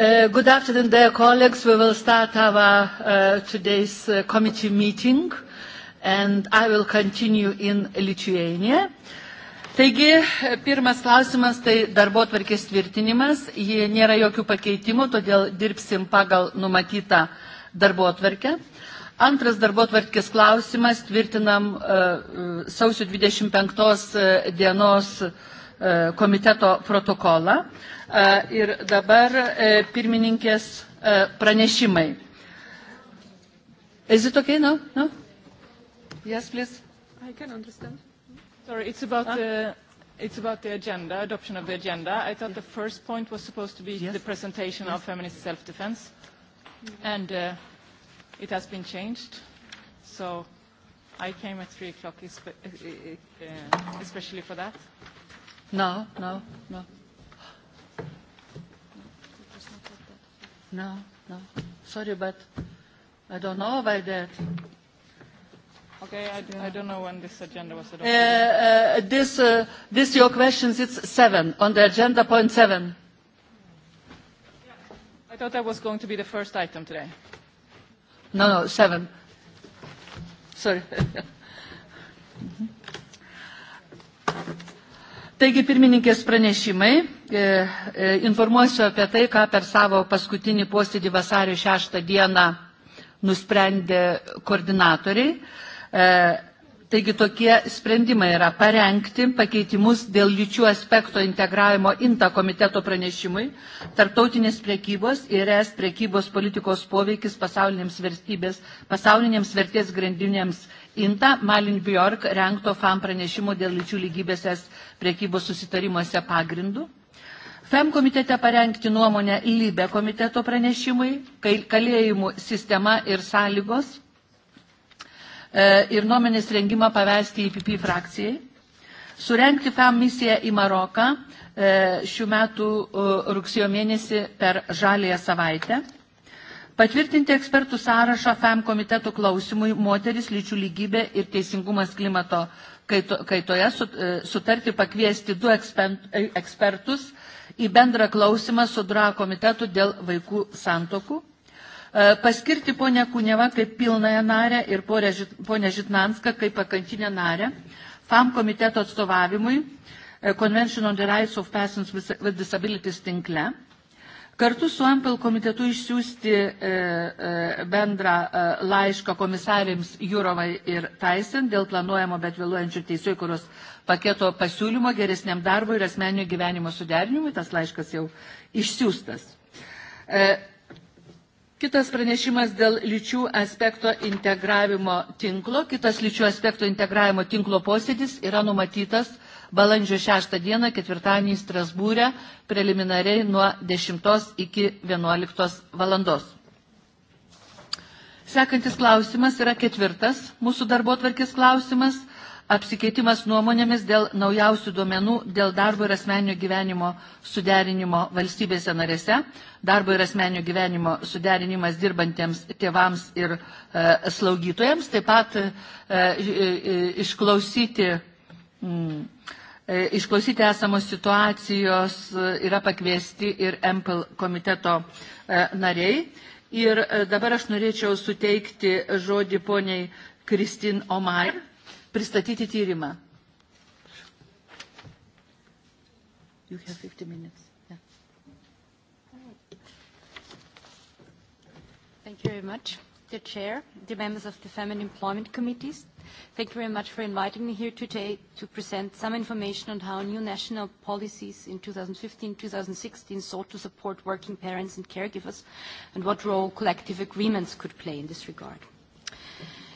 Good afternoon, dear colleagues. We will start our today's committee meeting, and I will continue in Lithuania. Taigi, pirmas klausimas tai darbo tvarkės tvirtinimas. Jie nėra jokių pakeitimų, todėl dirbsim pagal numatytą darbo tvarkę. Antras darbo tvarkės klausimas tvirtinam sausio 25 dienos komiteto protokolą. Ir dabar pirmininkės pranešimai. Is it okay now? No? Yes, please. I can understand. Sorry, it's about the It's about the agenda, adoption of the agenda. I thought the first point was supposed to be the presentation of feminist self-defense, and uh it has been changed. So I came at 3 o'clock especially for that. No, no, no. No, no. Sorry, but I don't know about that. Okay, I, I don't know when this agenda was adopted. Uh, this, uh, this your questions, it's seven, on the agenda point seven. I thought that was going to be the first item today. No, no, seven. Sorry. Taigi, pirmininkės pranešimai. Informuosiu apie tai, ką per savo paskutinį posėdį vasario 6 dieną nusprendė koordinatoriai. Taigi tokie sprendimai yra parengti pakeitimus dėl lyčių aspekto integravimo INTA komiteto pranešimui, tarptautinės priekybos ir es priekybos politikos poveikis pasaulinėms, vertybės, pasaulinėms vertės grandinėms INTA Malin Bjork rengto FAM pranešimo dėl lyčių lygybės es priekybos susitarimuose pagrindų. FEM komitete parengti nuomonę LIBE komiteto pranešimui, kalėjimų sistema ir sąlygos ir nuomenės rengimą pavesti IPP frakcijai, surenkti FAM misiją į Maroką šių metų rugsėjo mėnesį per žalėją savaitę, patvirtinti ekspertų sąrašą FAM komitetų klausimui moteris, lyčių lygybė ir teisingumas klimato kaitoje, sutarti pakviesti du ekspertus į bendrą klausimą su DRA komitetu dėl vaikų santokų, paskirti ponę kaip pilnąją narę ir ponę Žitnanską kaip pakantinę narę FAM komiteto atstovavimui Convention on the Rights of Persons with Disabilities tinkle. Kartu su Ampel komitetu išsiųsti bendrą laišką komisarėms Jurovai ir Taisen dėl planuojamo bet vėluojančių teisėjų, kurios paketo pasiūlymo geresniam darbui ir asmeninio gyvenimo suderinimui. Tas laiškas jau išsiųstas. Kitas pranešimas dėl lyčių aspekto integravimo tinklo. Kitas lyčių aspekto integravimo tinklo posėdis yra numatytas balandžio 6 dieną ketvirtadienį Strasbūrė preliminariai nuo 10 iki 11 valandos. Sekantis klausimas yra ketvirtas mūsų darbo tvarkis klausimas – apsikeitimas nuomonėmis dėl naujausių duomenų dėl darbo ir asmeninio gyvenimo suderinimo valstybėse narėse, darbo ir asmeninio gyvenimo suderinimas dirbantiems tėvams ir slaugytojams, taip pat išklausyti Išklausyti esamos situacijos yra pakviesti ir MPL komiteto nariai. Ir dabar aš norėčiau suteikti žodį poniai Kristin Omar pristatyti tyrimą. You have 50 minutes. Thank you very much, the Chair, the members of the Family Employment Committees. Thank you very much for inviting me here today to present some information on how new national policies in 2015-2016 sought to support working parents and caregivers and what role collective agreements could play in this regard.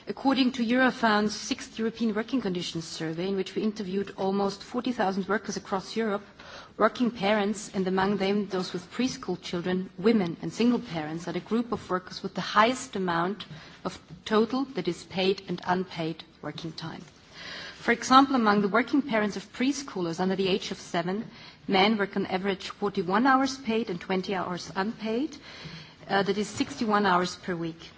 According to Eurofound's sixth European Working Conditions Survey, in which we interviewed almost 40,000 workers across Europe, working parents, and among them those with preschool children, women and single parents, are the group of workers with the highest amount of total, that is paid and unpaid, working time. For example, among the working parents of preschoolers under the age of seven, men work on average 41 hours paid and 20 hours unpaid, that is 61 hours per week.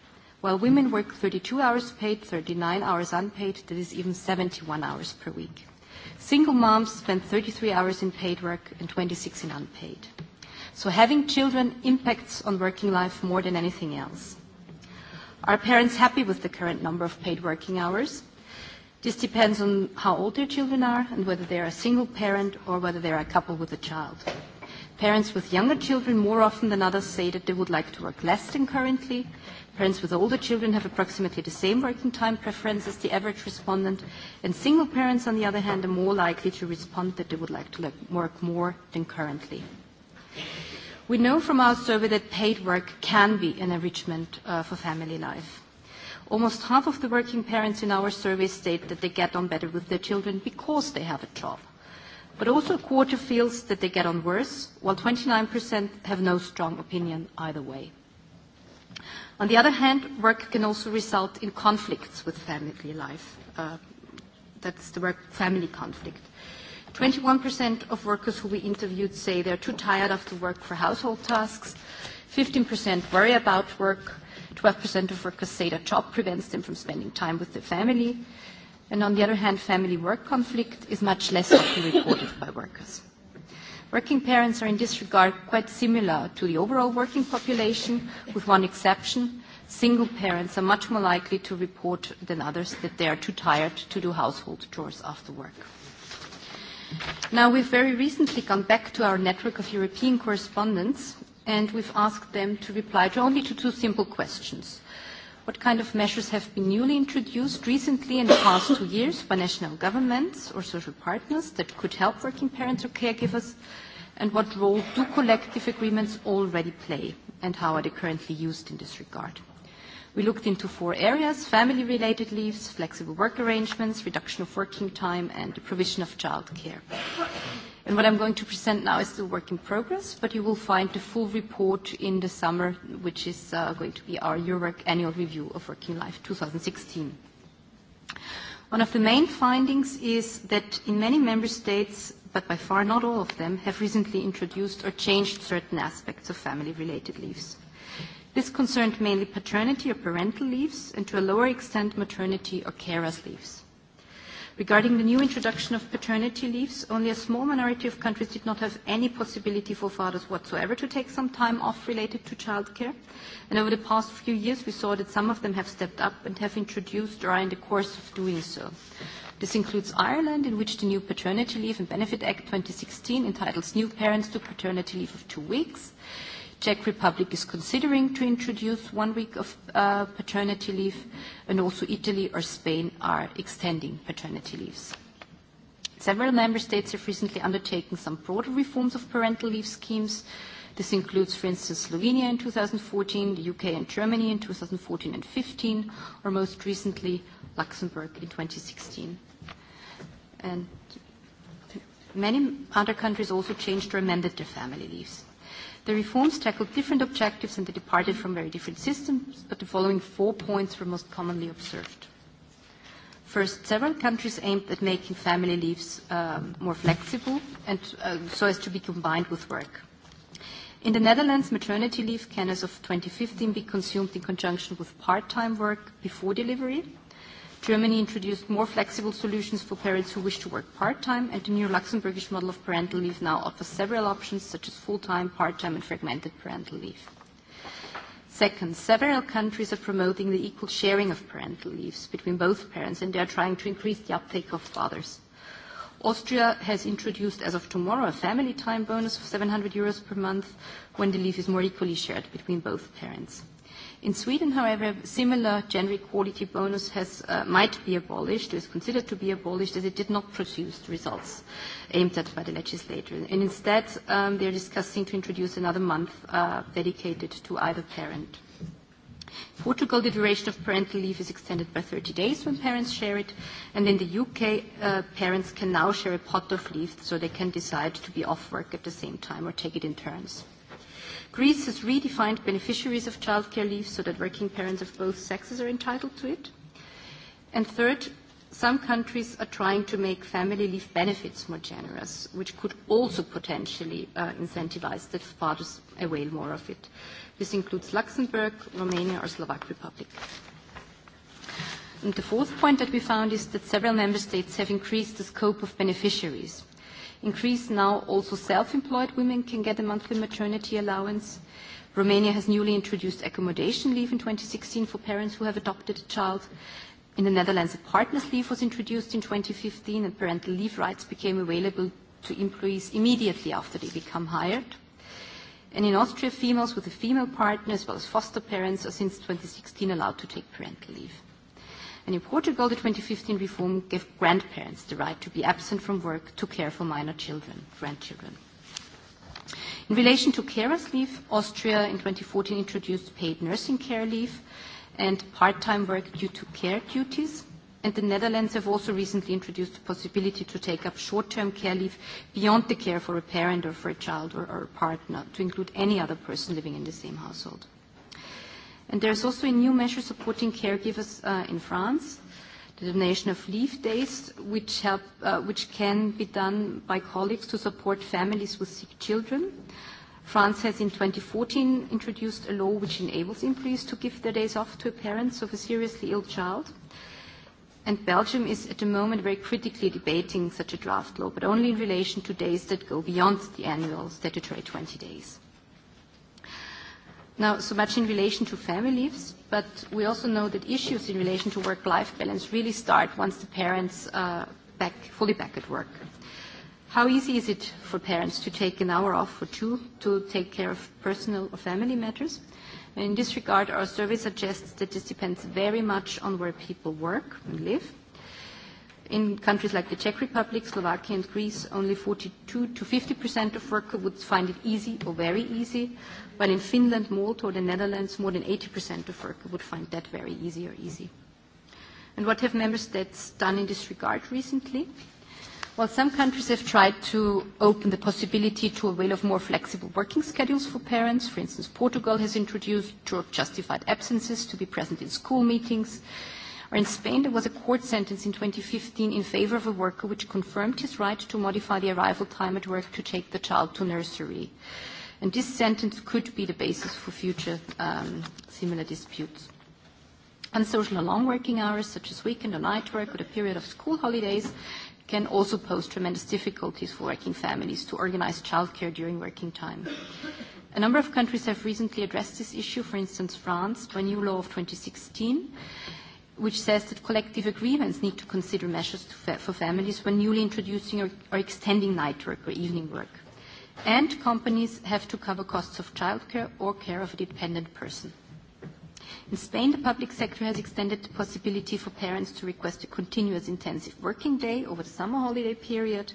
While women work 32 hours paid, 39 hours unpaid, that is even 71 hours per week. Single moms spend 33 hours in paid work and 26 in unpaid. So having children impacts on working life more than anything else. Are parents happy with the current number of paid working hours? This depends on how old their children are and whether they are a single parent or whether they are a couple with a child. Parents with younger children more often than others say that they would like to work less than currently, Parents with older children have approximately the same working time preference as the average respondent, and single parents, on the other hand, are more likely to respond that they would like to work more than currently. We know from our survey that paid work can be an enrichment for family life. Almost half of the working parents in our survey state that they get on better with their children because they have a job. But also a quarter feels that they get on worse, while 29% have no strong opinion either way. On the other hand, work can also result in conflicts with family life. That's the work-family conflict. 21% of workers who we interviewed say they are too tired after work for household tasks. 15% worry about work. 12% of workers say their job prevents them from spending time with their family. And on the other hand, family-work conflict is much less often reported by workers. Working parents are in this regard quite similar to the overall working population, with one exception. Single parents are much more likely to report than others that they are too tired to do household chores after work. Now, we've very recently gone back to our network of European correspondents, and we've asked them to reply to only to two simple questions. What kind of measures have been newly introduced recently in the past two years by national governments or social partners that could help working parents or caregivers and what role do collective agreements already play, and how are they currently used in this regard? We looked into four areas, family-related leaves, flexible work arrangements, reduction of working time, and the provision of childcare. And what I'm going to present now is the work in progress, but you will find the full report in the summer, which is going to be our Eurowork annual review of working life 2016. One of the main findings is that in many member states, but by far not all of them, have recently introduced or changed certain aspects of family-related leaves. This concerned mainly paternity or parental leaves, and to a lower extent maternity or carers' leaves. Regarding the new introduction of paternity leaves, only a small minority of countries did not have any possibility for fathers whatsoever to take some time off related to childcare, and over the past few years we saw that some of them have stepped up and have introduced or are in the course of doing so. This includes Ireland, in which the new Paternity Leave and Benefit Act 2016 entitles new parents to paternity leave of two weeks. Czech Republic is considering to introduce one week of paternity leave, and also Italy or Spain are extending paternity leaves. Several member states have recently undertaken some broader reforms of parental leave schemes. This includes, for instance, Slovenia in 2014, the UK and Germany in 2014 and 15, or most recently, Luxembourg in 2016. And many other countries also changed or amended their family leaves. The reforms tackled different objectives and they departed from very different systems, but the following four points were most commonly observed. First, several countries aimed at making family leaves more flexible and so as to be combined with work. In the Netherlands, maternity leave can, as of 2015, be consumed in conjunction with part-time work before delivery Germany introduced more flexible solutions for parents who wish to work part-time, and the new Luxembourgish model of parental leave now offers several options, such as full-time, part-time, and fragmented parental leave. Second, several countries are promoting the equal sharing of parental leaves between both parents, and they are trying to increase the uptake of fathers. Austria has introduced, as of tomorrow, a family time bonus of 700 euros per month when the leave is more equally shared between both parents. In Sweden, however, similar gender equality bonus has, might be abolished, is considered to be abolished, as it did not produce the results aimed at by the legislator. And instead, they are discussing to introduce another month dedicated to either parent. In Portugal, the duration of parental leave is extended by 30 days when parents share it, and in the UK, parents can now share a pot of leave, so they can decide to be off work at the same time or take it in turns. Greece has redefined beneficiaries of childcare leave so that working parents of both sexes are entitled to it. And third, some countries are trying to make family leave benefits more generous, which could also potentially incentivize that fathers avail more of it. This includes Luxembourg, Romania, or Slovak Republic. And the fourth point that we found is that several member states have increased the scope of beneficiaries increased now also self-employed women can get a monthly maternity allowance. Romania has newly introduced accommodation leave in 2016 for parents who have adopted a child. In the Netherlands, a partner's leave was introduced in 2015, and parental leave rights became available to employees immediately after they become hired. And in Austria, females with a female partner, as well as foster parents, are since 2016 allowed to take parental leave. And in Portugal, the 2015 reform gave grandparents the right to be absent from work to care for minor children, grandchildren. In relation to carers leave, Austria in 2014 introduced paid nursing care leave and part-time work due to care duties. And the Netherlands have also recently introduced the possibility to take up short-term care leave beyond the care for a parent or for a child or a partner, to include any other person living in the same household. And there is also a new measure supporting caregivers in France, the donation of leave days, which which can be done by colleagues to support families with sick children. France has in 2014 introduced a law which enables employees to give their days off to parents of a seriously ill child. And Belgium is at the moment very critically debating such a draft law, but only in relation to days that go beyond the annual statutory 20 days. Now, so much in relation to family leaves, but we also know that issues in relation to work-life balance really start once the parents are back, fully back at work. How easy is it for parents to take an hour off or two to take care of personal or family matters? In this regard, our survey suggests that this depends very much on where people work and live. In countries like the Czech Republic, Slovakia, and Greece, only 42 to 50% of workers would find it easy or very easy while in Finland, Malta, or the Netherlands, more than 80% of workers would find that very easy or easy. And what have member states done in this regard recently? Well some countries have tried to open the possibility to avail of more flexible working schedules for parents, for instance, Portugal has introduced justified absences to be present in school meetings, or in Spain there was a court sentence in 2015 in favor of a worker which confirmed his right to modify the arrival time at work to take the child to nursery. And this sentence could be the basis for future similar disputes. Unsocial and long working hours, such as weekend or night work or the period of school holidays, can also pose tremendous difficulties for working families to organize childcare during working time. A number of countries have recently addressed this issue, for instance France, by new law of 2016, which says that collective agreements need to consider measures for families when newly introducing or extending night work or evening work and companies have to cover costs of childcare or care of a dependent person. In Spain, the public sector has extended the possibility for parents to request a continuous intensive working day over the summer holiday period,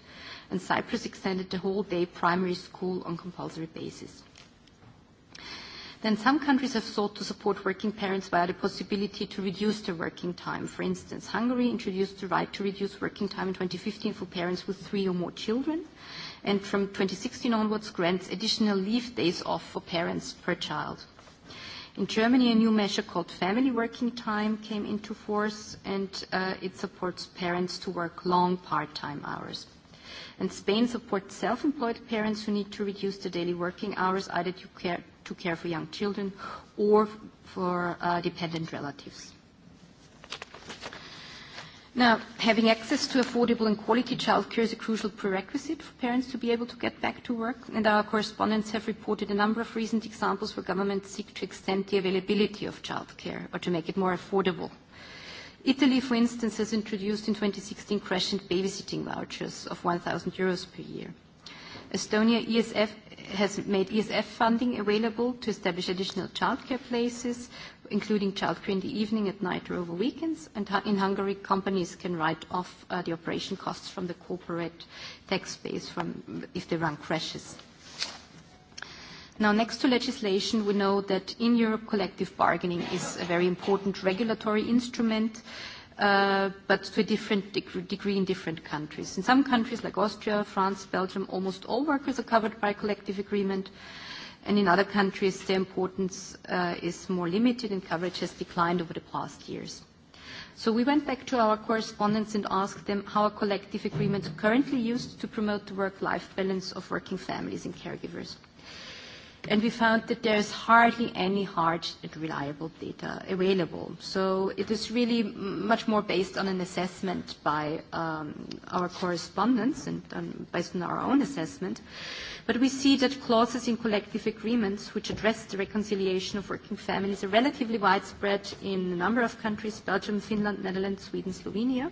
and Cyprus extended the whole day primary school on compulsory basis. Then some countries have sought to support working parents via the possibility to reduce their working time. For instance, Hungary introduced the right to reduce working time in 2015 for parents with three or more children, and from 2016 onwards grants additional leave days off for parents per child. In Germany, a new measure called family working time came into force, and it supports parents to work long part-time hours. And Spain supports self-employed parents who need to reduce the daily working hours either to care for young children or for dependent relatives. Now, having access to affordable and quality childcare is a crucial prerequisite for parents to be able to get back to work, and our correspondents have reported a number of recent examples where governments seek to extend the availability of childcare or to make it more affordable. Italy, for instance, has introduced in 2016 crash and babysitting vouchers of 1,000 euros per year. Estonia ESF has made ESF funding available to establish additional childcare places, including childcare in the evening, at night, or over weekends. And in Hungary, companies can write off the operation costs from the corporate tax base if they run crashes. Now, next to legislation, we know that in Europe, collective bargaining is a very important regulatory instrument but to a different degree in different countries. In some countries like Austria, France, Belgium, almost all workers are covered by collective agreement and in other countries the importance is more limited and coverage has declined over the past years. So we went back to our correspondents and asked them how a collective agreement currently used to promote the work-life balance of working families and caregivers and we found that there is hardly any hard and reliable data available. So it is really much more based on an assessment by our correspondents and based on our own assessment. But we see that clauses in collective agreements which address the reconciliation of working families are relatively widespread in a number of countries, Belgium, Finland, Netherlands, Sweden, Slovenia.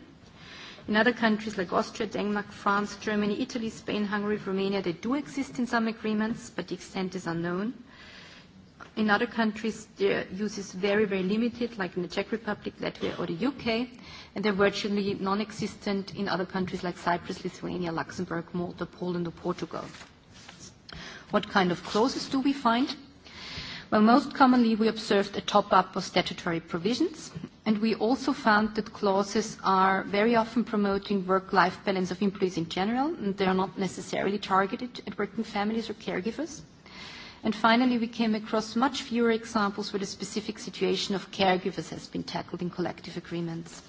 In other countries like Austria, Denmark, France, Germany, Italy, Spain, Hungary, Romania, they do exist in some agreements, but the extent is unknown. In other countries, their use is very, very limited, like in the Czech Republic, Latvia, or the UK, and they're virtually non-existent in other countries like Cyprus, Lithuania, Luxembourg, Malta, Poland, or Portugal. What kind of clauses do we find? Well, most commonly we observed a top-up of statutory provisions and we also found that clauses are very often promoting work-life balance of employees in general, and they are not necessarily targeted at working families or caregivers. And finally, we came across much fewer examples where the specific situation of caregivers has been tackled in collective agreements.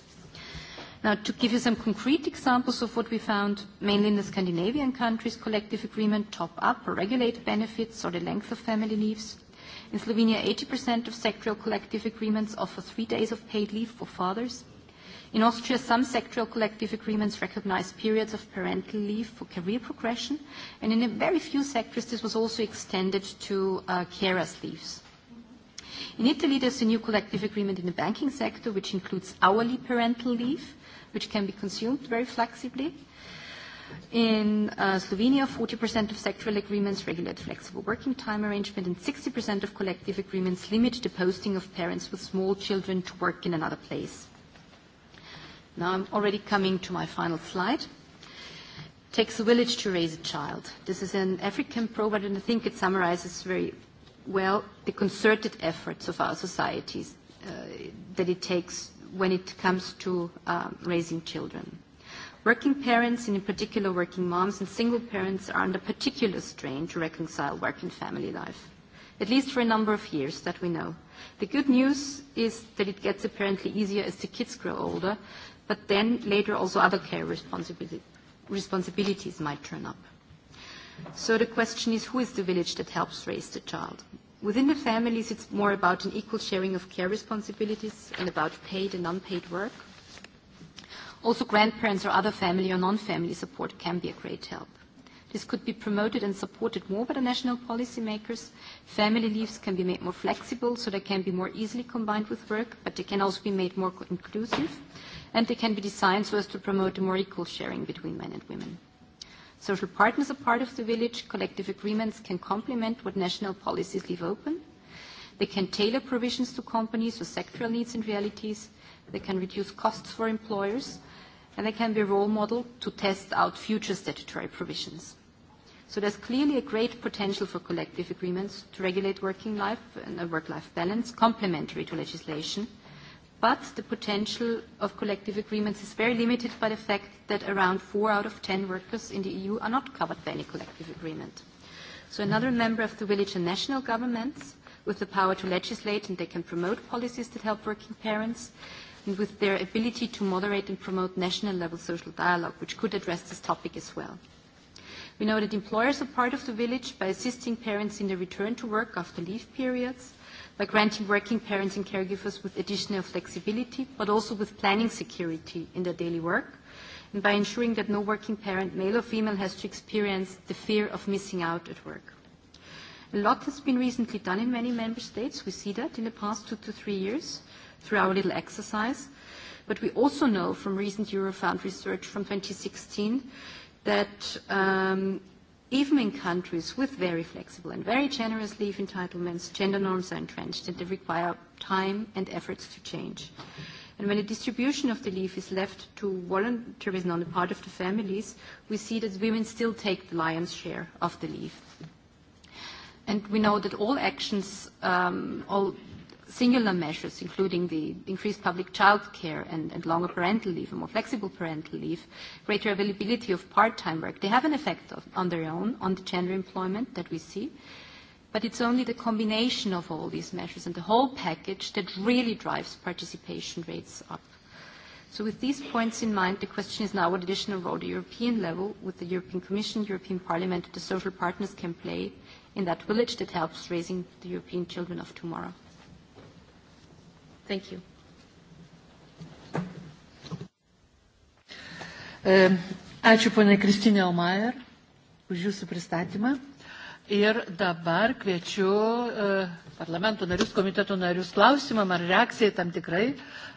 Now, to give you some concrete examples of what we found, mainly in the Scandinavian countries, collective agreement top up or regulate benefits or the length of family leaves. In Slovenia, 80% of sectoral collective agreements offer three days of paid leave for fathers. In Austria, some sectoral collective agreements recognize periods of parental leave for career progression, and in a very few sectors this was also extended to carers' leaves. In Italy, there's a new collective agreement in the banking sector, which includes hourly parental leave, which can be consumed very flexibly. In Slovenia, 40% of sectoral agreements regulate flexible working time arrangement, and 60% of collective agreements limit the posting of parents with small children to work in another place. Now I'm already coming to my final slide. Takes a village to raise a child. This is an African proverb, and I think it summarizes very well the concerted efforts of our societies that it takes when it comes to raising children. Working parents, and in particular working moms and single parents, are under particular strain to reconcile work and family life, at least for a number of years that we know. The good news is that it gets apparently easier as the kids grow older, but then later also other care responsibilities might turn up. So the question is, who is the village that helps raise the child? Within the families, it's more about an equal sharing of care responsibilities and about paid and unpaid work. Also, grandparents or other family or non-family support can be a great help. This could be promoted and supported more by the national policymakers. Family leaves can be made more flexible so they can be more easily combined with work, but they can also be made more inclusive, and they can be designed so as to promote a more equal sharing between men and women. Social partners are part of the village. Collective agreements can complement what national policies leave open. They can tailor provisions to companies or sectoral needs and realities. They can reduce costs for employers and they can be a role model to test out future statutory provisions. So there's clearly a great potential for collective agreements to regulate working life and a work-life balance complementary to legislation, but the potential of collective agreements is very limited by the fact that around four out of ten workers in the EU are not covered by any collective agreement. So another member of the village and national governments with the power to legislate and they can promote policies that help working parents and with their ability to moderate and promote national-level social dialogue, which could address this topic as well. We know that employers are part of the village by assisting parents in their return to work after leave periods, by granting working parents and caregivers with additional flexibility, but also with planning security in their daily work, and by ensuring that no working parent, male or female, has to experience the fear of missing out at work. A lot has been recently done in many member states. We see that in the past two to three years through our little exercise. But we also know from recent Eurofound research from 2016 that even in countries with very flexible and very generous leave entitlements, gender norms are entrenched and they require time and efforts to change. And when the distribution of the leave is left to voluntarism on the part of the families, we see that women still take the lion's share of the leave. And we know that all actions, all singular measures, including the increased public childcare and longer parental leave, more flexible parental leave, greater availability of part-time work, they have an effect on their own, on the gender employment that we see. But it's only the combination of all these measures and the whole package that really drives participation rates up. So with these points in mind, the question is now what additional role the European level, with the European Commission, European Parliament, the social partners can play in that village that helps raising the European children of tomorrow. Thank you. Ačiū ponia Kristinė Omajer už jūsų pristatymą. Ir dabar kviečiu parlamento narius, komiteto narius klausimam ar reakcijai tam tikrai.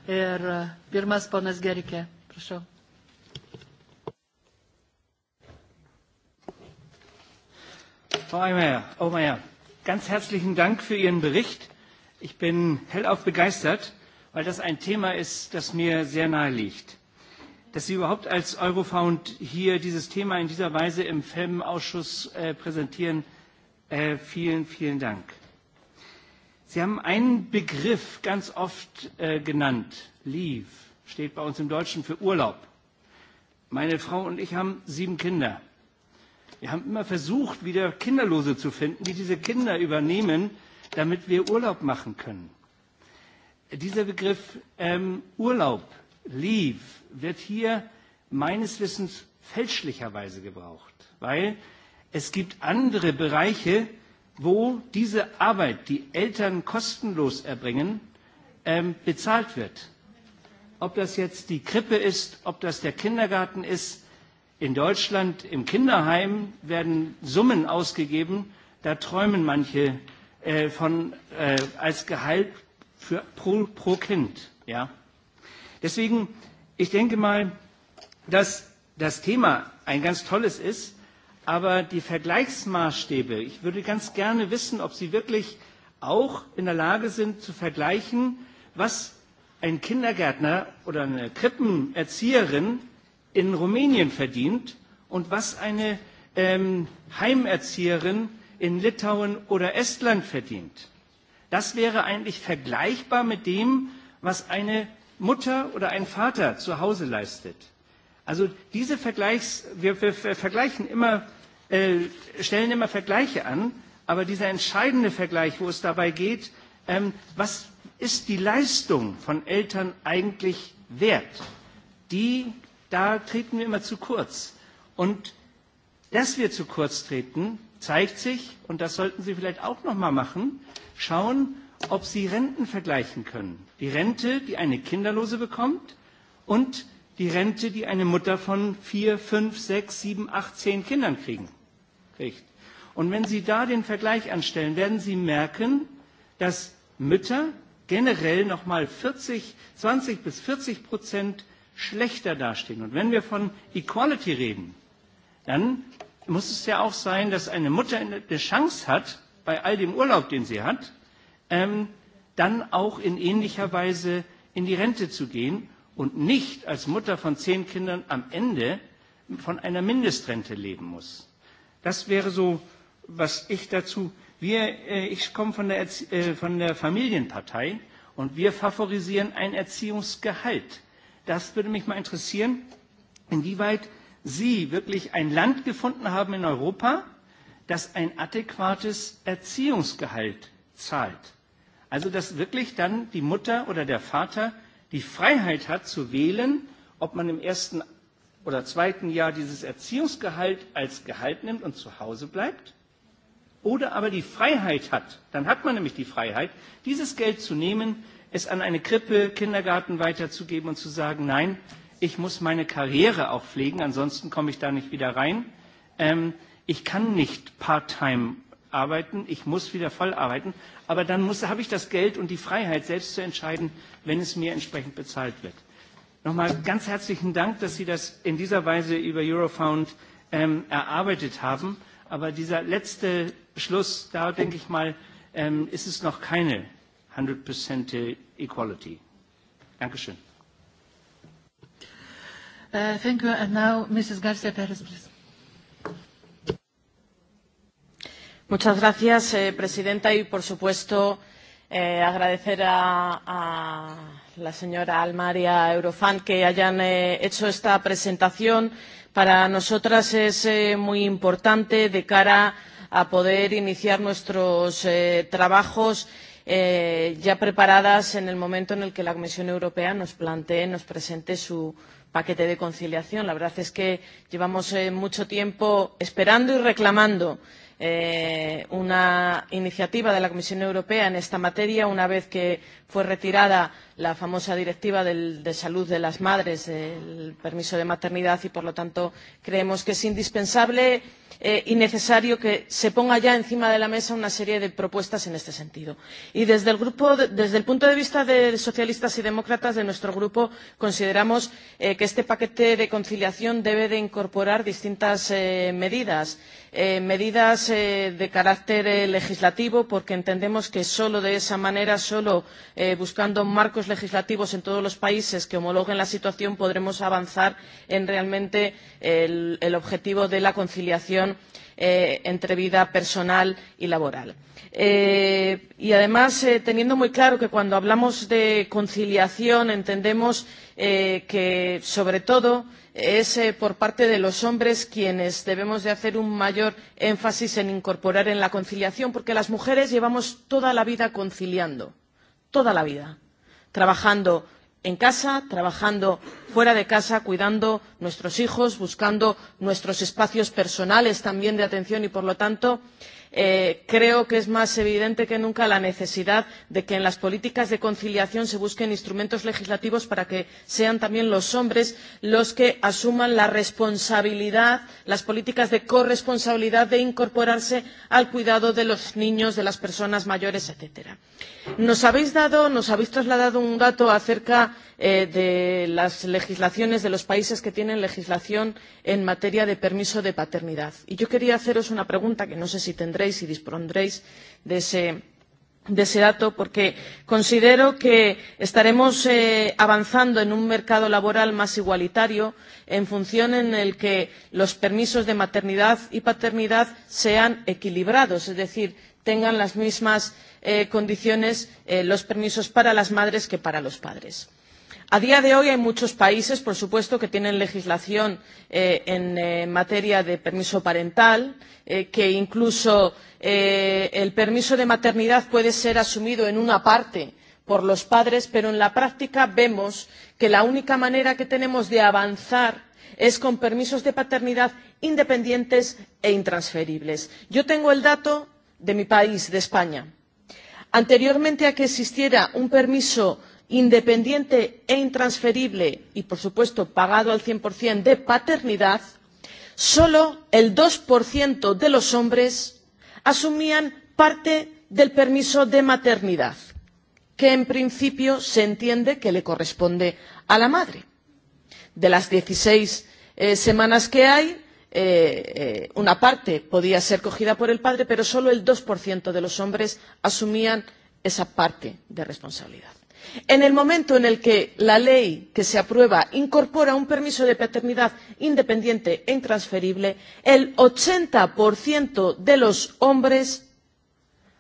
Ir pirmas ponas Gerikė, prašau. Frau Omeyer, ganz herzlichen Dank für Ihren Bericht. Ich bin hellauf begeistert, weil das ein Thema ist, das mir sehr nahe liegt. Dass Sie überhaupt als Eurofound hier dieses Thema in dieser Weise im FEM-Ausschuss präsentieren, vielen, vielen Dank. Sie haben einen Begriff ganz oft genannt. Leave steht bei uns im Deutschen für Urlaub. Meine Frau und ich haben sieben Kinder. Wir haben immer versucht, wieder Kinderlose zu finden, die diese Kinder übernehmen damit wir Urlaub machen können. Dieser Begriff Urlaub, Leave, wird hier meines Wissens fälschlicherweise gebraucht, weil es gibt andere Bereiche, wo diese Arbeit, die Eltern kostenlos erbringen, bezahlt wird. Ob das jetzt die Krippe ist, ob das der Kindergarten ist, in Deutschland im Kinderheim werden Summen ausgegeben, da träumen manche von, als Gehalt für, pro, pro Kind. Ja? Deswegen, ich denke mal, dass das Thema ein ganz tolles ist, aber die Vergleichsmaßstäbe, ich würde ganz gerne wissen, ob Sie wirklich auch in der Lage sind zu vergleichen, was ein Kindergärtner oder eine Krippenerzieherin in Rumänien verdient und was eine Heimerzieherin in Litauen oder Estland verdient. Das wäre eigentlich vergleichbar mit dem, was eine Mutter oder ein Vater zu Hause leistet. Also diese wir, immer, stellen immer Vergleiche an, aber dieser entscheidende Vergleich, wo es dabei geht, was ist die Leistung von Eltern eigentlich wert? Die, da treten wir immer zu kurz. Und dass wir zu kurz treten, zeigt sich, und das sollten Sie vielleicht auch noch mal machen, schauen, ob Sie Renten vergleichen können. Die Rente, die eine Kinderlose bekommt und die Rente, die eine Mutter von vier, fünf, sechs, sieben, acht, zehn Kindern kriegt. Und wenn Sie da den Vergleich anstellen, werden Sie merken, dass Mütter generell noch mal 40, 20 bis 40 Prozent schlechter dastehen. Und wenn wir von Equality reden, dann muss es ja auch sein, dass eine Mutter eine Chance hat, bei all dem Urlaub, den sie hat, dann auch in ähnlicher Weise in die Rente zu gehen und nicht als Mutter von zehn Kindern am Ende von einer Mindestrente leben muss. Das wäre so, was ich dazu. Wir, ich komme von der, von der Familienpartei und wir favorisieren ein Erziehungsgehalt. Das würde mich mal interessieren, inwieweit Sie wirklich ein Land gefunden haben in Europa, das ein adäquates Erziehungsgehalt zahlt. Also dass wirklich dann die Mutter oder der Vater die Freiheit hat zu wählen, ob man im ersten oder zweiten Jahr dieses Erziehungsgehalt als Gehalt nimmt und zu Hause bleibt, oder aber die Freiheit hat, dann hat man nämlich die Freiheit, dieses Geld zu nehmen, es an eine Krippe, Kindergarten weiterzugeben und zu sagen, nein, ich muss meine Karriere auch pflegen, ansonsten komme ich da nicht wieder rein. Ich kann nicht Part-Time arbeiten, ich muss wieder voll arbeiten, aber dann muss habe ich das Geld und die Freiheit, selbst zu entscheiden, wenn es mir entsprechend bezahlt wird. Nochmal ganz herzlichen Dank, dass Sie das in dieser Weise über Eurofound erarbeitet haben. Aber dieser letzte Schluss, da denke ich mal, ist es noch keine 100% Equality. Dankeschön. Thank Muchas gracias, presidenta, y por supuesto agradecer a la señora Almaria Eurofan que hayan hecho esta presentación. Para nosotras es muy importante de cara a poder iniciar nuestros trabajos ya preparadas en el momento en el que la Comisión Europea nos plantee, nos presente su paquete de conciliación. La verdad es que llevamos mucho tiempo esperando y reclamando una iniciativa de la Comisión Europea en esta materia, una vez que fue retirada la famosa directiva de salud de las madres, el permiso de maternidad, y por lo tanto creemos que es indispensable y necesario que se ponga ya encima de la mesa una serie de propuestas en este sentido. Y desde el grupo desde el punto de vista de socialistas y demócratas de nuestro grupo consideramos que este paquete de conciliación debe de incorporar distintas medidas medidas de carácter legislativo porque entendemos que solo de esa manera solo buscando marcos legislativos en todos los países que homologuen la situación podremos avanzar en realmente el objetivo de la conciliación entre vida personal y laboral. Y además, teniendo muy claro que cuando hablamos de conciliación entendemos que, sobre todo, es por parte de los hombres quienes debemos de hacer un mayor énfasis en incorporar en la conciliación, porque las mujeres llevamos toda la vida conciliando, toda la vida, trabajando en casa, trabajando fuera de casa, cuidando nuestros hijos, buscando nuestros espacios personales también de atención y, por lo tanto, creo que es más evidente que nunca la necesidad de que en las políticas de conciliación se busquen instrumentos legislativos para que sean también los hombres los que asuman la responsabilidad las políticas de corresponsabilidad de incorporarse al cuidado de los niños de las personas mayores etc. nos habéis dado nos habéis trasladado un dato acerca de las legislaciones de los países que tienen legislación en materia de permiso de paternidad y yo quería haceros una pregunta que no sé si tendré y dispondréis de ese de ese dato porque considero que estaremos avanzando en un mercado laboral más igualitario en función en el que los permisos de maternidad y paternidad sean equilibrados es decir tengan las mismas condiciones los permisos para las madres que para los padres A día de hoy hay muchos países, por supuesto, que tienen legislación en materia de permiso parental, que incluso el permiso de maternidad puede ser asumido en una parte por los padres, pero en la práctica vemos que la única manera que tenemos de avanzar es con permisos de paternidad independientes e intransferibles. Yo tengo el dato de mi país, de España. Anteriormente a que existiera un permiso independiente e intransferible y, por supuesto, pagado al 100% de paternidad, solo el 2% de los hombres asumían parte del permiso de maternidad, que en principio se entiende que le corresponde a la madre. De las 16 semanas que hay, una parte podía ser cogida por el padre, pero solo el 2% de los hombres asumían esa parte de responsabilidad. En el momento en el que la ley que se aprueba incorpora un permiso de paternidad independiente e intransferible, el 80% de los hombres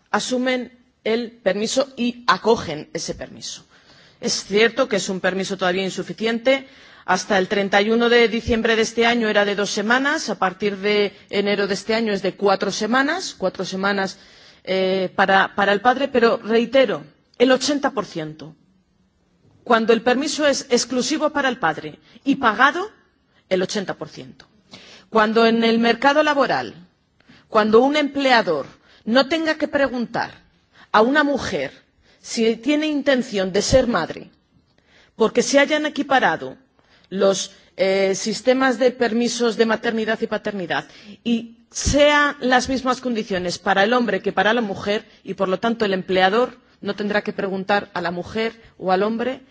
asumen el permiso y acogen ese permiso. Es cierto que es un permiso todavía insuficiente. Hasta el 31 de diciembre de este año era de dos semanas. A partir de enero de este año es de cuatro semanas. Cuatro semanas para el padre. Pero reitero el 80%. Cuando el permiso es exclusivo para el padre y pagado, el 80%. Cuando en el mercado laboral, cuando un empleador no tenga que preguntar a una mujer si tiene intención de ser madre, porque se hayan equiparado los sistemas de permisos de maternidad y paternidad y sean las mismas condiciones para el hombre que para la mujer y por lo tanto el empleador no tendrá que preguntar a la mujer o al hombre,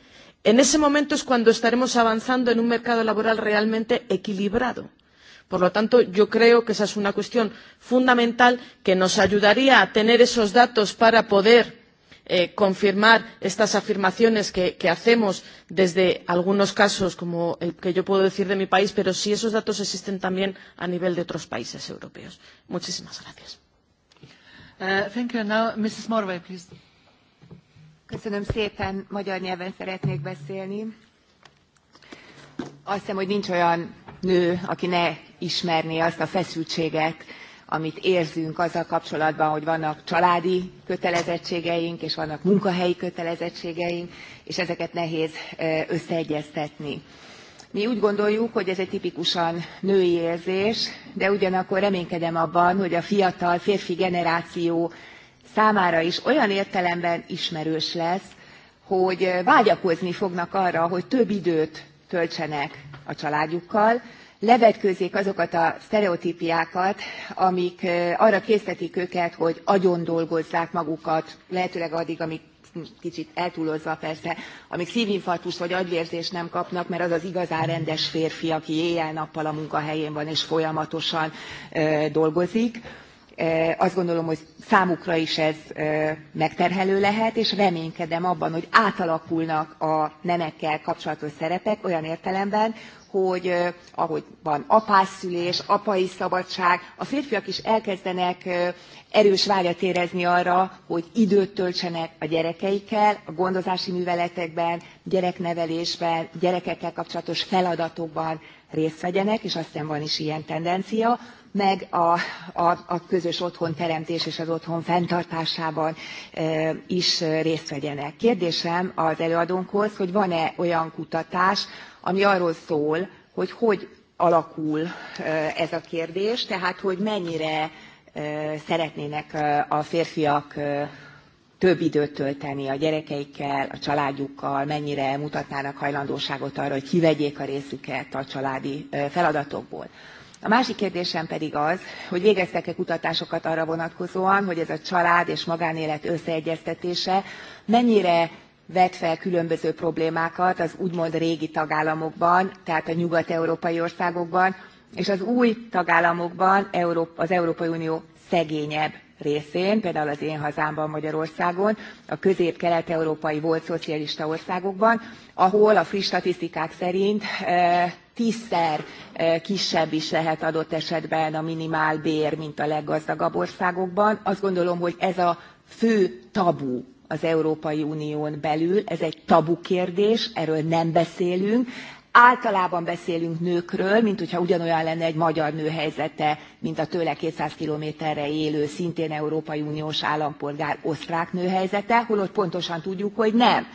en ese momento es cuando estaremos avanzando en un mercado laboral realmente equilibrado. Por lo tanto, yo creo que esa es una cuestión fundamental que nos ayudaría a tener esos datos para poder confirmar estas afirmaciones que hacemos desde algunos casos como el que yo puedo decir de mi país, pero si esos datos existen también a nivel de otros países europeos. Muchísimas gracias. Köszönöm szépen, magyar nyelven szeretnék beszélni. Azt hiszem, hogy nincs olyan nő, aki ne ismerné azt a feszültséget, amit érzünk azzal kapcsolatban, hogy vannak családi kötelezettségeink, és vannak munkahelyi kötelezettségeink, és ezeket nehéz összeegyeztetni. Mi úgy gondoljuk, hogy ez egy tipikusan női érzés, de ugyanakkor reménykedem abban, hogy a fiatal férfi generáció számára is olyan értelemben ismerős lesz, hogy vágyakozni fognak arra, hogy több időt töltsenek a családjukkal, levetkőzik azokat a sztereotípiákat, amik arra késztetik őket, hogy agyon dolgozzák magukat, lehetőleg addig, amíg kicsit eltúlozva persze, amíg szívinfarktus vagy agyvérzést nem kapnak, mert az az igazán rendes férfi, aki éjjel-nappal a munkahelyén van és folyamatosan dolgozik azt gondolom, hogy számukra is ez megterhelő lehet, és reménykedem abban, hogy átalakulnak a nemekkel kapcsolatos szerepek olyan értelemben, hogy ahogy van apásszülés, apai szabadság, a férfiak is elkezdenek erős vágyat érezni arra, hogy időt töltsenek a gyerekeikkel, a gondozási műveletekben, gyereknevelésben, gyerekekkel kapcsolatos feladatokban, részt vegyenek, és aztán van is ilyen tendencia, meg a, a, a közös otthon teremtés és az otthon fenntartásában e, is részt vegyenek. Kérdésem az előadónkhoz, hogy van-e olyan kutatás, ami arról szól, hogy hogy alakul ez a kérdés, tehát hogy mennyire szeretnének a férfiak több időt tölteni a gyerekeikkel, a családjukkal, mennyire mutatnának hajlandóságot arra, hogy kivegyék a részüket a családi feladatokból. A másik kérdésem pedig az, hogy végeztek-e kutatásokat arra vonatkozóan, hogy ez a család és magánélet összeegyeztetése mennyire vet fel különböző problémákat az úgymond régi tagállamokban, tehát a nyugat-európai országokban, és az új tagállamokban az Európai Unió szegényebb részén, például az én hazámban Magyarországon, a közép-kelet-európai volt szocialista országokban, ahol a friss statisztikák szerint tízszer kisebb is lehet adott esetben a minimál bér, mint a leggazdagabb országokban. Azt gondolom, hogy ez a fő tabu az Európai Unión belül, ez egy tabu kérdés, erről nem beszélünk, általában beszélünk nőkről, mint hogyha ugyanolyan lenne egy magyar nő helyzete, mint a tőle 200 kilométerre élő, szintén Európai Uniós állampolgár osztrák nő helyzete, holott pontosan tudjuk, hogy nem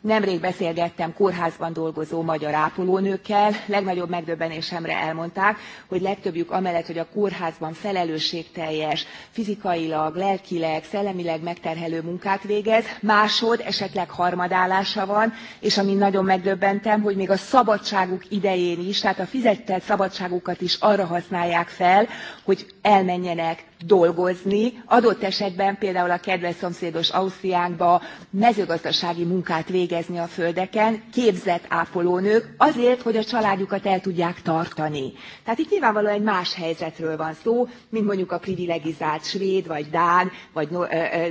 Nemrég beszélgettem kórházban dolgozó magyar ápolónőkkel, legnagyobb megdöbbenésemre elmondták, hogy legtöbbjük amellett, hogy a kórházban felelősségteljes, fizikailag, lelkileg, szellemileg megterhelő munkát végez, másod, esetleg harmadállása van, és ami nagyon megdöbbentem, hogy még a szabadságuk idején is, tehát a fizetett szabadságukat is arra használják fel, hogy elmenjenek dolgozni, adott esetben például a kedves szomszédos Ausztriánkba mezőgazdasági munkát végezni a földeken, képzett ápolónők azért, hogy a családjukat el tudják tartani. Tehát itt nyilvánvalóan egy más helyzetről van szó, mint mondjuk a privilegizált svéd, vagy dán, vagy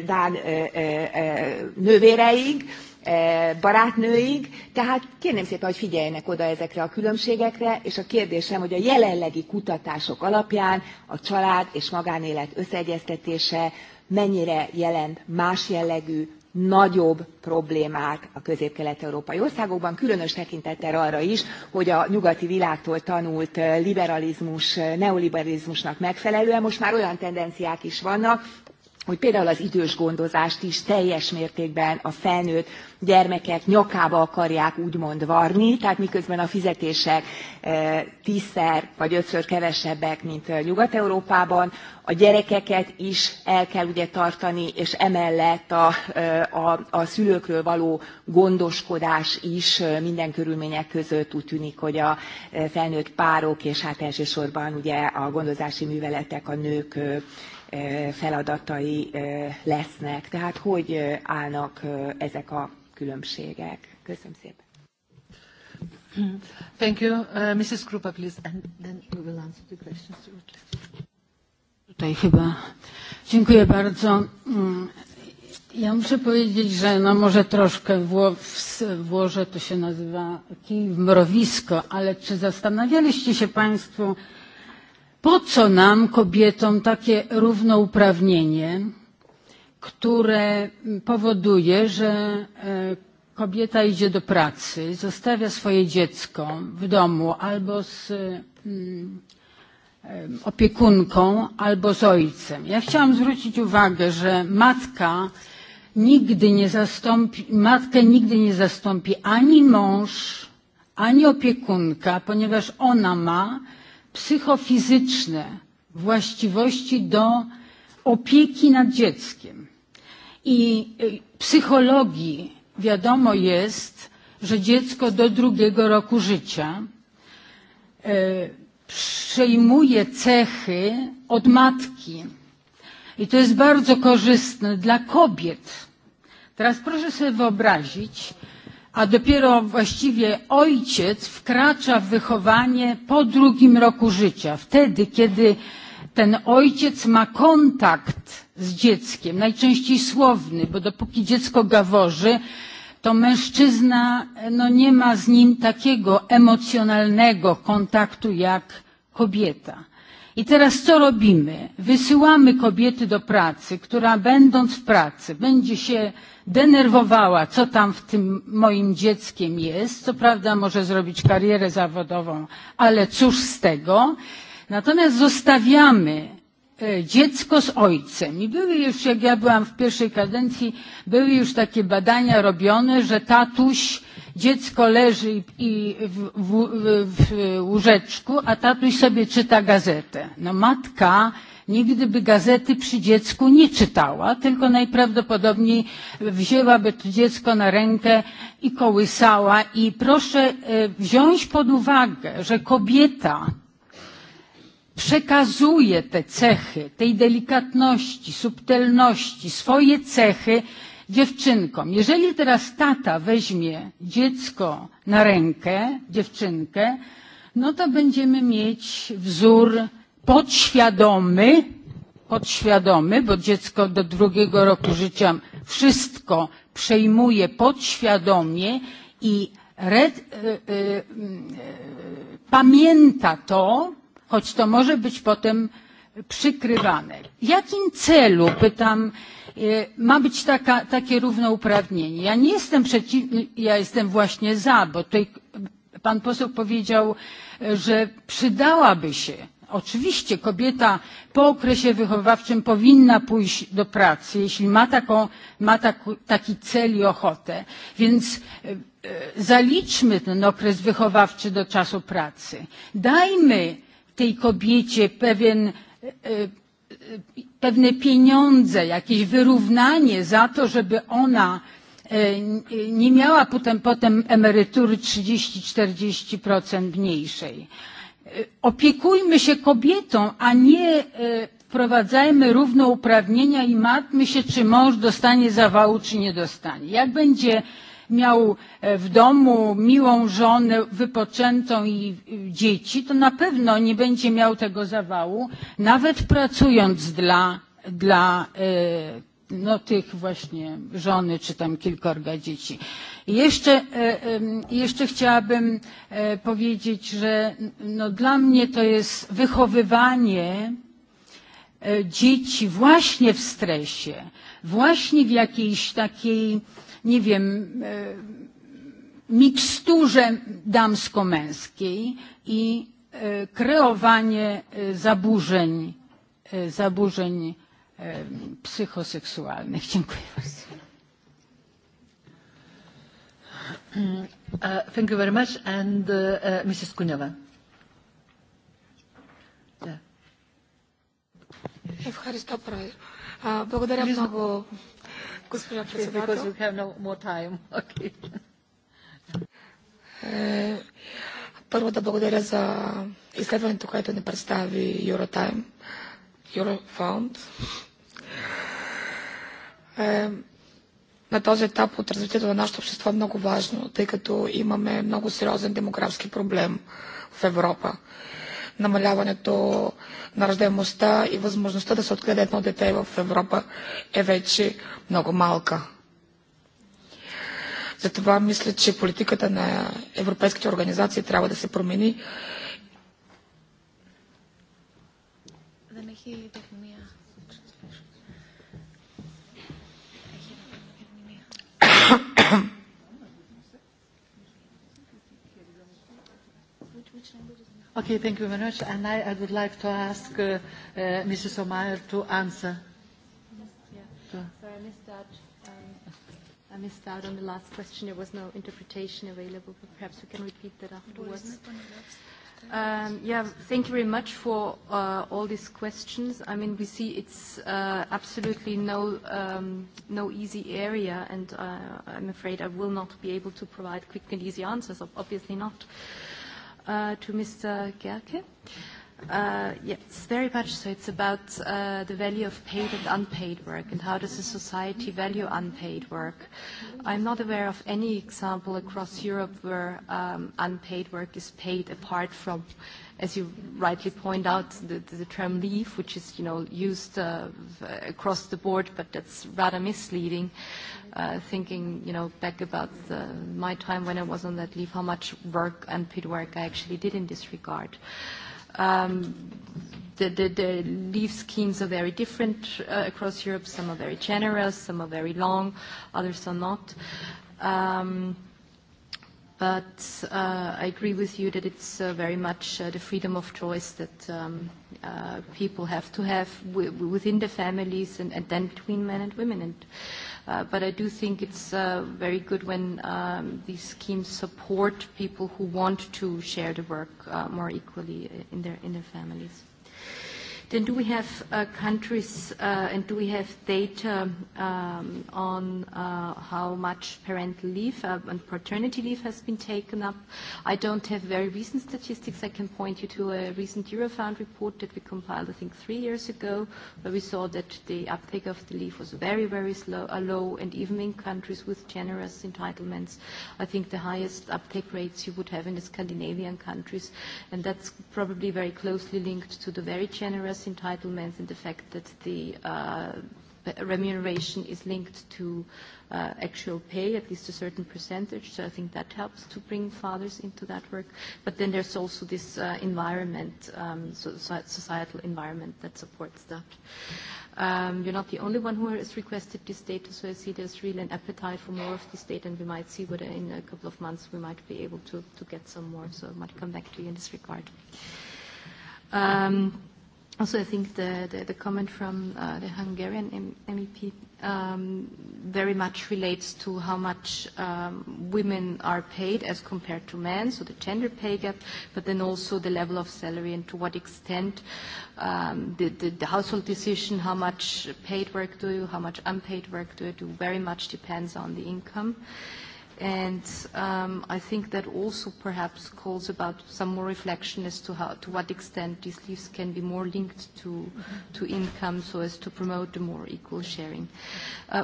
dán nővéreink, barátnőig, tehát kérném szépen, hogy figyeljenek oda ezekre a különbségekre, és a kérdésem, hogy a jelenlegi kutatások alapján a család és magánélet összeegyeztetése mennyire jelent más jellegű, nagyobb problémát a közép-kelet-európai országokban, különös tekintettel arra is, hogy a nyugati világtól tanult liberalizmus, neoliberalizmusnak megfelelően most már olyan tendenciák is vannak, hogy például az idős gondozást is teljes mértékben a felnőtt gyermekek nyakába akarják úgymond varni, tehát miközben a fizetések tízszer vagy ötször kevesebbek, mint Nyugat-Európában, a gyerekeket is el kell ugye tartani, és emellett a, a, a szülőkről való gondoskodás is minden körülmények között úgy tűnik, hogy a felnőtt párok, és hát elsősorban ugye a gondozási műveletek a nők feladatai lesznek. Tehát hogy állnak ezek a különbségek? Köszönöm szépen. Thank you. Mrs. Krupa, please, and then we will answer the questions. Tutaj chyba. Dziękuję bardzo. Ja muszę powiedzieć, że no może troszkę w włożę, to się nazywa kij w mrowisko, ale czy zastanawialiście się Państwo, po co nam, kobietom, takie równouprawnienie, które powoduje, że kobieta idzie do pracy, zostawia swoje dziecko w domu albo z opiekunką, albo z ojcem. Ja chciałam zwrócić uwagę, że matka nigdy nie zastąpi, matkę nigdy nie zastąpi ani mąż, ani opiekunka, ponieważ ona ma psychofizyczne właściwości do opieki nad dzieckiem. I psychologii wiadomo jest, że dziecko do drugiego roku życia przejmuje cechy od matki. I to jest bardzo korzystne dla kobiet. Teraz proszę sobie wyobrazić, a dopiero właściwie ojciec wkracza w wychowanie po drugim roku życia, wtedy kiedy ten ojciec ma kontakt z dzieckiem, najczęściej słowny, bo dopóki dziecko gaworzy, to mężczyzna no, nie ma z nim takiego emocjonalnego kontaktu jak kobieta. I teraz co robimy? Wysyłamy kobiety do pracy, która będąc w pracy będzie się denerwowała, co tam w tym moim dzieckiem jest. Co prawda może zrobić karierę zawodową, ale cóż z tego. Natomiast zostawiamy dziecko z ojcem. I były już, jak ja byłam w pierwszej kadencji, były już takie badania robione, że tatuś, dziecko leży i w, w, łóżeczku, a tatuś sobie czyta gazetę. No matka nigdy by gazety przy dziecku nie czytała, tylko najprawdopodobniej wzięłaby to dziecko na rękę i kołysała. I proszę wziąć pod uwagę, że kobieta przekazuje te cechy, tej delikatności, subtelności, swoje cechy dziewczynkom. Jeżeli teraz tata weźmie dziecko na rękę, dziewczynkę, no to będziemy mieć wzór podświadomy, podświadomy, bo dziecko do drugiego roku życia wszystko przejmuje podświadomie i pamięta to, choć to może być potem przykrywane. W jakim celu, pytam, ma być taka, takie równouprawnienie? Ja nie jestem przeciw, ja jestem właśnie za, bo tutaj pan poseł powiedział, że przydałaby się Oczywiście kobieta po okresie wychowawczym powinna pójść do pracy, jeśli ma, taką, ma taki cel i ochotę. Więc zaliczmy ten okres wychowawczy do czasu pracy. Dajmy tej kobiecie pewien pewne pieniądze, jakieś wyrównanie za to, żeby ona nie miała potem, potem emerytury 30-40% mniejszej. Opiekujmy się kobietą, a nie wprowadzajmy równouprawnienia i martwmy się, czy mąż dostanie zawału, czy nie dostanie. Jak będzie miał w domu miłą żonę wypoczętą i dzieci, to na pewno nie będzie miał tego zawału, nawet pracując dla, dla no, tych właśnie żony czy tam kilkorga dzieci. Jeszcze, jeszcze chciałabym powiedzieć, że no, dla mnie to jest wychowywanie dzieci właśnie w stresie, właśnie w jakiejś takiej nie wiem, miksturze damsko-męskiej i kreowanie zaburzeń, zaburzeń psychoseksualnych. Dziękuję bardzo. Thank you very much. And Mrs. Kuniowa. Yeah. Uh, Благодаря много Първо да благодаря за изследването, което ни представи Eurotime, Eurofound. На този етап от развитието на нашето общество е много важно, тъй като имаме много сериозен демографски проблем в Европа намаляването на рождаемостта и възможността да се отгледа едно дете в Европа е вече много малка. Затова мисля, че политиката на европейските организации трябва да се промени. Okay, thank you very much. And I, I would like to ask uh, uh, Mrs. O'Meara to answer. So Sorry, I missed out. Um, I missed out on the last question. There was no interpretation available, but perhaps we can repeat that afterwards. Um, yeah, thank you very much for uh, all these questions. I mean, we see it's uh, absolutely no, um, no easy area, and uh, I'm afraid I will not be able to provide quick and easy answers, obviously not to Mr. Gerke. Yes, very much so. It's about the value of paid and unpaid work and how does a society value unpaid work. I'm not aware of any example across Europe where unpaid work is paid apart from as you rightly point out, the, term leave, which is, you know, used across the board, but that's rather misleading. thinking, you know, back about my time when I was on that leave, how much work and pit work I actually did in this regard. The the leave schemes are very different across Europe. Some are very generous, some are very long, others are not. Um But I agree with you that it's very much the freedom of choice that people have to have within the families and then between men and women. But I do think it's very good when these schemes support people who want to share the work more equally in their families. Then do we have countries and do we have data on how much parental leave and paternity leave has been taken up? I don't have very recent statistics. I can point you to a recent Eurofound report that we compiled, I think, three years ago, where we saw that the uptake of the leave was very, very low, and even in countries with generous entitlements, I think the highest uptake rates you would have in the Scandinavian countries, and that's probably very closely linked to the very generous entitlements and the fact that the remuneration is linked to actual pay, at least a certain percentage. So I think that helps to bring fathers into that work. But then there's also this environment, societal environment that supports that. You're not the only one who has requested this data, so I see there's really an appetite for more of this data, and we might see whether in a couple of months we might be able to get some more. So I might come back to you in this regard. Also, I think the the comment from the Hungarian MEP very much relates to how much women are paid as compared to men, so the gender pay gap, but then also the level of salary and to what extent the the household decision, how much paid work do you, how much unpaid work do you do, very much depends on the income. And I think that also perhaps calls about some more reflection as to to what extent these leaves can be more linked to to income, so as to promote a more equal sharing.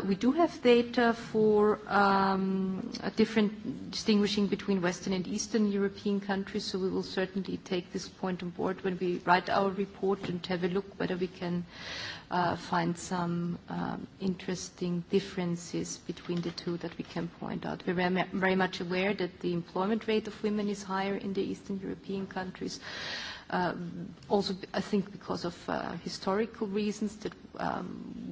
We do have data for a different distinguishing between Western and Eastern European countries, so we will certainly take this point on board when we write our report and have a look whether we can find some interesting differences between the two that we can point out. We're very much aware that the employment rate of women is higher in the Eastern European countries. Also, I think because of historical reasons that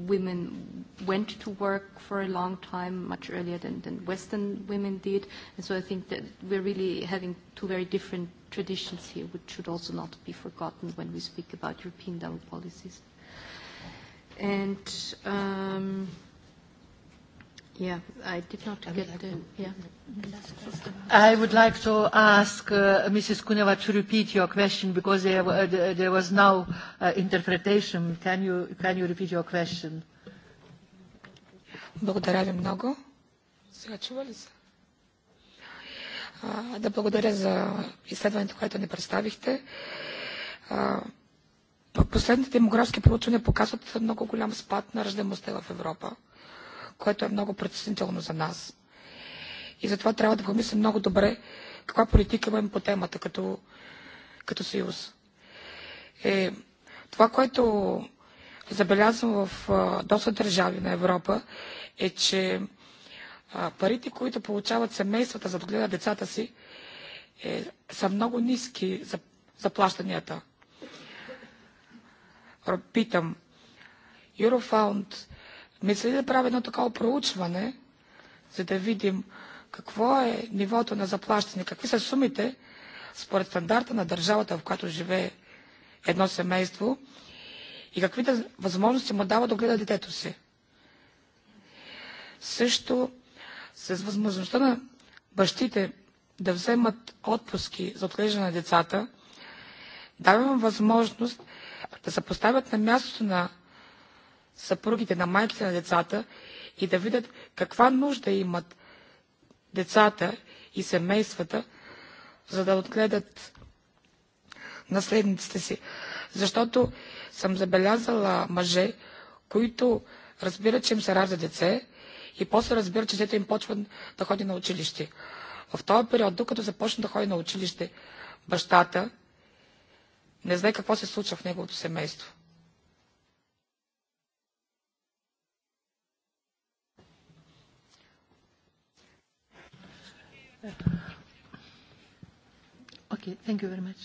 women went to work for a long time, much earlier than Western women did. And so I think that we're really having two very different traditions here, which should also not be forgotten when we speak about European level policies. And, um, yeah, I did not get the, yeah. I would like to ask Mrs. Kuneva to repeat your question because there was no interpretation. Can you, can you repeat your question? Благодаря ви много. Сега ли се? Да благодаря за изследването, което ни представихте. Последните демографски проучвания показват много голям спад на ръждаемостта в Европа, което е много притеснително за нас. И затова трябва да помислим много добре каква политика имаме по темата като, като съюз. Е, това, което забелязвам в а, доста държави на Европа, е, че а, парите, които получават семействата за да гледат децата си, е, са много ниски за заплащанията питам, Eurofound, мисли ли да прави едно такова проучване, за да видим какво е нивото на заплащане, какви са сумите според стандарта на държавата, в която живее едно семейство и какви възможности му дава да гледа детето си. Също с възможността на бащите да вземат отпуски за отглеждане на децата, давам възможност да се поставят на мястото на съпругите, на майките на децата и да видят каква нужда имат децата и семействата, за да отгледат наследниците си. Защото съм забелязала мъже, които разбират, че им се ражда деце и после разбират, че детето им почва да ходи на училище. В този период, докато започне да ходи на училище, бащата не знае какво се случва в неговото семейство. Okay, thank you very much.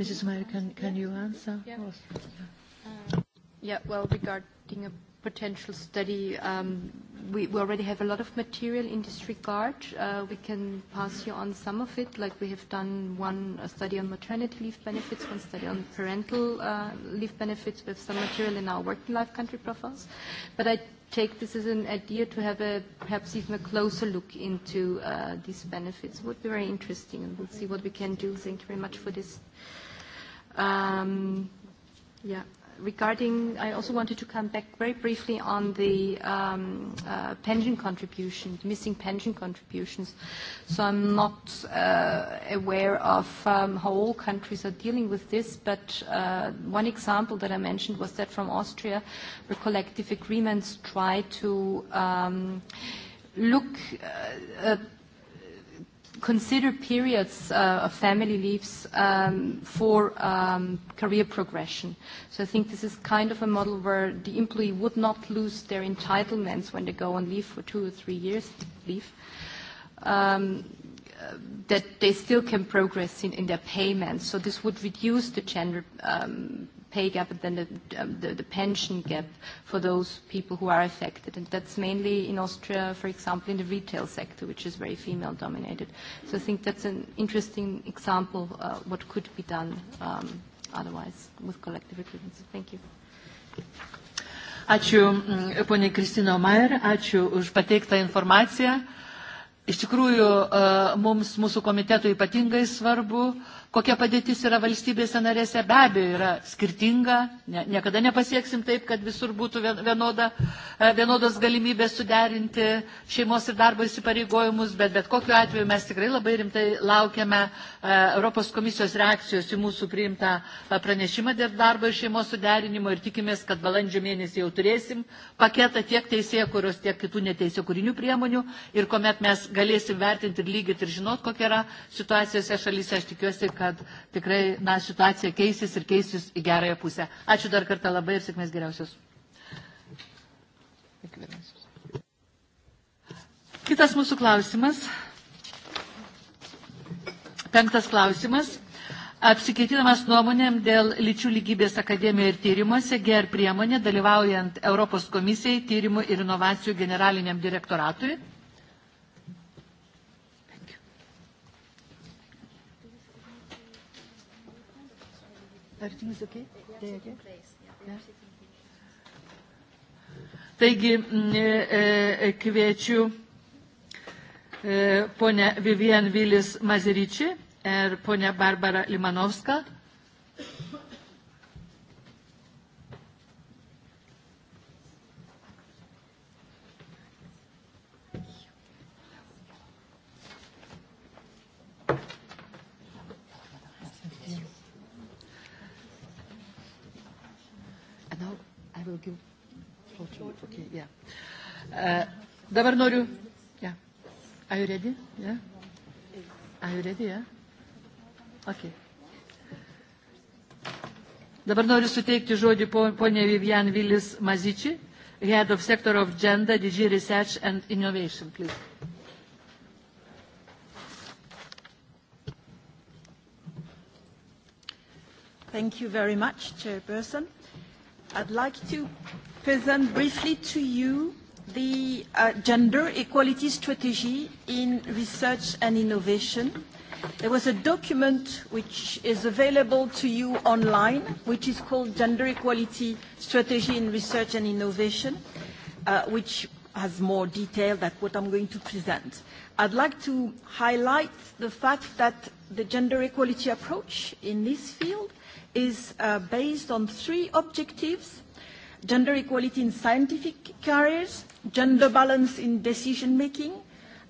Mrs. Meyer, can, can you answer? Yeah. yeah, well, regarding a potential study. We already have a lot of material in this regard. We can pass you on some of it, like we have done one study on maternity leave benefits, one study on parental leave benefits. with some material in our working life country profiles. But I take this as an idea to have a perhaps even a closer look into these benefits. It would be very interesting, and we'll see what we can do. Thank you very much for this. Yeah regarding, I also wanted to come back very briefly on the pension contributions, missing pension contributions. So I'm not aware of how all countries are dealing with this, but one example that I mentioned was that from Austria, where collective agreements try to look consider periods of family leaves for career progression. So I think this is kind of a model where the employee would not lose their entitlements when they go on leave for two or three years leave. Um, that they still can progress in their payments. So this would reduce the gender pay gap and then the pension gap for those people who are affected. And that's mainly in Austria, for example, in the retail sector, which is very female-dominated. So I think that's an interesting example of what could be done otherwise with collective agreements. Thank you. Ačiū, ačiū už pateiktą informaciją. Iš tikrųjų, mums mūsų komitetų ypatingai svarbu, kokia padėtis yra valstybėse narėse, be abejo yra skirtinga, niekada nepasieksim taip, kad visur būtų vienoda, vienodos galimybės suderinti šeimos ir darbo įsipareigojimus, bet bet kokiu atveju mes tikrai labai rimtai laukiame Europos komisijos reakcijos į mūsų priimtą pranešimą dėl darbo ir šeimos suderinimo ir tikimės, kad balandžio mėnesį jau turėsim paketą tiek kurios tiek kitų kūrinių priemonių ir kuomet mes galės vertinti ir lygit ir žinot, kokia yra situacijose šalyse. Aš tikiuosi, kad tikrai na, situacija keisis ir keisis į gerąją pusę. Ačiū dar kartą labai ir sėkmės geriausios. Kitas mūsų klausimas. Penktas klausimas. Apsikeitinamas nuomonėm dėl lyčių lygybės akademijoje ir tyrimuose GER priemonė dalyvaujant Europos komisijai tyrimų ir inovacijų generaliniam direktoratui. Everything is okay? They okay? Yeah. Taigi kviečiu ponę Vivian Vilis Mazeryčį ir ponę Barbarą Limanovską will give you. Okay, yeah. Uh, dabar noriu. Yeah. Are you ready? Yeah. Are you ready? Yeah. Okay. Dabar noriu suteikti žodį ponė Vivian Willis Mazici, Head of Sector of Gender, DG Research and Innovation, please. Thank you very much, Chairperson. I'd like to present briefly to you the Gender Equality Strategy in Research and Innovation. There was a document which is available to you online, which is called Gender Equality Strategy in Research and Innovation, which has more detail than what I'm going to present. I'd like to highlight the fact that the gender equality approach in this field is based on three objectives gender equality in scientific careers, gender balance in decision making,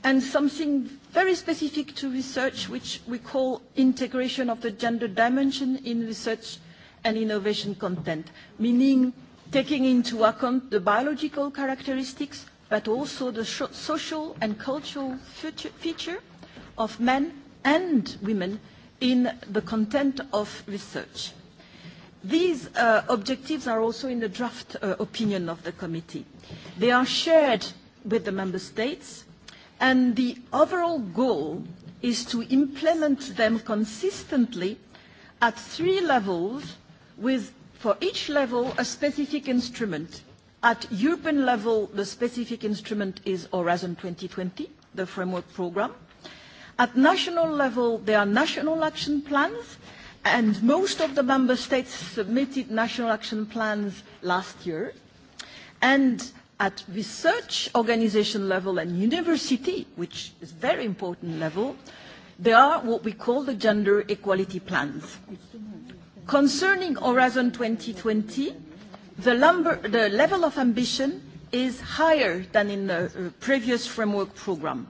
and something very specific to research, which we call integration of the gender dimension in research and innovation content, meaning taking into account the biological characteristics, but also the social and cultural feature of men and women in the content of research. These objectives are also in the draft opinion of the committee. They are shared with the member states and the overall goal is to implement them consistently at three levels with for each level a specific instrument. At European level the specific instrument is Horizon 2020, the framework programme. At national level, there are national action plans, and most of the member states submitted national action plans last year. And at research organization level and university, which is a very important level, there are what we call the gender equality plans. Concerning Horizon 2020, the level of ambition is higher than in the previous framework program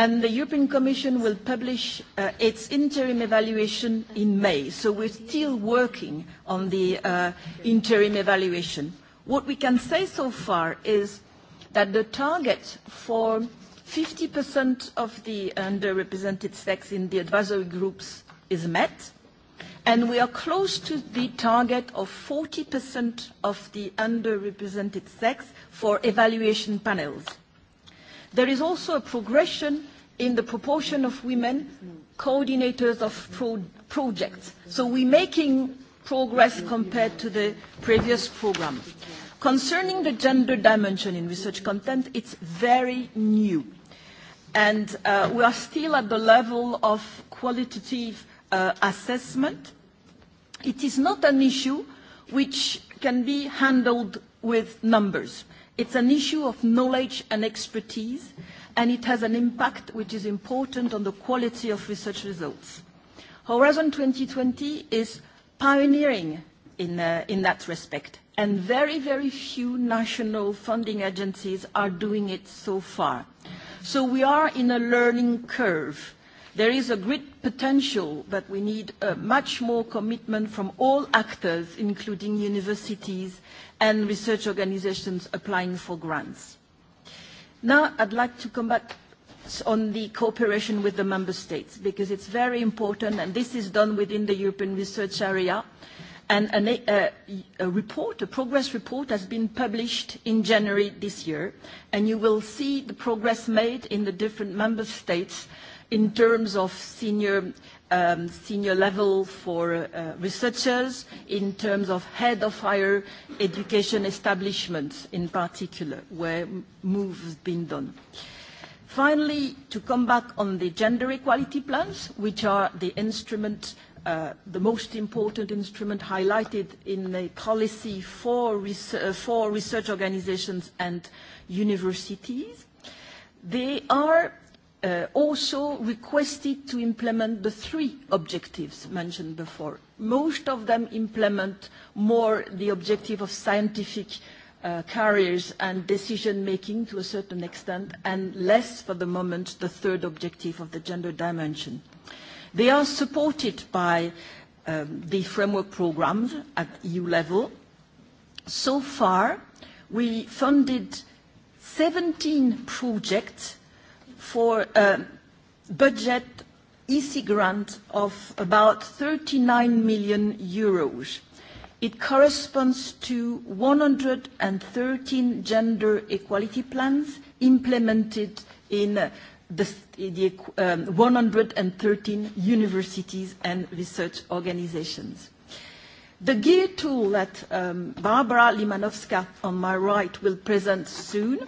and the European Commission will publish its interim evaluation in May. So we're still working on the interim evaluation. What we can say so far is that the target for 50% of the underrepresented sex in the advisory groups is met, and we are close to the target of 40% of the underrepresented sex for evaluation panels. There is also a progression in the proportion of women coordinators of projects. So we're making progress compared to the previous program. Concerning the gender dimension in research content, it's very new. And we are still at the level of qualitative assessment. It is not an issue which can be handled with numbers. It's an issue of knowledge and expertise and it has an impact which is important on the quality of research results. Horizon 2020 is pioneering in that respect, and very, very few national funding agencies are doing it so far. So we are in a learning curve. There is a great potential, but we need much more commitment from all actors, including universities and research organizations applying for grants. Now I'd like to come back on the cooperation with the member states because it's very important and this is done within the European research area and a report, a progress report has been published in January this year and you will see the progress made in the different member states in terms of senior senior level for researchers in terms of head of higher education establishments in particular, where moves has been done. Finally, to come back on the gender equality plans, which are the instrument, the most important instrument highlighted in the policy for research organizations and universities. They are also requested to implement the three objectives mentioned before. Most of them implement more the objective of scientific careers and decision-making to a certain extent, and less for the moment the third objective of the gender dimension. They are supported by the framework programs at EU level. So far, we funded 17 projects for a budget EC grant of about 39 million euros. It corresponds to 113 gender equality plans implemented in the 113 universities and research organizations. The GEAR tool that Barbara Limanowska on my right will present soon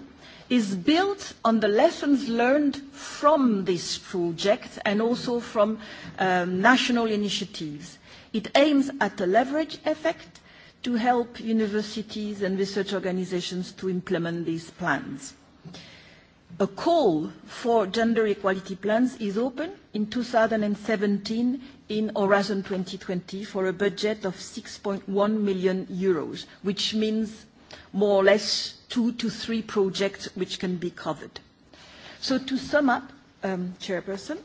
is built on the lessons learned from this project and also from national initiatives. It aims at a leverage effect to help universities and research organizations to implement these plans. A call for gender equality plans is open in 2017 in Horizon 2020 for a budget of 6.1 million euros, which means more or less two to three projects which can be covered. So to sum up, Chairperson,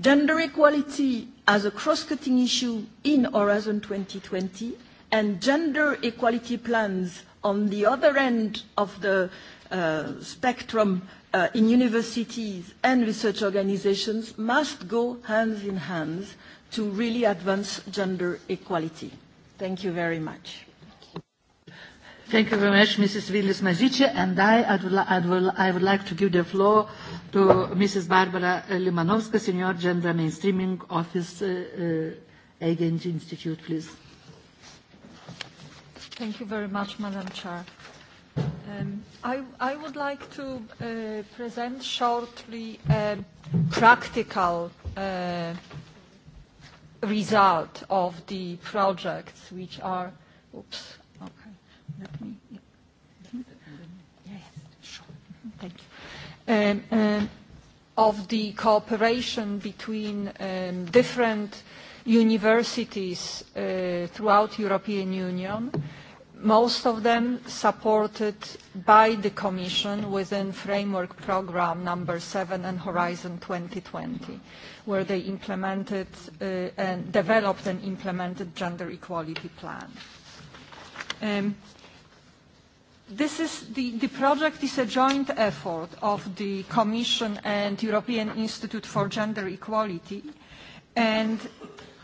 gender equality as a cross-cutting issue in Horizon 2020 and gender equality plans on the other end of the spectrum in universities and research organizations must go hands in hands to really advance gender equality. Thank you very much. Thank you very much, Mrs. Willis Mazice. And I, I, would, I, would, I would like to give the floor to Mrs. Barbara Limanovska, Senior Gender Mainstreaming Office, uh, Agent Institute, please. Thank you very much, Madam Chair. Um, I, I would like to present shortly a practical result of the projects which are, oops, okay of the cooperation between different universities throughout European Union, most of them supported by the Commission within Framework Programme number 7 and Horizon 2020, where they implemented and developed and implemented gender equality plan. This is the project is a joint effort of the Commission and European Institute for Gender Equality, and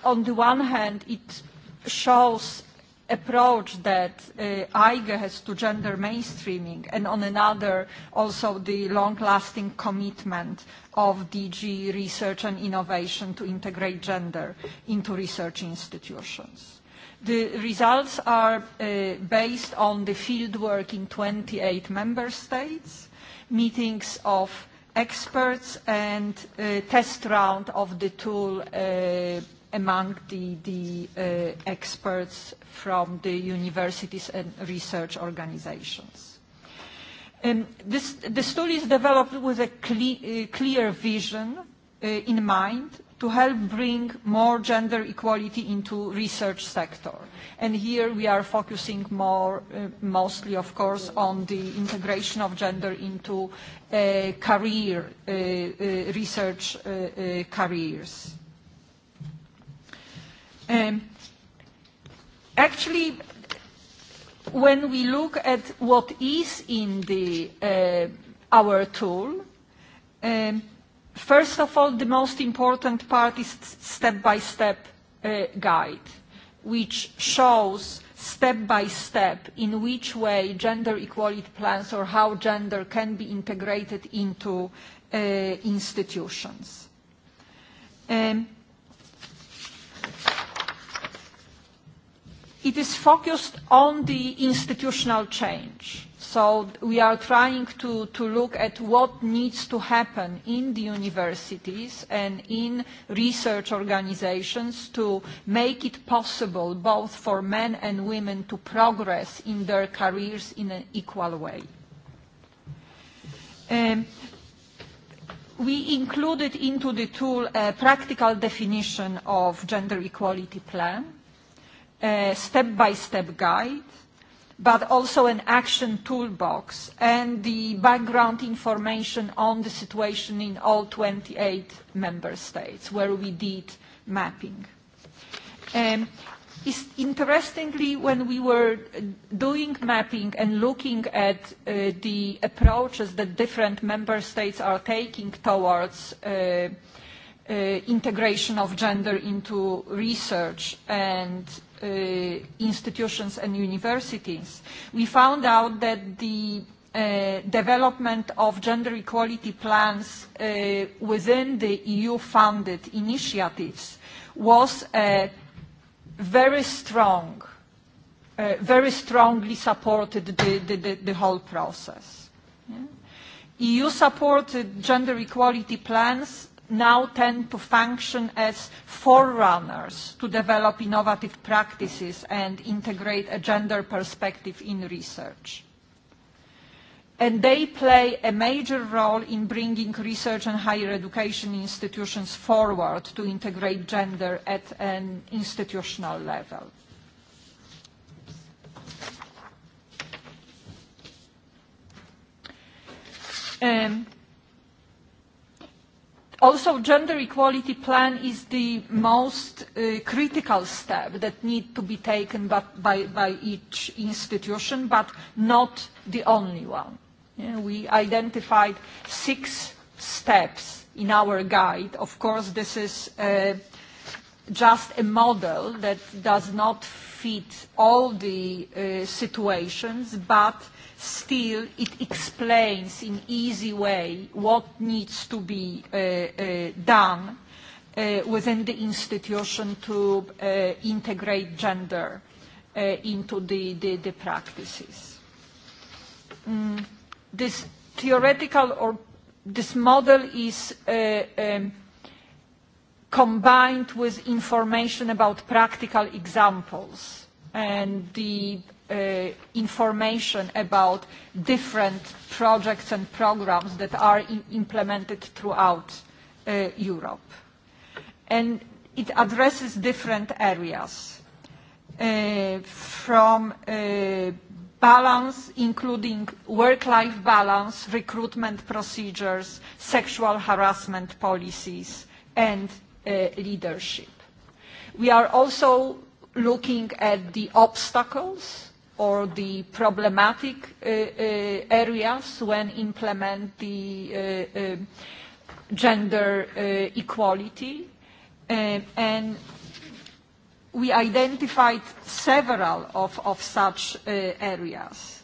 on the one hand, it shows approach that IGA has to gender mainstreaming, and on another, also the long-lasting commitment of DG Research and Innovation to integrate gender into research institutions. The results are based on the fieldwork in 28 member states, meetings of experts and test round of the tool among the experts from the universities and research organizations. The tool is developed with a clear vision in mind to help bring more gender equality into research sector. And here we are focusing more, mostly, of course, on the integration of gender into career, research careers. Actually, when we look at what is in our tool, First of all, the most important part is step-by-step guide, which shows step-by-step in which way gender equality plans or how gender can be integrated into institutions. It is focused on the institutional change So we are trying to look at what needs to happen in the universities and in research organizations to make it possible both for men and women to progress in their careers in an equal way. We included into the tool a practical definition of gender equality plan, a step-by-step guide, but also an action toolbox and the background information on the situation in all 28 member states where we did mapping. Interestingly, when we were doing mapping and looking at the approaches that different member states are taking towards integration of gender into research and institutions and universities, we found out that the development of gender equality plans within the EU-funded initiatives was very strong, very strongly supported the whole process. EU supported gender equality plans now tend to function as forerunners to develop innovative practices and integrate a gender perspective in research. And they play a major role in bringing research and higher education institutions forward to integrate gender at an institutional level. Also, gender equality plan is the most critical step that needs to be taken by each institution, but not the only one. We identified six steps in our guide. Of course, this is just a model that does not fit all the situations, but still it explains in easy way what needs to be done within the institution to integrate gender into the practices. This theoretical or this model is combined with information about practical examples and the information about different projects and programs that are implemented throughout Europe. And it addresses different areas from balance, including work-life balance, recruitment procedures, sexual harassment policies, and leadership. We are also looking at the obstacles or the problematic areas when implement the gender equality and we identified several of such areas.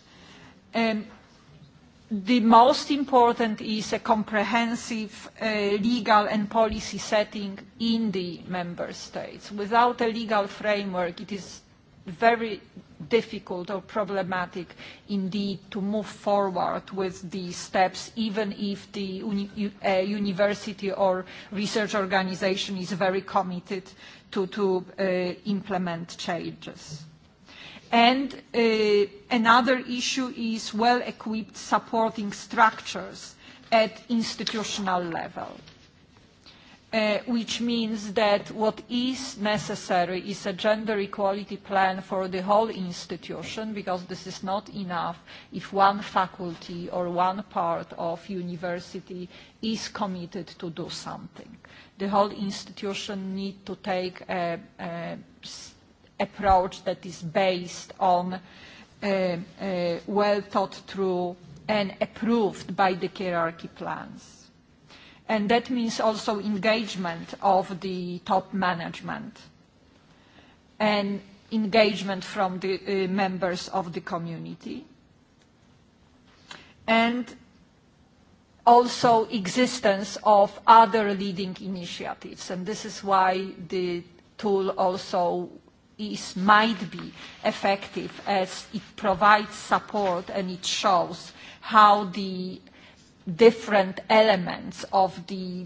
The most important is a comprehensive legal and policy setting in the member states. Without a legal framework, it is very difficult or problematic indeed to move forward with these steps, even if the university or research organization is very committed to implement changes. And another issue is well-equipped supporting structures at institutional level, which means that what is necessary is a gender equality plan for the whole institution, because this is not enough if one faculty or one part of university is committed to do something. The whole institution needs to take a approach that is based on well thought through and approved by the hierarchy plans. And that means also engagement of the top management and engagement from the members of the community. And also existence of other leading initiatives. And this is why the tool also is might be effective as it provides support and it shows how the different elements of the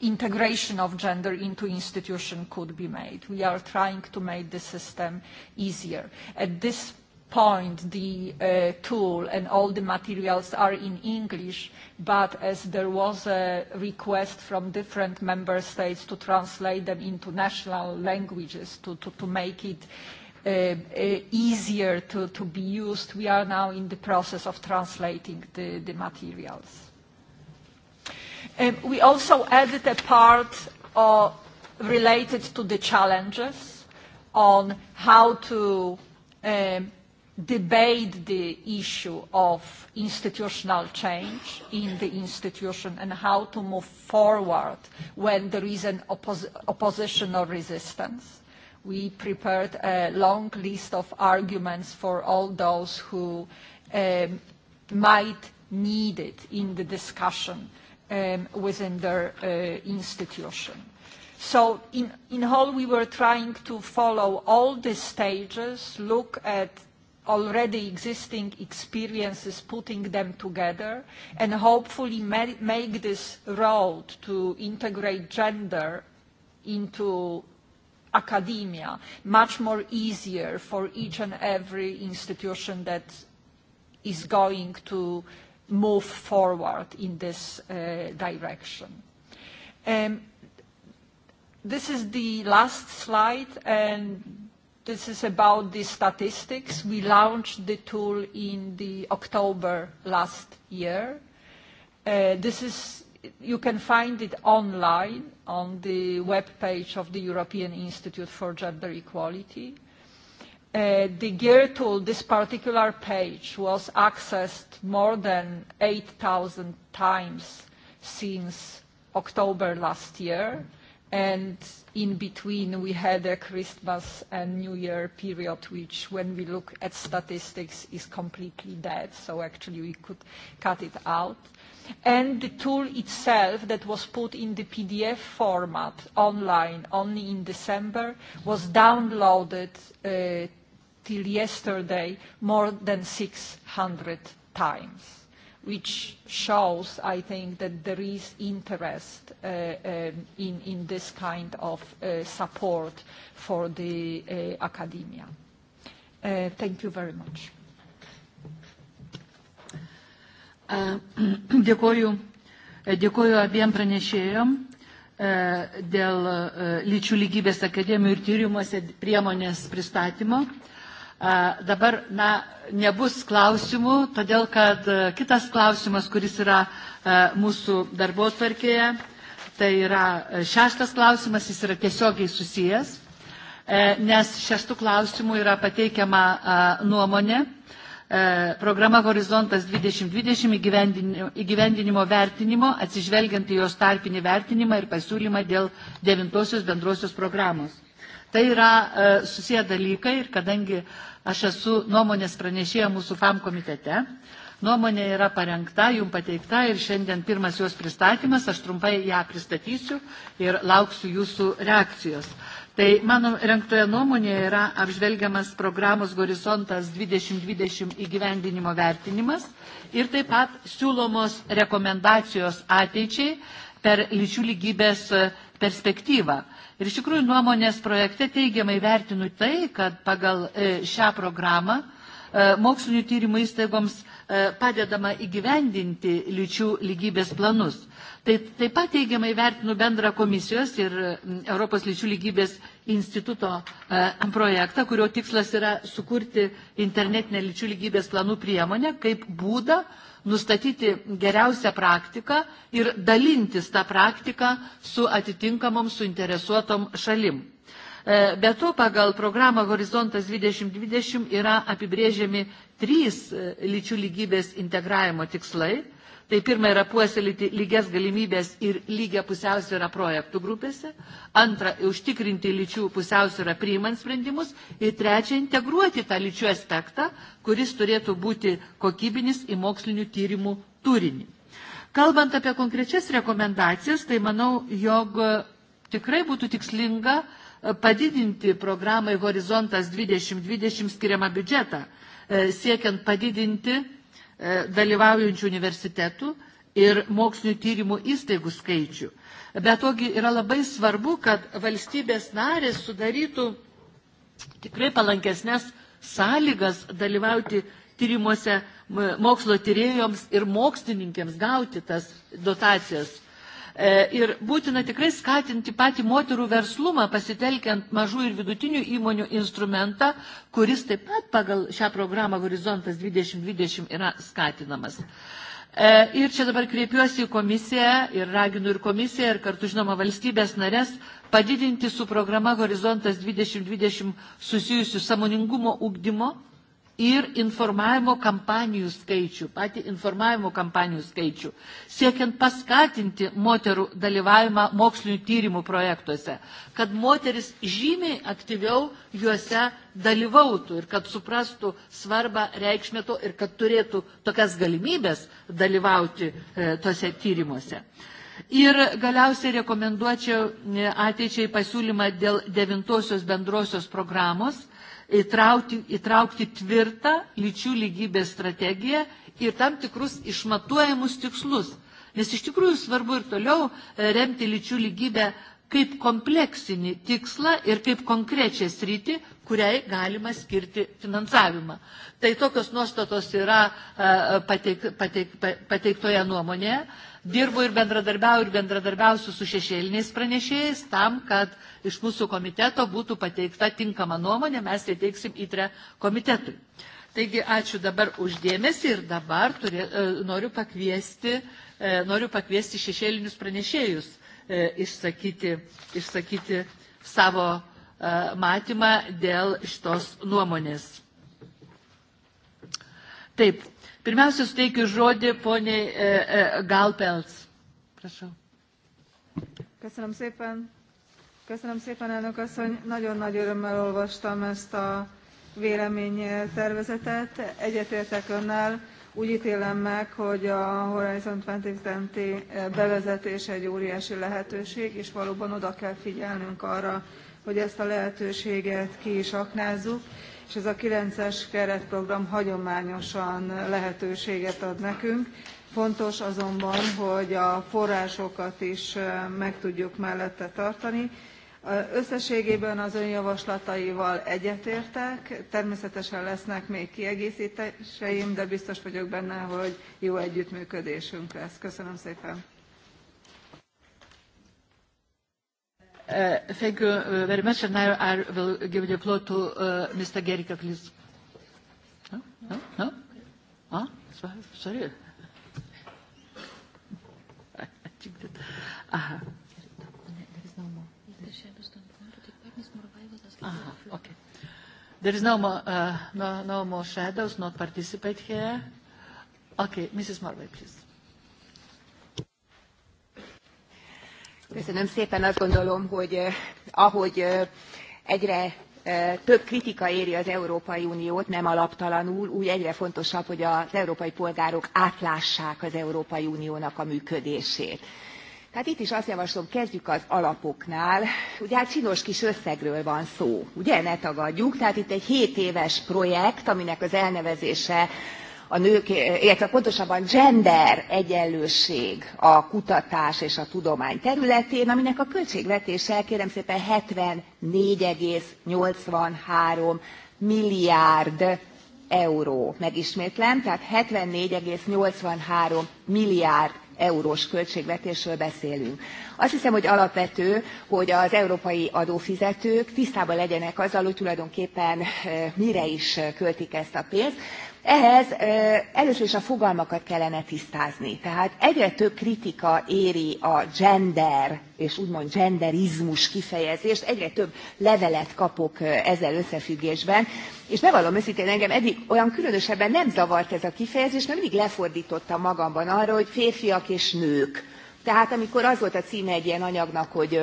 integration of gender into institution could be made. We are trying to make the system easier. At this point the tool and all the materials are in English, but as there was a request from different member states to translate them into national languages to make it easier to be used, we are now in the process of translating the materials. We also added a part related to the challenges on how to debate the issue of institutional change in the institution and how to move forward when there is an opposition or resistance. We prepared a long list of arguments for all those who might need it in the discussion within their institution. So in whole, we were trying to follow all the stages, look at already existing experiences, putting them together, and hopefully make this road to integrate gender into academia much more easier for each and every institution that is going to move forward in this direction. This is the last slide, and This is about the statistics. We launched the tool in October last year. This is you can find it online on the web page of the European Institute for Gender Equality. The GEAR tool, this particular page, was accessed more than 8,000 times since October last year and in between we had a Christmas and New Year period, which when we look at statistics is completely dead, so actually we could cut it out. And the tool itself that was put in the PDF format online only in December was downloaded till yesterday more than 600 times which shows, I think, that there is interest in this kind of support for the academia. Thank you very much. Dėkoju. abiem pranešėjom dėl lyčių lygybės akademijų ir tyrimuose priemonės pristatymo. Dabar na, nebus klausimų, todėl kad kitas klausimas, kuris yra mūsų darbo tvarkėje, tai yra šeštas klausimas, jis yra tiesiogiai susijęs, nes šeštų klausimų yra pateikiama nuomonė programa Horizontas 2020 įgyvendinimo vertinimo, atsižvelgiant į jos tarpinį vertinimą ir pasiūlymą dėl devintosios bendrosios programos. Tai yra susiję dalykai ir kadangi aš esu nuomonės pranešėja mūsų FAM komitete, nuomonė yra parengta, jum pateikta ir šiandien pirmas jos pristatymas, aš trumpai ją pristatysiu ir lauksiu jūsų reakcijos. Tai mano renktoje nuomonė yra apžvelgiamas programos Horizontas 2020 įgyvendinimo vertinimas ir taip pat siūlomos rekomendacijos ateičiai per lyčių lygybės perspektyvą. Ir iš tikrųjų nuomonės projekte teigiamai vertinu tai, kad pagal šią programą mokslinių tyrimų įstaigoms padedama įgyvendinti lyčių lygybės planus. Tai taip pat teigiamai vertinu bendrą komisijos ir Europos lyčių lygybės instituto projektą, kurio tikslas yra sukurti internetinę lyčių lygybės planų priemonę kaip būdą nustatyti geriausią praktiką ir dalintis tą praktiką su atitinkamom suinteresuotom šalim. Be to, pagal programą Horizontas 2020 yra apibrėžiami trys lyčių lygybės integravimo tikslai Tai pirma yra puoselėti lygias galimybės ir lygią pusiausvyrą projektų grupėse. Antra, užtikrinti lyčių pusiausvyrą priimant sprendimus. Ir trečia, integruoti tą lyčių aspektą, kuris turėtų būti kokybinis į mokslinių tyrimų turinį. Kalbant apie konkrečias rekomendacijas, tai manau, jog tikrai būtų tikslinga padidinti programai Horizontas 2020 skiriamą biudžetą, siekiant padidinti dalyvaujančių universitetų ir mokslinių tyrimų įstaigų skaičių. Bet togi yra labai svarbu, kad valstybės narės sudarytų tikrai palankesnės sąlygas dalyvauti tyrimuose mokslo tyrėjoms ir mokslininkėms gauti tas dotacijas Ir būtina tikrai skatinti patį moterų verslumą, pasitelkiant mažų ir vidutinių įmonių instrumentą, kuris taip pat pagal šią programą Horizontas 2020 yra skatinamas. Ir čia dabar kreipiuosi į komisiją ir raginu ir komisiją ir kartu žinoma valstybės narės padidinti su programa Horizontas 2020 susijusių samoningumo ugdymo ir informavimo kampanijų skaičių, patį informavimo kampanijų skaičių, siekiant paskatinti moterų dalyvavimą mokslinių tyrimų projektuose, kad moteris žymiai aktyviau juose dalyvautų ir kad suprastų svarbą reikšmeto ir kad turėtų tokias galimybės dalyvauti tose tyrimuose. Ir galiausiai rekomenduočiau ateičiai pasiūlymą dėl devintosios bendrosios programos įtraukti, įtraukti tvirtą lyčių lygybės strategiją ir tam tikrus išmatuojamus tikslus. Nes iš tikrųjų svarbu ir toliau remti lyčių lygybę kaip kompleksinį tikslą ir kaip konkrečią sritį, kuriai galima skirti finansavimą. Tai tokios nuostatos yra pateik, pateik, pateiktoje nuomonėje dirbu ir bendradarbiau ir bendradarbiausiu su šešėliniais pranešėjais tam, kad iš mūsų komiteto būtų pateikta tinkama nuomonė, mes tai teiksim įtre komitetui. Taigi ačiū dabar uždėmesi ir dabar turė, noriu, pakviesti, noriu pakviesti šešėlinius pranešėjus išsakyti, išsakyti savo matymą dėl šitos nuomonės. Taip, Pirmiausia, suteikiu žodį poniai Galpels. Prašau. Köszönöm szépen. Köszönöm szépen, elnök asszony. Nagyon nagy örömmel olvastam ezt a vélemény véleménytervezetet. Egyetértek önnel. Úgy ítélem meg, hogy a Horizon 2020 bevezetés egy óriási lehetőség, és valóban oda kell figyelnünk arra, hogy ezt a lehetőséget ki is aknázzuk és ez a 9-es keretprogram hagyományosan lehetőséget ad nekünk. Fontos azonban, hogy a forrásokat is meg tudjuk mellette tartani. Összességében az ön javaslataival egyetértek, természetesen lesznek még kiegészítéseim, de biztos vagyok benne, hogy jó együttműködésünk lesz. Köszönöm szépen! Thank you very much. And now I will give the floor to Mr. Gerica, please. No? No? No? Ah, sorry. There is no more. okay. There is no more, uh, no, no more shadows, not participate here. Okay, Mrs. Morvai, please. Köszönöm szépen. Azt gondolom, hogy ahogy egyre több kritika éri az európai uniót nem alaptalanul úgy egyre fontosabb hogy az európai polgárok átlássák az európai uniónak a működését. tehát itt is azt javaslom kezdjük az alapoknál ugye hát csinos kis összegről van szó ugye ne tagadjuk tehát itt egy 7 éves projekt aminek az elnevezése a nők, illetve pontosabban gender egyenlőség a kutatás és a tudomány területén, aminek a költségvetése kérem szépen 74,83 milliárd euró. Megismétlem, tehát 74,83 milliárd eurós költségvetésről beszélünk. Azt hiszem, hogy alapvető, hogy az európai adófizetők tisztában legyenek azzal, hogy tulajdonképpen mire is költik ezt a pénzt. Ehhez először is a fogalmakat kellene tisztázni. Tehát egyre több kritika éri a gender és úgymond genderizmus kifejezést, egyre több levelet kapok ezzel összefüggésben, és bevallom őszintén engem eddig olyan különösebben nem zavart ez a kifejezés, mert mindig lefordítottam magamban arra, hogy férfiak és nők. Tehát amikor az volt a címe egy ilyen anyagnak, hogy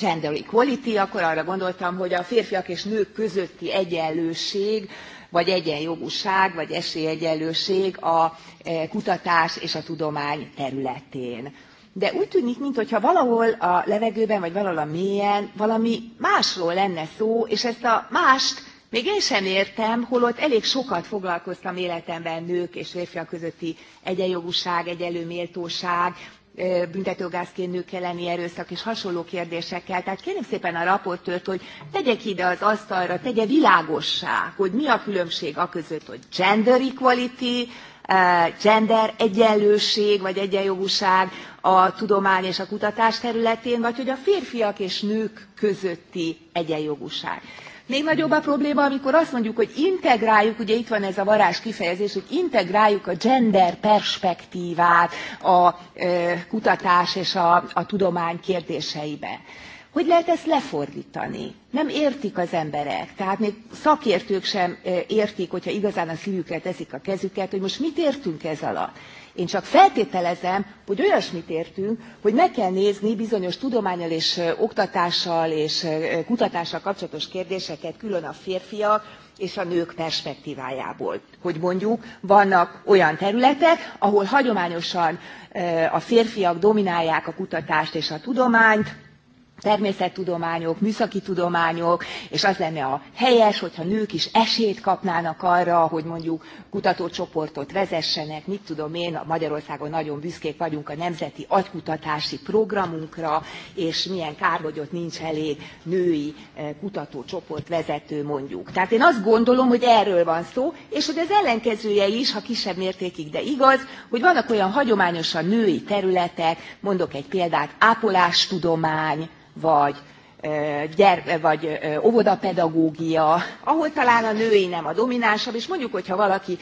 gender equality, akkor arra gondoltam, hogy a férfiak és nők közötti egyenlőség vagy egyenjogúság, vagy esélyegyenlőség a kutatás és a tudomány területén. De úgy tűnik, mintha valahol a levegőben, vagy valahol a mélyen valami másról lenne szó, és ezt a mást még én sem értem, holott elég sokat foglalkoztam életemben nők és férfiak közötti egyenjogúság, egyelőméltóság büntetőgázként nők elleni erőszak és hasonló kérdésekkel. Tehát kérem szépen a raportőrt, hogy tegyek ide az asztalra, tegye világossá, hogy mi a különbség a között, hogy gender equality, gender egyenlőség vagy egyenjogúság a tudomány és a kutatás területén, vagy hogy a férfiak és nők közötti egyenjogúság Még nagyobb a probléma, amikor azt mondjuk, hogy integráljuk, ugye itt van ez a varázs kifejezés, hogy integráljuk a gender perspektívát a kutatás és a, a tudomány kérdéseibe. Hogy lehet ezt lefordítani? Nem értik az emberek, tehát még szakértők sem értik, hogyha igazán a szívükre teszik a kezüket, hogy most mit értünk ez alatt Én csak feltételezem, hogy olyasmit értünk, hogy meg kell nézni bizonyos tudományal és oktatással és kutatással kapcsolatos kérdéseket külön a férfiak és a nők perspektívájából. Hogy mondjuk vannak olyan területek, ahol hagyományosan a férfiak dominálják a kutatást és a tudományt, természettudományok, műszaki tudományok, és az lenne a helyes, hogyha nők is esélyt kapnának arra, hogy mondjuk kutatócsoportot vezessenek, mit tudom én, Magyarországon nagyon büszkék vagyunk a nemzeti agykutatási programunkra, és milyen kár, hogy ott nincs elég női kutatócsoport vezető mondjuk. Tehát én azt gondolom, hogy erről van szó, és hogy az ellenkezője is, ha kisebb mértékig, de igaz, hogy vannak olyan hagyományosan női területek, mondok egy példát, ápolástudomány, vagy gyerme, vagy óvodapedagógia, ahol talán a női nem a dominánsabb, és mondjuk, hogyha valaki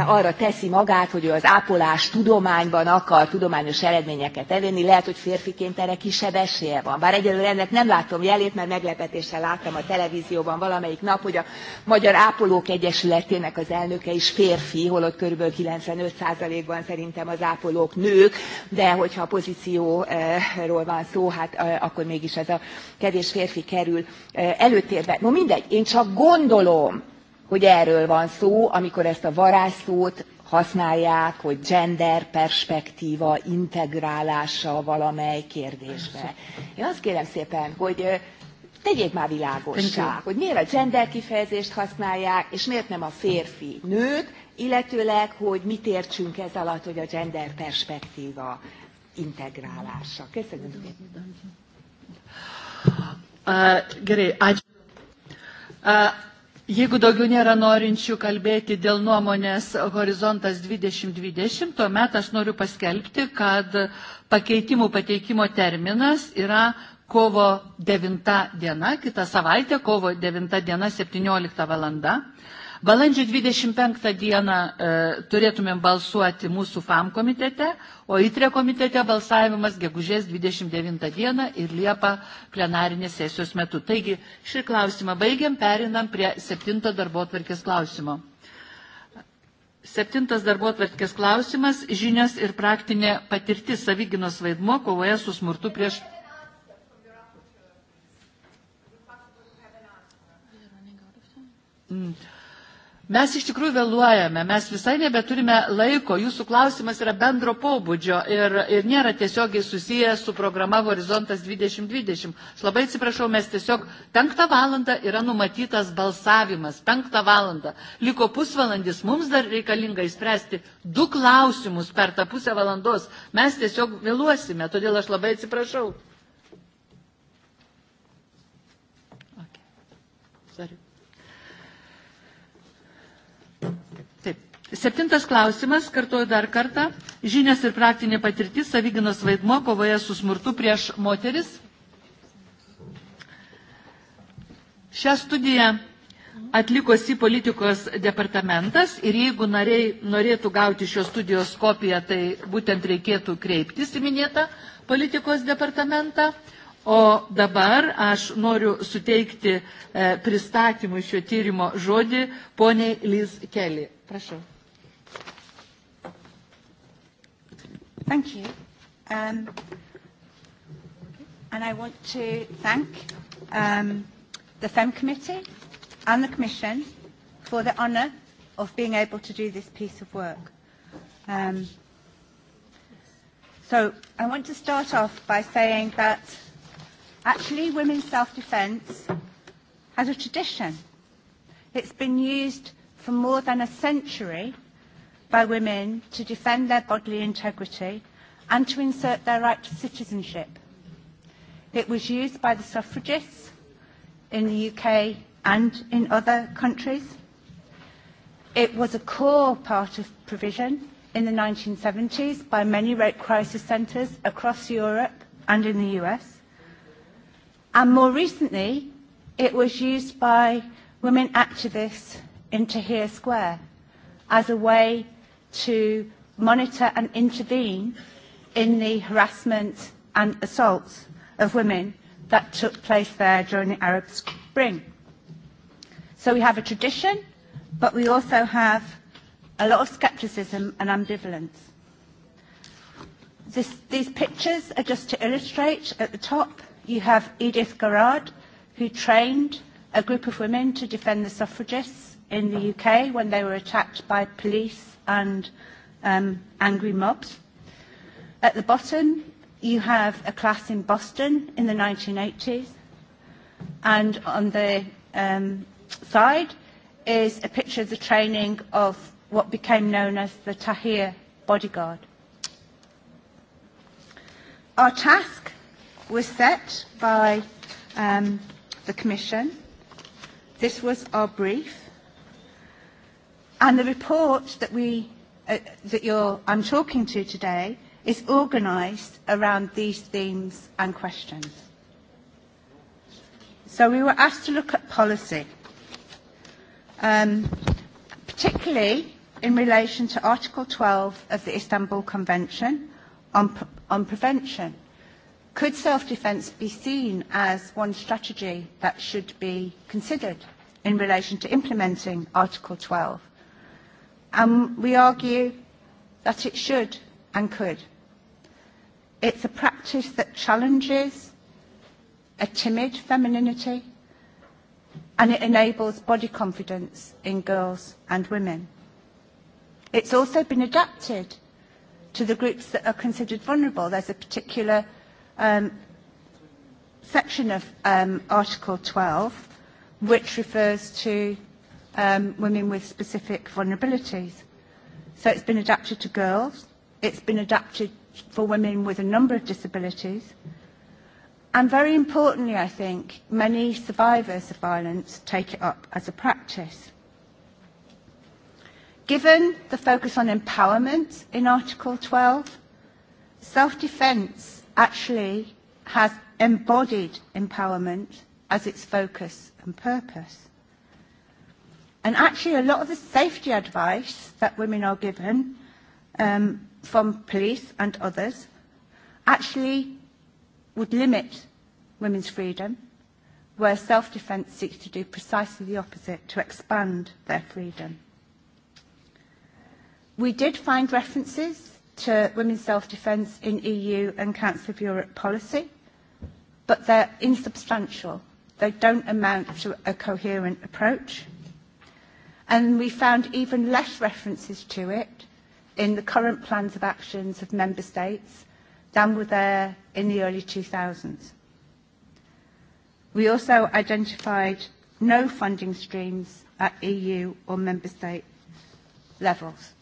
arra teszi magát, hogy ő az ápolás tudományban akar tudományos eredményeket elérni, lehet, hogy férfiként erre kisebb esélye van. Bár egyelőre ennek nem látom jelét, mert meglepetéssel láttam a televízióban valamelyik nap, hogy a Magyar Ápolók Egyesületének az elnöke is férfi, holott kb. 95%-ban szerintem az ápolók nők, de hogyha a pozícióról van szó, hát akkor mégis ez a kevés férfi kerül előtérbe. No mindegy, én csak gondolom, hogy erről van szó, amikor ezt a varázsszót használják, hogy gender perspektíva integrálása valamely kérdésbe. Én azt kérem szépen, hogy tegyék már világossá, hogy miért a gender kifejezést használják, és miért nem a férfi nőt, illetőleg, hogy mit értsünk ez alatt, hogy a gender perspektíva integrálása. Köszönöm szépen. Uh, Jeigu daugiau nėra norinčių kalbėti dėl nuomonės Horizontas 2020, tuomet aš noriu paskelbti, kad pakeitimų pateikimo terminas yra kovo 9 diena, kitą savaitę, kovo 9 diena 17 valanda. Balandžio 25 dieną turėtumėm balsuoti mūsų FAM komitete, o ITRE komitete balsavimas gegužės 29 dieną ir Liepa plenarinės sesijos metu. Taigi šį klausimą baigiam, perinam prie septinto darbo atvarkės klausimo. Septintas darbotvarkės klausimas žinias ir praktinė patirtis savyginos vaidmo kovoje su smurtu prieš... Mm. Mes iš tikrųjų vėluojame, mes visai nebeturime laiko, jūsų klausimas yra bendro pobūdžio ir, ir nėra tiesiogiai susijęs su programa Horizontas 2020. Aš labai atsiprašau, mes tiesiog penktą valandą yra numatytas balsavimas, penktą valandą. Liko pusvalandis, mums dar reikalinga įspręsti du klausimus per tą pusę valandos. Mes tiesiog vėluosime, todėl aš labai atsiprašau. Septintas klausimas, kartuoju dar kartą, Žinias ir praktinė patirtis, savyginos vaidmo kovoje su smurtu prieš moteris. Šią studiją atlikosi politikos departamentas ir jeigu nariai norėtų gauti šios studijos kopiją, tai būtent reikėtų kreiptis į minėtą politikos departamentą. O dabar aš noriu suteikti pristatymui šio tyrimo žodį poniai Liz Kelly. Prašau. Thank you. and I want to thank um, the FEM Committee and the Commission for the honour of being able to do this piece of work. Um, so I want to start off by saying that actually women's self-defence has a tradition. It's been used for more than a century by women to defend their bodily integrity and to insert their right to citizenship. It was used by the suffragists in the UK and in other countries. It was a core part of provision in the 1970s by many rape crisis centres across Europe and in the US. And more recently, it was used by women activists in Tahir Square as a way to monitor and intervene in the harassment and assaults of women that took place there during the Arab Spring. So we have a tradition, but we also have a lot of scepticism and ambivalence. These pictures are just to illustrate. At the top, you have Edith Garrard, who trained a group of women to defend the suffragists in the UK when they were attacked by police and angry mobs. At the bottom, you have a class in Boston in the 1980s. And on the side is a picture of the training of what became known as the Tahir bodyguard. Our task was set by the Commission. This was our brief. And the report that we, that I'm talking to today is organised around these themes and questions. So we were asked to look at policy, particularly in relation to Article 12 of the Istanbul Convention on, on Prevention. Could self-defence be seen as one strategy that should be considered in relation to implementing Article 12? and we argue that it should and could. It's a practice that challenges a timid femininity and it enables body confidence in girls and women. It's also been adapted to the groups that are considered vulnerable. There's a particular section of Article 12 which refers to women with specific vulnerabilities. So it's been adapted to girls, it's been adapted for women with a number of disabilities, and very importantly, I think, many survivors of violence take it up as a practice. Given the focus on empowerment in Article 12, self-defence actually has embodied empowerment as its focus and purpose. And actually, a lot of the safety advice that women are given um, from police and others actually would limit women's freedom, where self-defence seeks to do precisely the opposite, to expand their freedom. We did find references to women's self-defence in EU and Council of Europe policy, but they're insubstantial. They don't amount to a coherent approach and we found even less references to it in the current plans of actions of member states than were there in the early 2000s. We also identified no funding streams at EU or member state levels.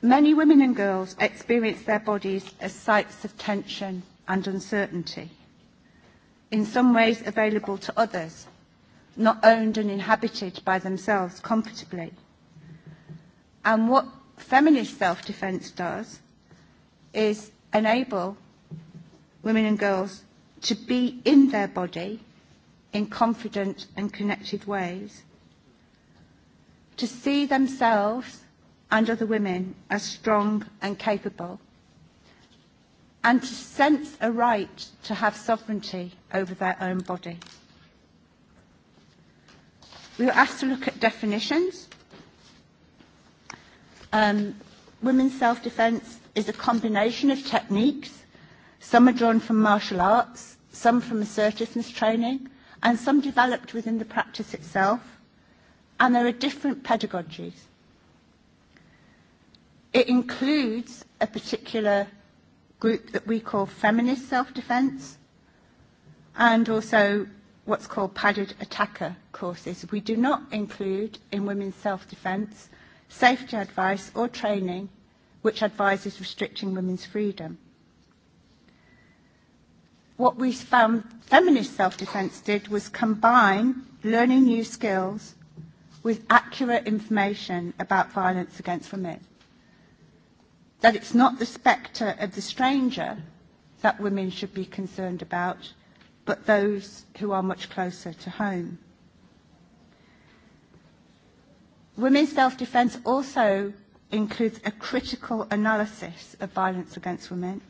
Many women and girls experience their bodies as sites of tension and uncertainty, in some ways available to others not owned and inhabited by themselves comfortably. And what feminist self-defense does is enable women and girls to be in their body in confident and connected ways, to see themselves and other women as strong and capable, and to sense a right to have sovereignty over their own body. We were asked to look at definitions. Women's self defense is a combination of techniques. Some are drawn from martial arts, some from assertiveness training, and some developed within the practice itself. And there are different pedagogies. It includes a particular group that we call feminist self defense and also what's called padded attacker courses. We do not include in women's self-defence safety advice or training which advises restricting women's freedom. What we found feminist self-defence did was combine learning new skills with accurate information about violence against women. That it's not the spectre of the stranger that women should be concerned about, but those who are much closer to home. Women's self-defence also includes a critical analysis of violence against women,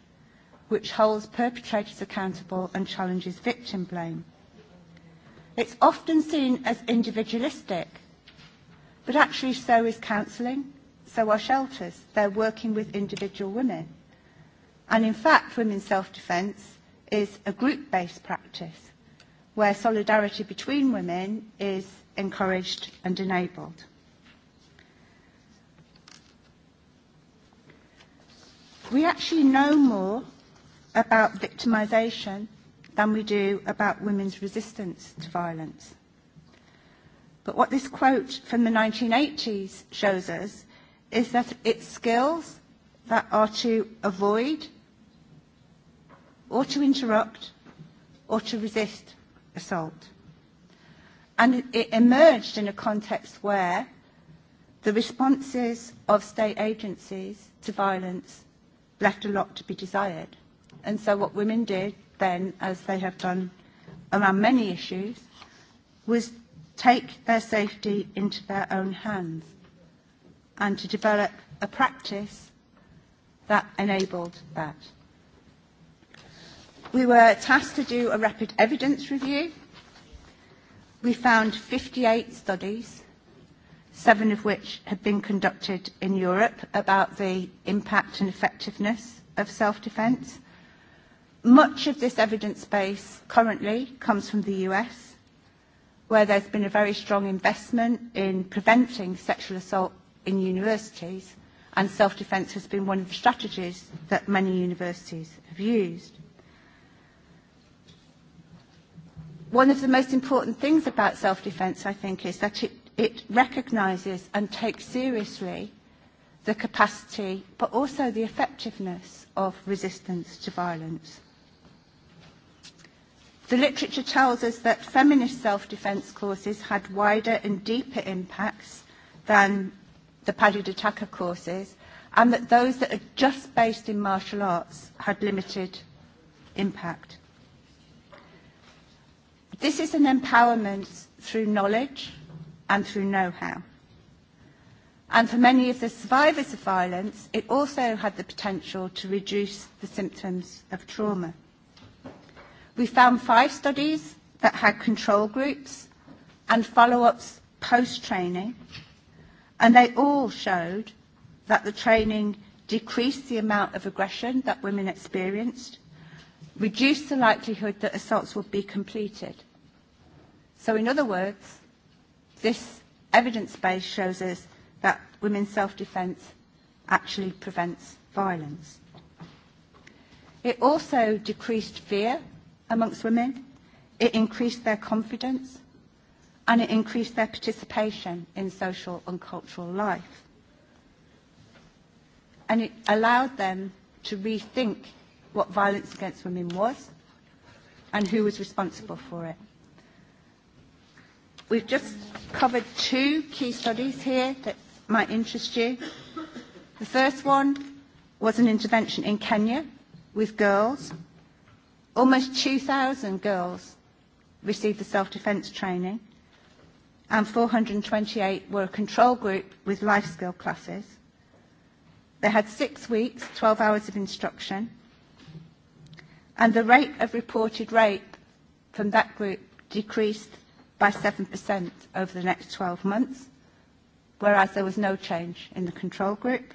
which holds perpetrators accountable and challenges victim blame. It's often seen as individualistic, but actually so is counselling, so are shelters. They're working with individual women. And in fact, women's self-defence is a group-based practice where solidarity between women is encouraged and enabled. We actually know more about victimisation than we do about women's resistance to violence. But what this quote from the 1980s shows us is that it's skills that are to avoid or to interrupt or to resist assault. And it emerged in a context where the responses of state agencies to violence left a lot to be desired. And so what women did then, as they have done around many issues, was take their safety into their own hands and to develop a practice that enabled that. We were tasked to do a rapid evidence review. We found 58 studies, seven of which had been conducted in Europe about the impact and effectiveness of self-defence. Much of this evidence base currently comes from the US, where there's been a very strong investment in preventing sexual assault in universities, and self-defence has been one of the strategies that many universities have used. one of the most important things about self-defense, I think, is that it, it recognizes and takes seriously the capacity but also the effectiveness of resistance to violence. The literature tells us that feminist self-defense courses had wider and deeper impacts than the Paddy Attacker courses and that those that are just based in martial arts had limited impact. This is an empowerment through knowledge and through know-how. And for many of the survivors of violence, it also had the potential to reduce the symptoms of trauma. We found five studies that had control groups and follow-ups post-training, and they all showed that the training decreased the amount of aggression that women experienced Reduced the likelihood that assaults would be completed. So in other words, this evidence base shows us that women's self defense actually prevents violence. It also decreased fear amongst women, it increased their confidence, and it increased their participation in social and cultural life. And it allowed them to rethink what violence against women was and who was responsible for it. We've just covered two key studies here that might interest you. The first one was an intervention in Kenya with girls. Almost 2,000 girls received the self-defense training and 428 were a control group with life skill classes. They had six weeks, 12 hours of instruction and the rate of reported rape from that group decreased by 7% over the next 12 months, whereas there was no change in the control group.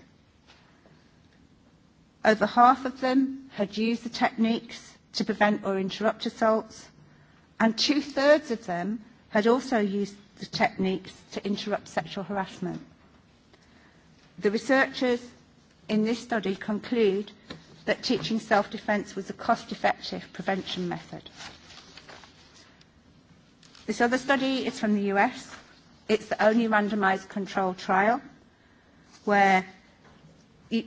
Over half of them had used the techniques to prevent or interrupt assaults, and two-thirds of them had also used the techniques to interrupt sexual harassment. The researchers in this study conclude that teaching self-defence was a cost-effective prevention method. This other study is from the US. It's the only randomised control trial where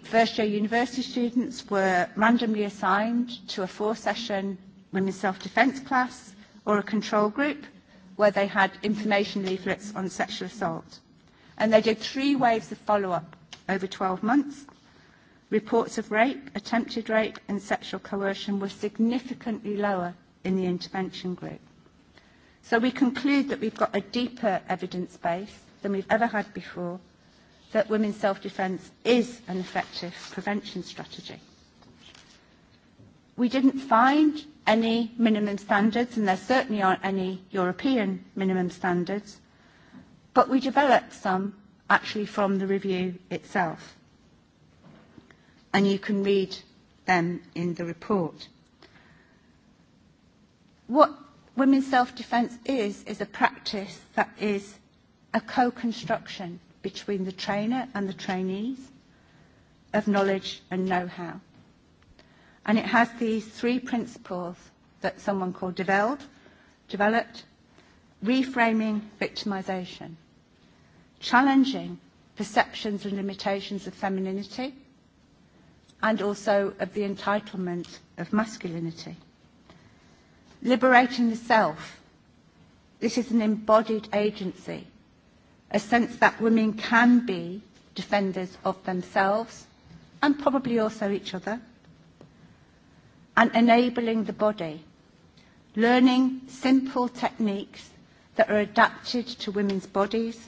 first-year university students were randomly assigned to a four-session women's self-defence class or a control group where they had information leaflets on sexual assault. And they did three waves of follow-up over 12 months Reports of rape, attempted rape and sexual coercion were significantly lower in the intervention group. So we conclude that we've got a deeper evidence base than we've ever had before that women's self-defence is an effective prevention strategy. We didn't find any minimum standards, and there certainly aren't any European minimum standards, but we developed some actually from the review itself and you can read them in the report. What women's self-defence is, is a practice that is a co-construction between the trainer and the trainees of knowledge and know-how. And it has these three principles that someone called Develd developed, reframing victimisation, challenging perceptions and limitations of femininity, and also of the entitlement of masculinity. Liberating the self. This is an embodied agency, a sense that women can be defenders of themselves and probably also each other. And enabling the body, learning simple techniques that are adapted to women's bodies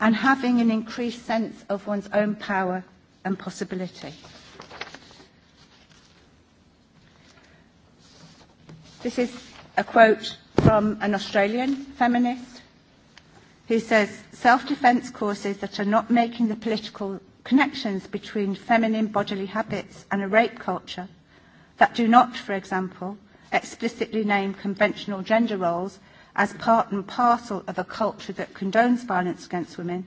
and having an increased sense of one's own power and possibility. This is a quote from an Australian feminist who says, self-defense courses that are not making the political connections between feminine bodily habits and a rape culture, that do not, for example, explicitly name conventional gender roles as part and parcel of a culture that condones violence against women,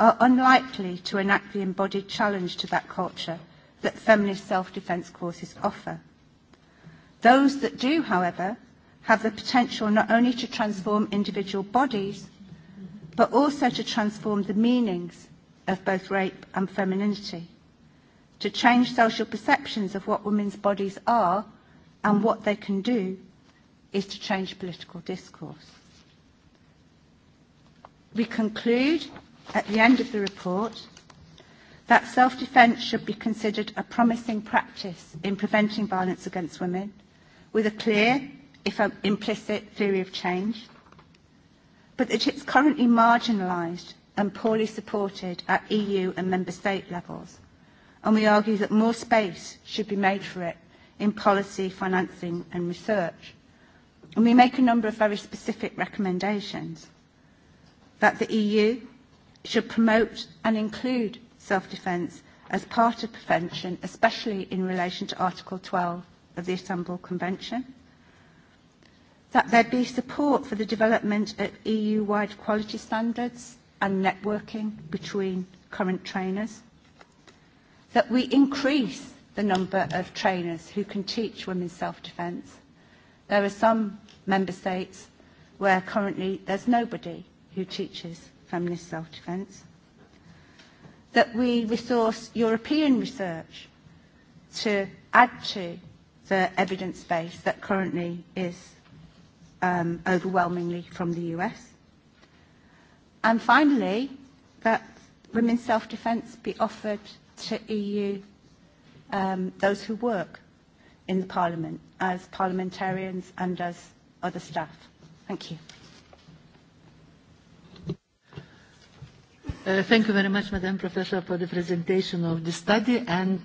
are unlikely to enact the embodied challenge to that culture that feminist self-defense courses offer. Those that do, however, have the potential not only to transform individual bodies, but also to transform the meanings of both rape and femininity, to change social perceptions of what women's bodies are and what they can do, is to change political discourse. We conclude at the end of the report that self-defence should be considered a promising practice in preventing violence against women with a clear, if implicit, theory of change, but that it's currently marginalised and poorly supported at EU and member state levels, and we argue that more space should be made for it in policy, financing and research. And we make a number of very specific recommendations that the EU should promote and include self-defence as part of prevention, especially in relation to Article 12 of the Istanbul Convention, that there be support for the development of EU-wide quality standards and networking between current trainers, that we increase the number of trainers who can teach women's self-defence. There are some member states where currently there's nobody who teaches feminist self-defence. That we resource European research to add to the evidence base that currently is overwhelmingly from the US. And finally, that women's self-defense be offered to EU those who work in the Parliament as parliamentarians and as other staff. Thank you. Thank you very much, Madam Professor, for the presentation of the study. And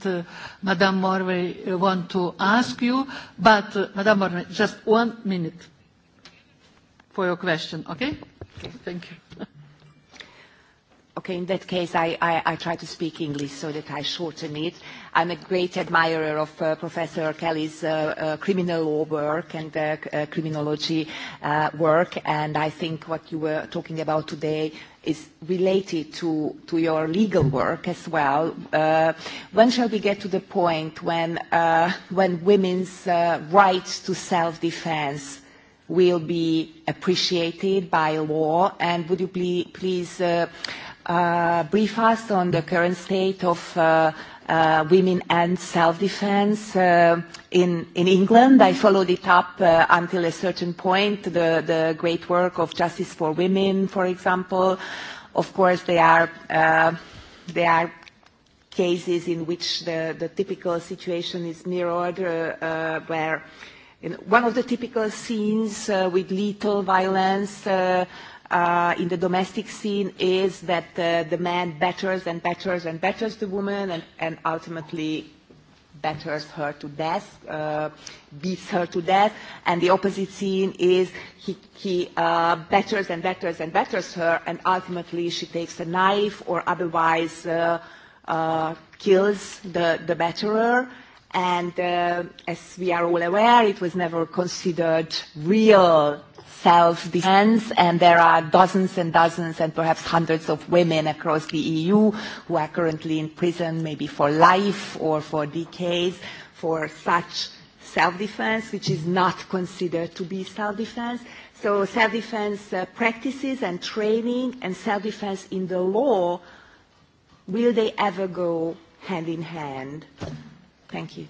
Madam Morway, I want to ask you, but Madam Morway, just one minute for your question, okay? Thank you. Okay, in that case, I, I, I try to speak English so that I shorten it. I'm a great admirer of Professor Kelly's criminal law work and criminology work, and I think what you were talking about today is related to your legal work as well. When shall we get to the point when when women's rights to self-defense will be appreciated by law? And would you please brief us on the current state of women and self-defense in England. I followed it up until a certain point, the great work of Justice for Women, for example. Of course, there are cases in which the typical situation is mirrored, where one of the typical scenes with lethal violence in the domestic scene is that the man batters and batters and batters the woman and ultimately batters her to death, beats her to death. And the opposite scene is he batters and batters and batters her and ultimately she takes a knife or otherwise kills the batterer. And as we are all aware, it was never considered real Self defense, and there are dozens and dozens and perhaps hundreds of women across the EU who are currently in prison, maybe for life or for decades, for such self-defense, which is not considered to be self-defense. So self-defense practices and training and self-defense in the law, will they ever go hand in hand? Thank you.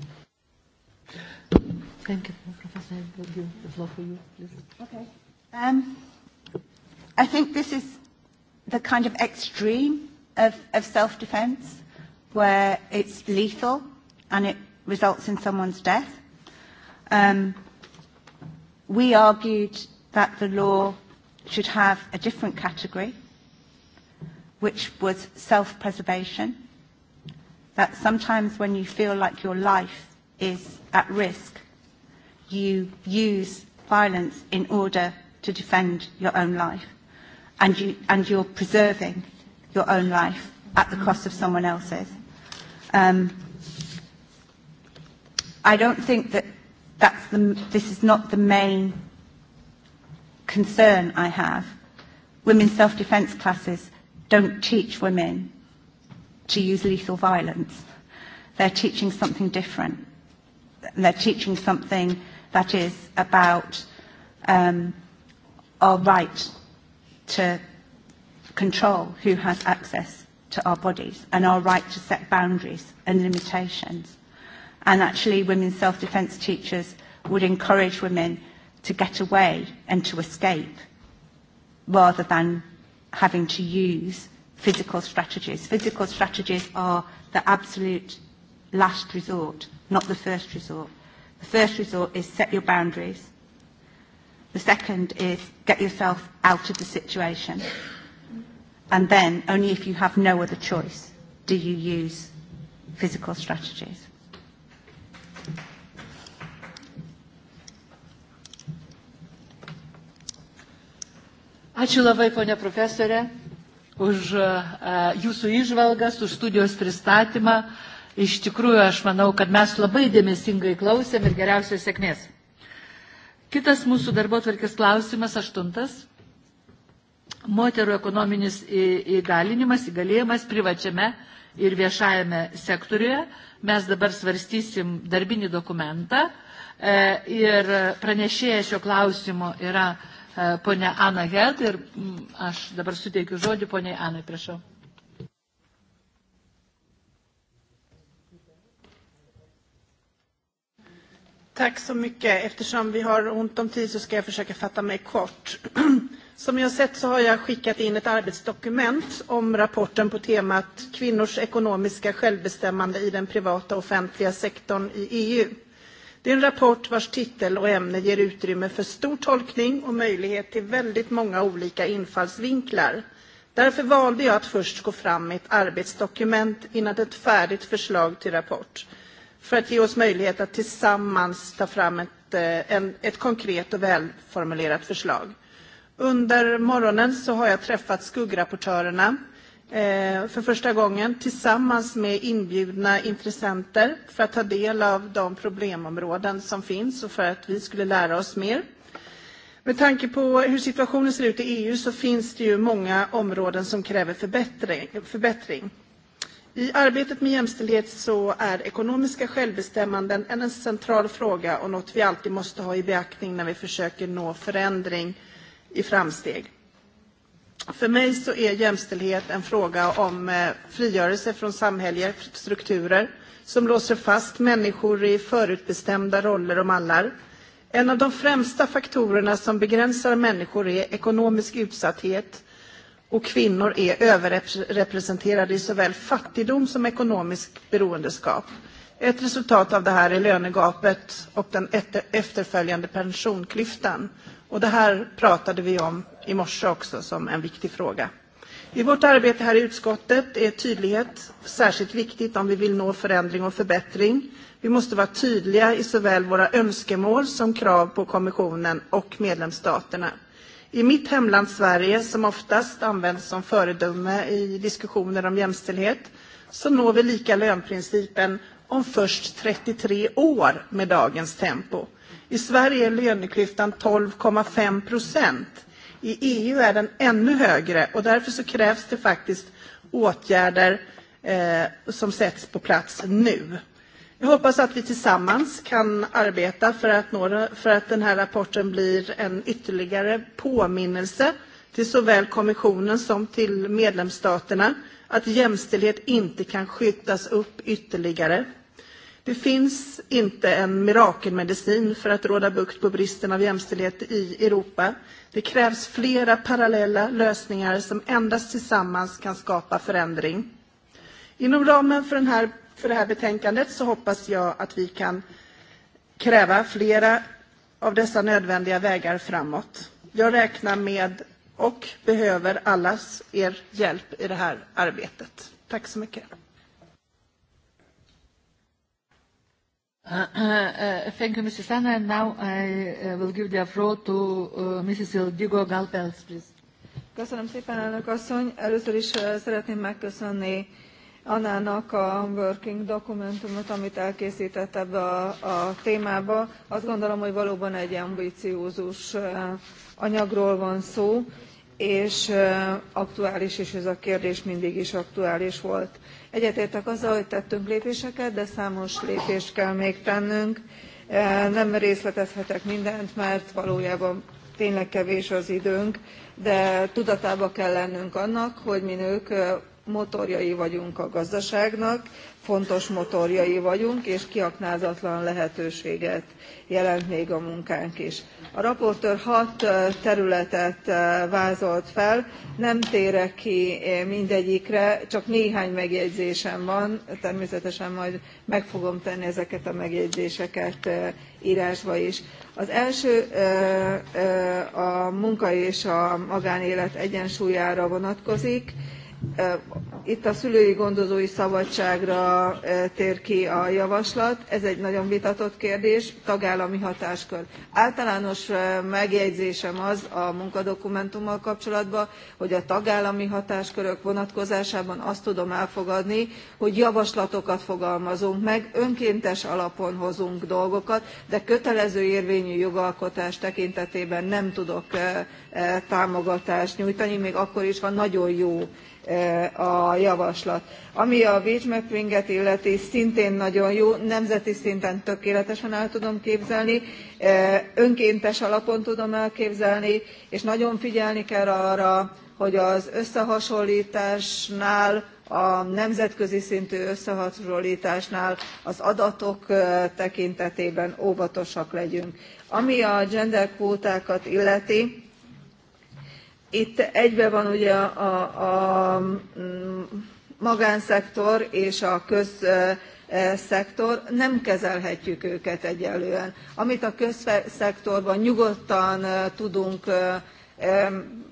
Thank you, Professor. The floor for you, please. Okay. I think this is the kind of extreme of, of self-defense where it's lethal and it results in someone's death. Um, we argued that the law should have a different category, which was self-preservation, that sometimes when you feel like your life is at risk, you use violence in order to defend your own life. And, you, and you're preserving your own life at the cost of someone else's. Um, I don't think that that's the, this is not the main concern I have. Women's self-defense classes don't teach women to use lethal violence. They're teaching something different. They're teaching something that is about um, our right to control who has access to our bodies and our right to set boundaries and limitations. And actually women's self-defense teachers would encourage women to get away and to escape rather than having to use physical strategies. Physical strategies are the absolute last resort, not the first resort. The first resort is set your boundaries The second is get yourself out of the situation. And then, only if you have no other choice, do you use physical strategies. Ačiū labai, ponia profesorė, už jūsų įžvalgas, už studijos pristatymą. Iš tikrųjų, aš manau, kad mes labai dėmesingai klausėm ir geriausios sėkmės. Kitas mūsų darbo tvarkės klausimas, aštuntas. Moterų ekonominis įgalinimas, įgalėjimas privačiame ir viešajame sektoriuje. Mes dabar svarstysim darbinį dokumentą ir pranešėję šio klausimo yra ponia Ana Hed ir aš dabar suteikiu žodį poniai Anai, prašau. Tack så mycket. Eftersom vi har ont om tid så ska jag försöka fatta mig kort. Som jag sett så har jag skickat in ett arbetsdokument om rapporten på temat kvinnors ekonomiska självbestämmande i den privata offentliga sektorn i EU. Det är en rapport vars titel och ämne ger utrymme för stor tolkning och möjlighet till väldigt många olika infallsvinklar. Därför valde jag att först gå fram med ett arbetsdokument innan ett färdigt förslag till rapport för att ge oss möjlighet att tillsammans ta fram ett ett konkret och välformulerat förslag. Under morgonen så har jag träffat skuggrapportörerna för första gången tillsammans med inbjudna intressenter för att ta del av de problemområden som finns och för att vi skulle lära oss mer. Med tanke på hur situationen ser ut i EU så finns det ju många områden som kräver förbättring. I arbetet med jämställdhet så är ekonomiska självbestämmanden en central fråga och något vi alltid måste ha i beaktning när vi försöker nå förändring i framsteg. För mig så är jämställdhet en fråga om frigörelse från samhälleliga strukturer som låser fast människor i förutbestämda roller och mallar. En av de främsta faktorerna som begränsar människor är ekonomisk utsatthet, och kvinnor är överrepresenterade i såväl fattigdom som ekonomisk beroendeskap. Ett resultat av det här är lönegapet och den efterföljande pensionklyftan. Och det här pratade vi om i morse också som en viktig fråga. I vårt arbete här i utskottet är tydlighet särskilt viktigt om vi vill nå förändring och förbättring. Vi måste vara tydliga i såväl våra önskemål som krav på kommissionen och medlemsstaterna. I mitt hemland Sverige, som oftast används som föredöme i diskussioner om jämställdhet, så når vi lika lönprincipen om först 33 år med dagens tempo. I Sverige är löneklyftan 12,5 procent. I EU är den ännu högre och därför så krävs det faktiskt åtgärder som sätts på plats nu. Jag hoppas att vi tillsammans kan arbeta för att, några, för att den här rapporten blir en ytterligare påminnelse till såväl kommissionen som till medlemsstaterna att jämställdhet inte kan skjutas upp ytterligare. Det finns inte en mirakelmedicin för att råda bukt på bristen av jämställdhet i Europa. Det krävs flera parallella lösningar som endast tillsammans kan skapa förändring. Inom ramen för den här för det här betänkandet så hoppas jag att vi kan kräva flera av dessa nödvändiga vägar framåt. Jag räknar med och behöver allas er hjälp i det här arbetet. Tack så mycket. Uh, Thank you, Mr. Sana. And now I will give the floor to Mrs. Ildigo Galpels, please. Köszönöm szépen, elnök asszony. Először is szeretném megköszönni Anának a working dokumentumot amit elkészített ebbe a témába azt gondolom hogy valóban egy ambiciózus anyagról van szó és aktuális is ez a kérdés mindig is aktuális volt. egyetértek azzal hogy tettünk lépéseket de számos lépést kell még tennünk. nem részletezhetek mindent mert valójában tényleg kevés az időnk de tudatába kell lennünk annak hogy mi nők motorjai vagyunk a gazdaságnak, fontos motorjai vagyunk, és kiaknázatlan lehetőséget jelent még a munkánk is. A raportőr hat területet vázolt fel, nem térek ki mindegyikre, csak néhány megjegyzésem van, természetesen majd meg fogom tenni ezeket a megjegyzéseket írásba is. Az első a munka és a magánélet egyensúlyára vonatkozik itt a szülői gondozói szabadságra tér ki a javaslat ez egy nagyon vitatott kérdés tagállami hatáskör. általános megjegyzésem az a munkadokumentummal kapcsolatban hogy a tagállami hatáskörök vonatkozásában azt tudom elfogadni hogy javaslatokat fogalmazunk meg önkéntes alapon hozunk dolgokat de kötelező érvényű jogalkotás tekintetében nem tudok támogatást nyújtani még akkor is ha nagyon jó a javaslat. Ami a mappinget illeti, szintén nagyon jó, nemzeti szinten tökéletesen el tudom képzelni, önkéntes alapon tudom elképzelni, és nagyon figyelni kell arra, hogy az összehasonlításnál a nemzetközi szintű összehasonlításnál az adatok tekintetében óvatosak legyünk. Ami a kvótákat illeti, Itt egybe van ugye a, a magánszektor és a közszektor, nem kezelhetjük őket egyelően. Amit a közszektorban nyugodtan tudunk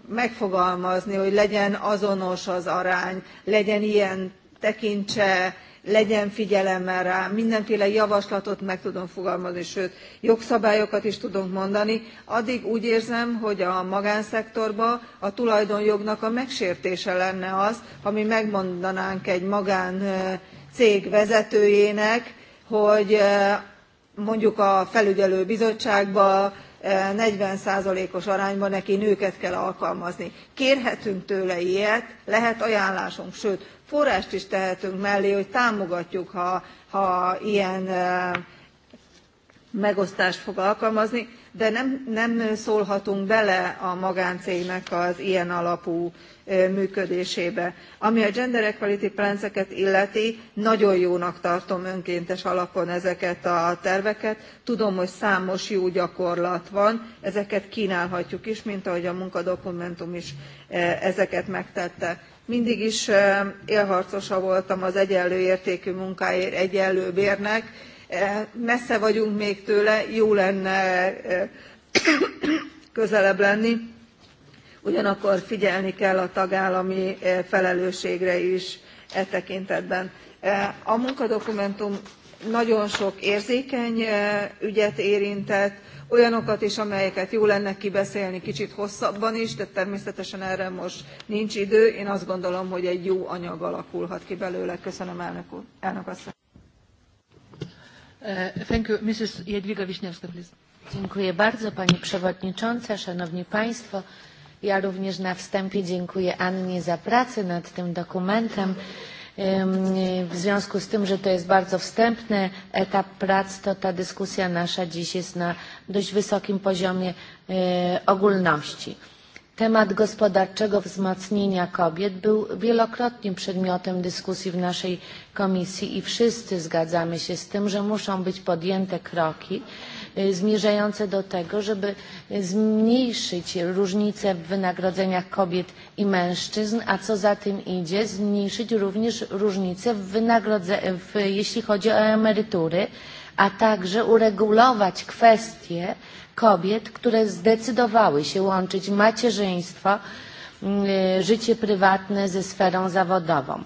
megfogalmazni, hogy legyen azonos az arány, legyen ilyen tekintse legyen figyelemmel rá, mindenféle javaslatot meg tudom fogalmazni, sőt, jogszabályokat is tudunk mondani. Addig úgy érzem, hogy a magánszektorban a tulajdonjognak a megsértése lenne az, ha mi megmondanánk egy magán cég vezetőjének, hogy mondjuk a felügyelő bizottságba 40 os arányban neki nőket kell alkalmazni. kérhetünk tőle ilyet lehet ajánlásunk sőt forrást is tehetünk mellé hogy támogatjuk ha ilyen megosztást fog alkalmazni, de nem, nem szólhatunk bele a magáncégnek az ilyen alapú működésébe. Ami a gender equality plánzeket illeti, nagyon jónak tartom önkéntes alapon ezeket a terveket. Tudom, hogy számos jó gyakorlat van, ezeket kínálhatjuk is, mint ahogy a munkadokumentum is ezeket megtette mindig is élharcosa voltam az egyenlő értékű munkáért egyenlő bérnek messze vagyunk még tőle, jó lenne közelebb lenni, ugyanakkor figyelni kell a tagállami felelősségre is e tekintetben. A munkadokumentum nagyon sok érzékeny ügyet érintett, olyanokat is, amelyeket jó lenne kibeszélni kicsit hosszabban is, de természetesen erre most nincs idő. Én azt gondolom, hogy egy jó anyag alakulhat ki belőle. Köszönöm, elnök, elnök asszony. Dziękuję bardzo Pani Przewodnicząca, Szanowni Państwo. Ja również na wstępie dziękuję Annie za pracę nad tym dokumentem. W związku z tym, że to jest bardzo wstępny etap prac, to ta dyskusja nasza dziś jest na dość wysokim poziomie ogólności. Temat gospodarczego wzmocnienia kobiet był wielokrotnie przedmiotem dyskusji w naszej komisji i wszyscy zgadzamy się z tym, że muszą być podjęte kroki zmierzające do tego, żeby zmniejszyć różnice w wynagrodzeniach kobiet i mężczyzn, a co za tym idzie zmniejszyć również różnice w jeśli chodzi o emerytury, a także uregulować kwestie kobiet, które zdecydowały się łączyć macierzyństwo, życie prywatne ze sferą zawodową.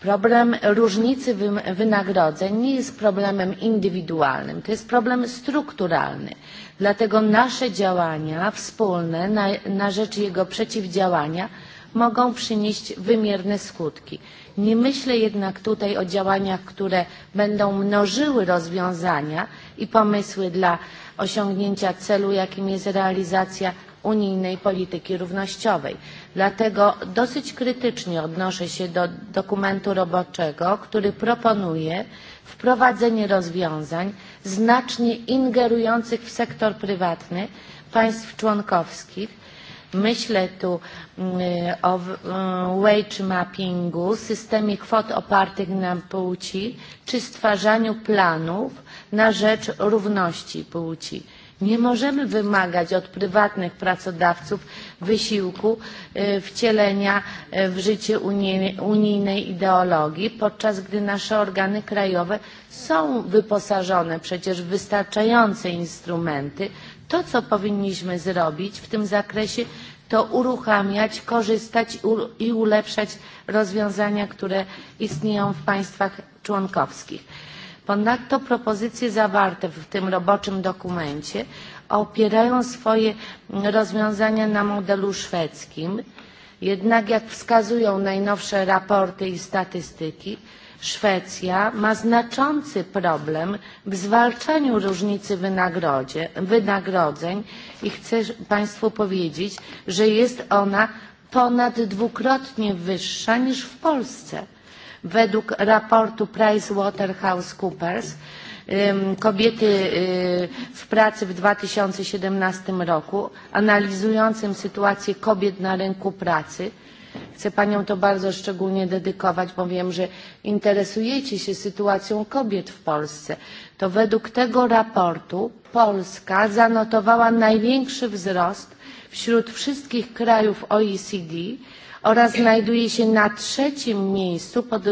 Problem różnicy wynagrodzeń nie jest problemem indywidualnym, to jest problem strukturalny. Dlatego nasze działania wspólne na rzecz jego przeciwdziałania mogą przynieść wymierne skutki. Nie myślę jednak tutaj o działaniach, które będą mnożyły rozwiązania i pomysły dla osiągnięcia celu, jakim jest realizacja unijnej polityki równościowej. Dlatego dosyć krytycznie odnoszę się do dokumentu roboczego, który proponuje wprowadzenie rozwiązań znacznie ingerujących w sektor prywatny państw członkowskich. Myślę tu o wage mappingu, systemie kwot opartych na płci, czy stwarzaniu planów na rzecz równości płci. Nie możemy wymagać od prywatnych pracodawców wysiłku wcielenia w życie unijnej ideologii, podczas gdy nasze organy krajowe są wyposażone przecież w wystarczające instrumenty. To, co powinniśmy zrobić w tym zakresie, to uruchamiać, korzystać i ulepszać rozwiązania, które istnieją w państwach członkowskich. Ponadto propozycje zawarte w tym roboczym dokumencie opierają swoje rozwiązania na modelu szwedzkim, jednak jak wskazują najnowsze raporty i statystyki, Szwecja ma znaczący problem w zwalczaniu różnicy wynagrodzeń i chcę Państwu powiedzieć, że jest ona ponad dwukrotnie wyższa niż w Polsce według raportu PricewaterhouseCoopers kobiety w pracy w 2017 roku, analizującym sytuację kobiet na rynku pracy. Chcę Panią to bardzo szczególnie dedykować, bo wiem, że interesujecie się sytuacją kobiet w Polsce. To według tego raportu Polska zanotowała największy wzrost wśród wszystkich krajów OECD oraz znajduje się na trzecim miejscu pod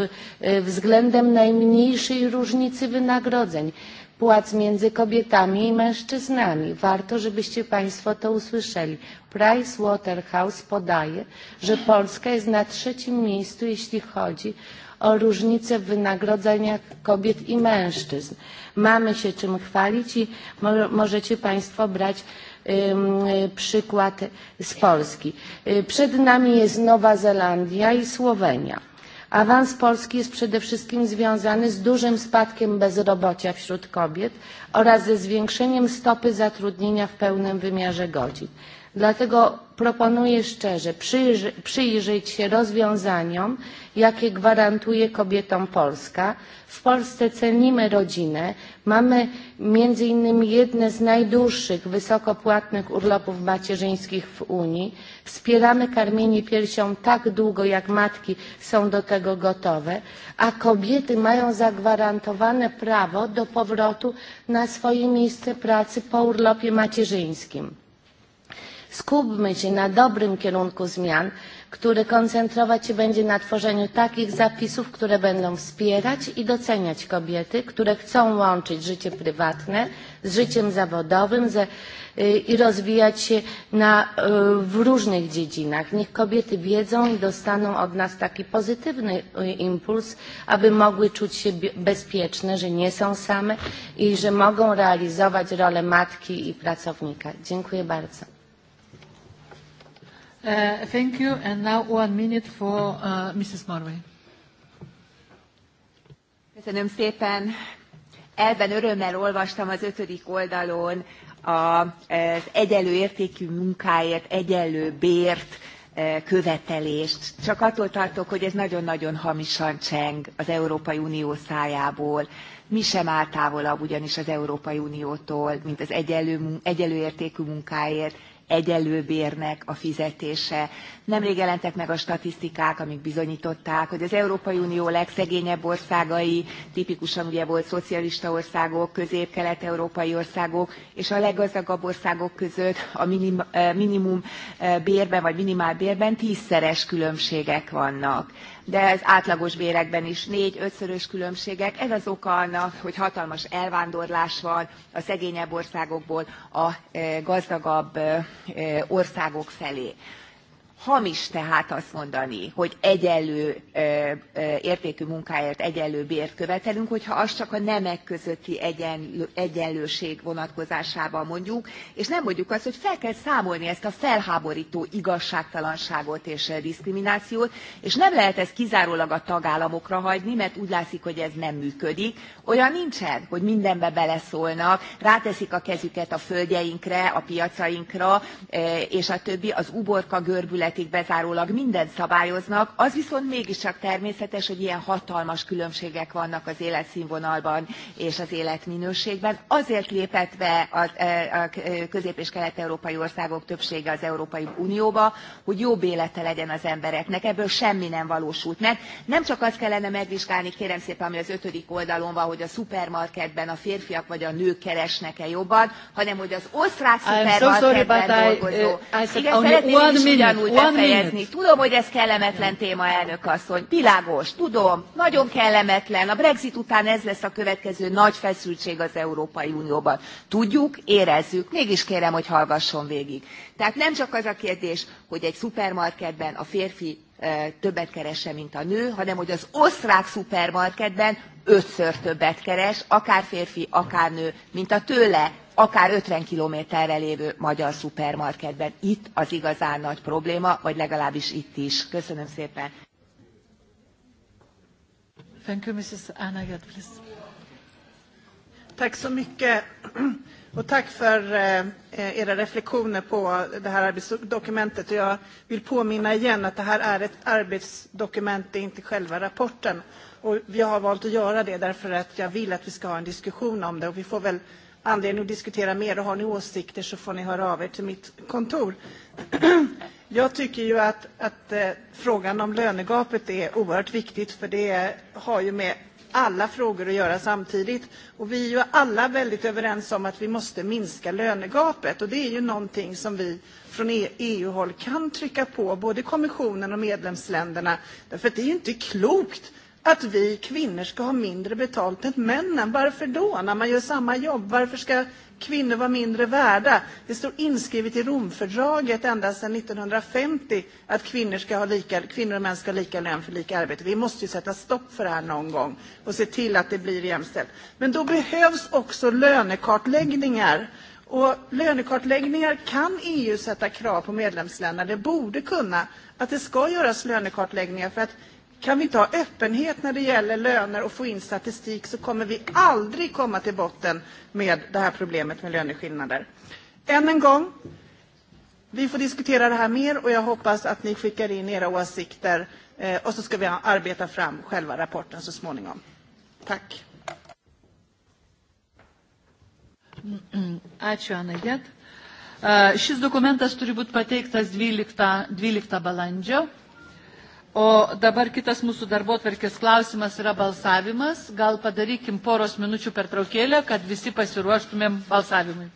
względem najmniejszej różnicy wynagrodzeń płac między kobietami i mężczyznami. Warto, żebyście Państwo to usłyszeli. Price Waterhouse podaje, że Polska jest na trzecim miejscu, jeśli chodzi o różnice w wynagrodzeniach kobiet i mężczyzn. Mamy się czym chwalić i możecie Państwo brać przykład z Polski. Przed nami jest Nowa Zelandia i Słowenia. Awans Polski jest przede wszystkim związany z dużym spadkiem bezrobocia wśród kobiet oraz ze zwiększeniem stopy zatrudnienia w pełnym wymiarze godzin. Dlatego proponuję szczerze przyjrzeć się rozwiązaniom, jakie gwarantuje kobietom Polska. W Polsce cenimy rodzinę. Mamy między innymi jedne z najdłuższych wysokopłatnych urlopów macierzyńskich w Unii. Wspieramy karmienie piersią tak długo, jak matki są do tego gotowe, a kobiety mają zagwarantowane prawo do powrotu na swoje miejsce pracy po urlopie macierzyńskim skupmy się na dobrym kierunku zmian, który koncentrować się będzie na tworzeniu takich zapisów, które będą wspierać i doceniać kobiety, które chcą łączyć życie prywatne z życiem zawodowym i rozwijać się w różnych dziedzinach. Niech kobiety wiedzą i dostaną od nas taki pozytywny impuls, aby mogły czuć się bezpieczne, że nie są same i że mogą realizować rolę matki i pracownika. Dziękuję bardzo. Thank you. And now one minute for Mrs. Köszönöm szépen. Elben örömmel olvastam az ötödik oldalon az egyenlő értékű munkáért, egyenlő bért követelést. Csak attól tartok, hogy ez nagyon-nagyon hamisan cseng az Európai Unió szájából. Mi sem áll távolabb ugyanis az Európai Uniótól, mint az egyenlő, értékű munkáért, egyenlő bérnek a fizetése. Nemrég jelentek meg a statisztikák, amik bizonyították, hogy az Európai Unió legszegényebb országai, tipikusan ugye volt szocialista országok, közép-kelet-európai országok, és a leggazdagabb országok között a minim, minimum bérben vagy minimál bérben tízszeres különbségek vannak de az átlagos bérekben is négy-ötszörös különbségek. Ez az oka annak, hogy hatalmas elvándorlás van a szegényebb országokból a gazdagabb országok felé. Hamis tehát azt mondani, hogy egyenlő értékű munkáért egyenlő bért követelünk, hogyha azt csak a nemek közötti egyenlőség vonatkozásában mondjuk, és nem mondjuk azt, hogy fel kell számolni ezt a felháborító igazságtalanságot és diszkriminációt, és nem lehet ezt kizárólag a tagállamokra hagyni, mert úgy látszik, hogy ez nem működik. Olyan nincsen, hogy mindenbe beleszólnak, ráteszik a kezüket a földjeinkre, a piacainkra, és a többi az uborka görbület területig bezárólag mindent szabályoznak az viszont mégiscsak természetes hogy ilyen hatalmas különbségek vannak az életszínvonalban és az életminőségben azért lépett be a közép és kelet európai országok többsége az európai unióba hogy jobb élete legyen az embereknek ebből semmi nem valósult meg. nem csak azt kellene megvizsgálni kérem szépen ami az ötödik oldalon van hogy a szupermarketben a férfiak vagy a nők keresnek e jobban hanem hogy az osztrák szupermarketben dolgozó igen szeretném is ugyanúgy befejezni. Tudom, hogy ez kellemetlen téma, elnök asszony. Világos, tudom, nagyon kellemetlen. A Brexit után ez lesz a következő nagy feszültség az Európai Unióban. Tudjuk, érezzük, mégis kérem, hogy hallgasson végig. Tehát nem csak az a kérdés, hogy egy szupermarketben a férfi többet keresse, mint a nő, hanem hogy az osztrák szupermarketben ötször többet keres, akár férfi, akár nő, mint a tőle akár 50 kilométerre lévő magyar szupermarketben. Itt az igazán nagy probléma, vagy legalábbis itt is. Köszönöm szépen. Thank you, Mrs. Tack så mycket. Och tack för era reflektioner på det här arbetsdokumentet. Jag vill påminna igen att det här är ett arbetsdokument, det är inte själva rapporten. Och vi har valt att göra det därför att jag vill att vi ska ha en diskussion om det. Och vi får väl anledning att diskutera mer och har ni åsikter så får ni höra av er till mitt kontor. Jag tycker ju att, att frågan om lönegapet är oerhört viktigt för det har ju med alla frågor att göra samtidigt. Och vi är ju alla väldigt överens om att vi måste minska lönegapet. Och det är ju någonting som vi från EU-håll kan trycka på både kommissionen och medlemsländerna. Därför att det är ju inte klokt att vi kvinnor ska ha mindre betalt än männen. Varför då? När man gör samma jobb, varför ska kvinnor vara mindre värda? Det står inskrivet i Romfördraget ända sedan 1950 att kvinnor, ska ha lika, kvinnor och män ska ha lika lön för lika arbete. Vi måste ju sätta stopp för det här någon gång och se till att det blir jämställt. Men då behövs också lönekartläggningar. Och lönekartläggningar kan EU sätta krav på medlemsländerna. Det borde kunna att det ska göras lönekartläggningar för att Kan vi ta öppenhet när det gäller löner och få in statistik så kommer vi aldrig komma till botten med det här problemet med löneskillnader. Än en gång, vi får diskutera det här mer och jag hoppas att ni skickar in era åsikter och så ska vi arbeta fram själva rapporten så småningom. Tack. Ačiū, Jet. Šis dokumentas turi būti pateiktas 12 balandžio O dabar kitas mūsų darbotvarkės klausimas yra balsavimas. Gal padarykim poros minučių traukėlę, kad visi pasiruoštumėm balsavimui.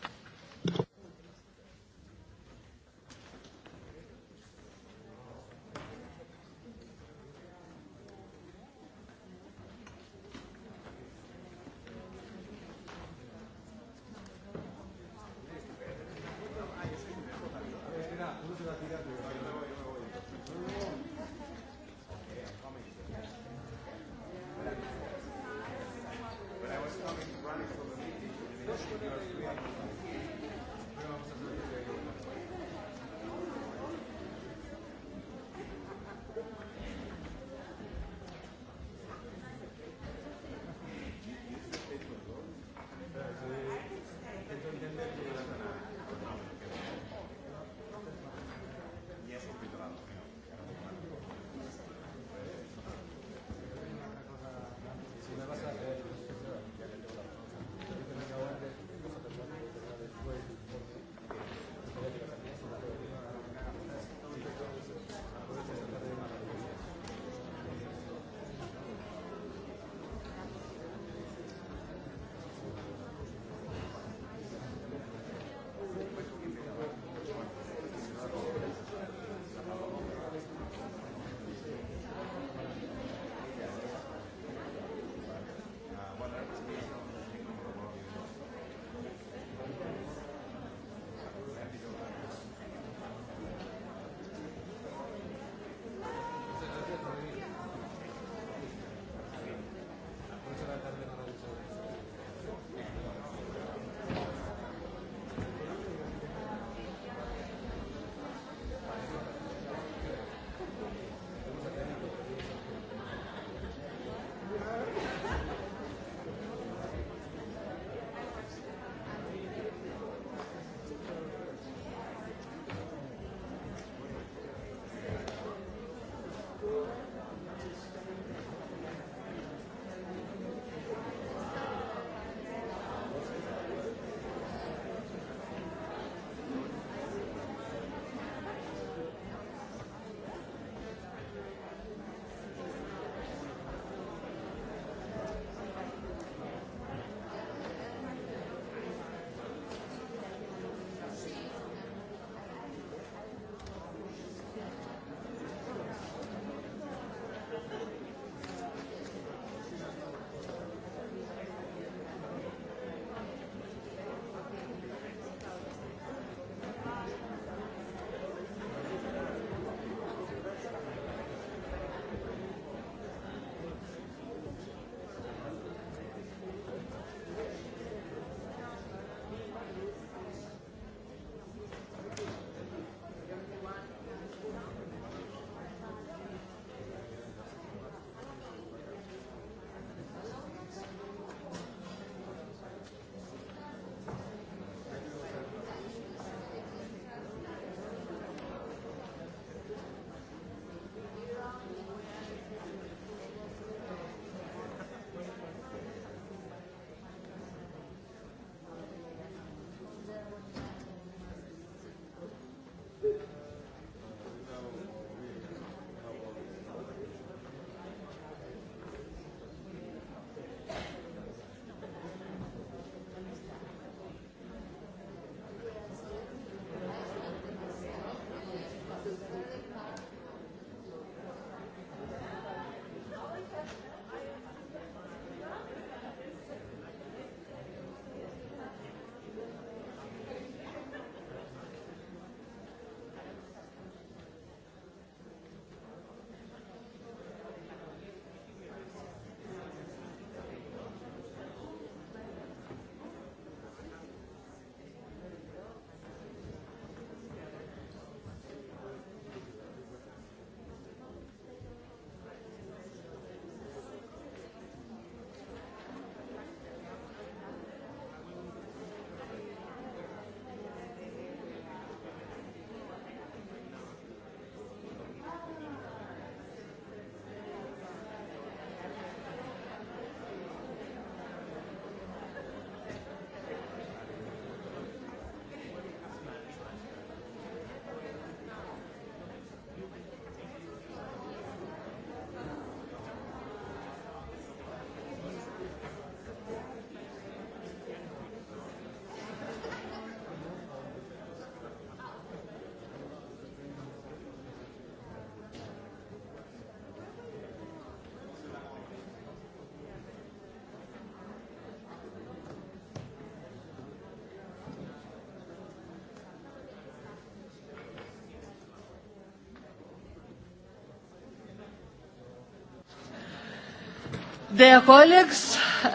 Dear colleagues, we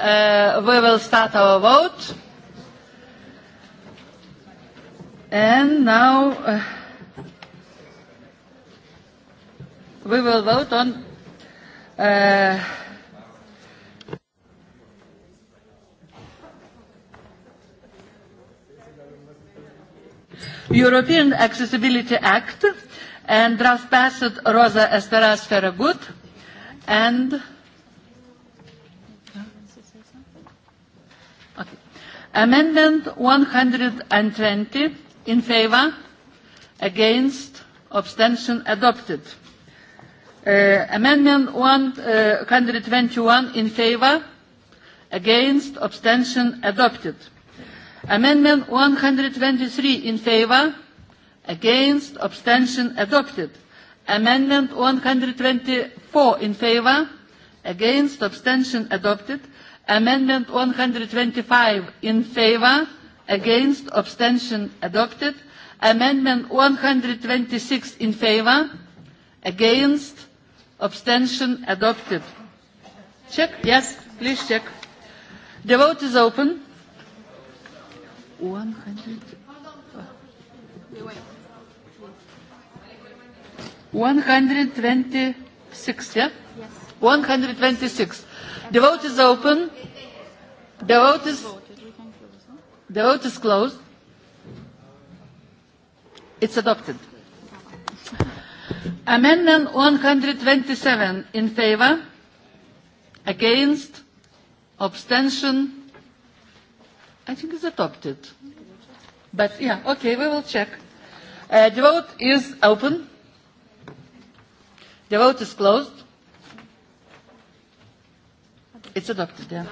will start our vote. And now we will vote on uh, European Accessibility Act and draft passed Rosa Esteras Ferragut and Amendment 120 in favor, against, abstention adopted. Amendment 121 in favor, against, abstention adopted. Amendment 123 in favor, against, abstention adopted. Amendment 124 in favor, against, abstention adopted. Amendment 125 in favor, against, abstention adopted. Amendment 126 in favor, against, abstention adopted. Check? Yes, please check. The vote is open. 100. 120. Six, yeah? Yes. 126. The vote is open. The vote is, the vote is closed. It's adopted. Amendment 127 in favor, against, abstention. I think it's adopted. But yeah, okay, we will check. The vote is open. The vote is closed. It's adopted, yeah.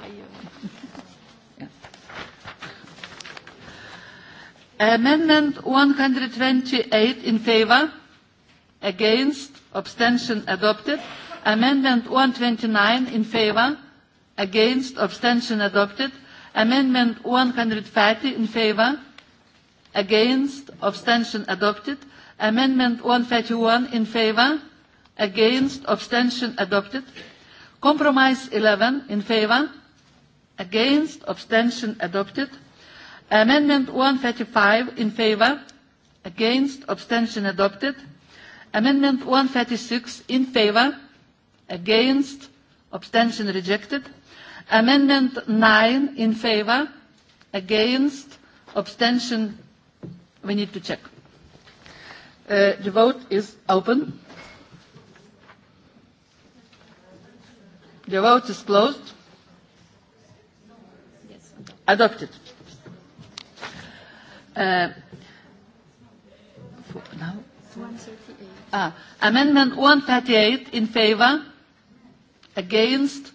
Amendment 128 in favor, against, abstention adopted. Amendment 129 in favor, against, abstention adopted. Amendment 130 in favor, against, abstention adopted. Amendment 131 in favor, against abstention adopted compromise 11 in favor against abstention adopted amendment 135 in favor against abstention adopted amendment 136 in favor against abstention rejected amendment 9 in favor against abstention we need to check the vote is open The vote is closed. Adopted. amendment 138 in favor, against,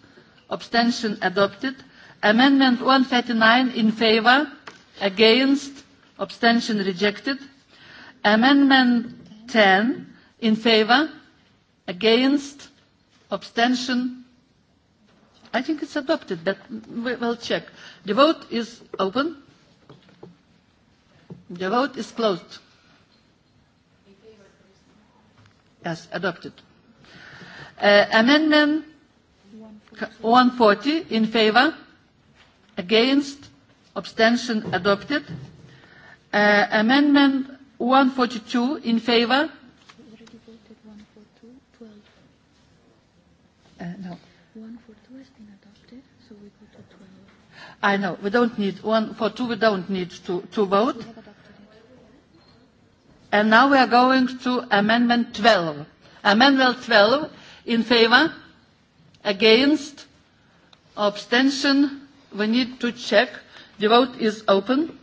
abstention adopted. Amendment 139 in favor, against, abstention rejected. Amendment 10 in favor, against, abstention I think it's adopted, but we will check. The vote is open. The vote is closed. Yes, adopted. Amendment 140 in favor, against, abstention adopted. Amendment 142 in favor, I know. We don't need one for two. We don't need to, to vote. And now we are going to Amendment 12. Amendment 12 in favor, against, abstention. We need to check. The vote is open.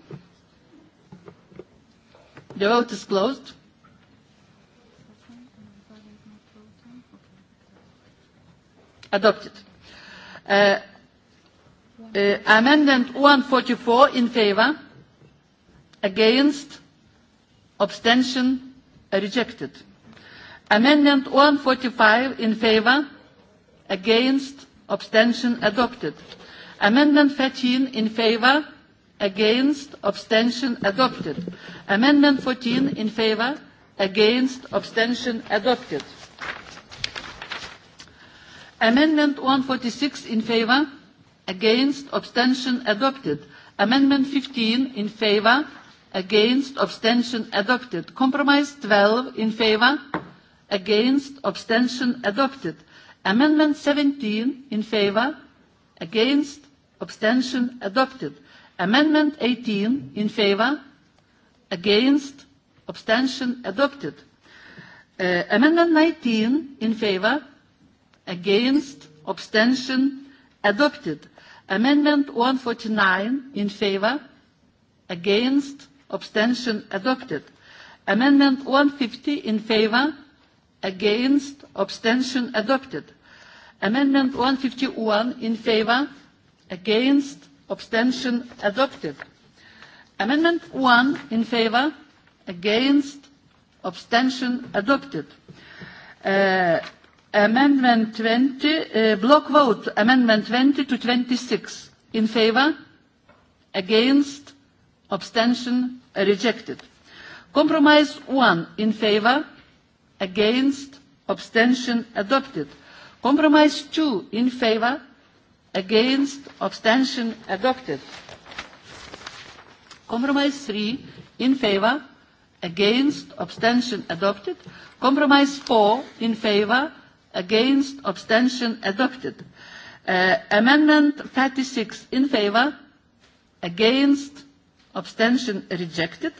The vote is closed. Adopted. Amendment 144 in favor, against, abstention, rejected. Amendment 145 in favor, against, abstention, adopted. Amendment 13 in favor, against, abstention, adopted. Amendment 14 in favor, against, abstention, adopted. Amendment 146 in favor, against abstention adopted amendment 15 in favor against abstention adopted compromise 12 in favor against abstention adopted amendment 17 in favor against abstention adopted amendment 18 in favor against abstention adopted amendment 19 in favor against abstention adopted Amendment 149 in favor, against, abstention adopted. Amendment 150 in favor, against, abstention adopted. Amendment 151 in favor, against, abstention adopted. Amendment 1 in favor, against, abstention adopted. Amendment 20, block vote, amendment 20 to 26. In favor? Against? Abstention? Rejected. Compromise 1. In favor? Against? Abstention? Adopted. Compromise 2. In favor? Against? Abstention? Adopted. Compromise 3. In favor? Against? Abstention? Adopted. Compromise 4. In favor? against abstention adopted amendment 36 in favor against abstention rejected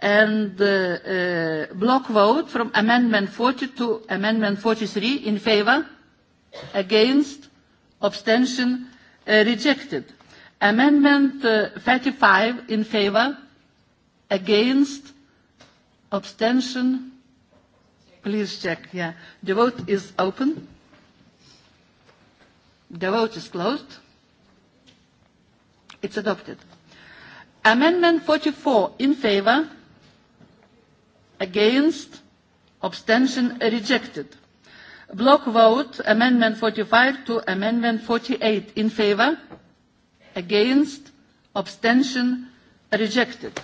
and block vote from amendment 40 to amendment 43 in favor against abstention rejected amendment 35 in favor against abstention Please check, yeah. The vote is open. The vote is closed. It's adopted. Amendment 44 in favor, against, abstention rejected. Block vote, Amendment 45 to Amendment 48 in favor, against, abstention rejected.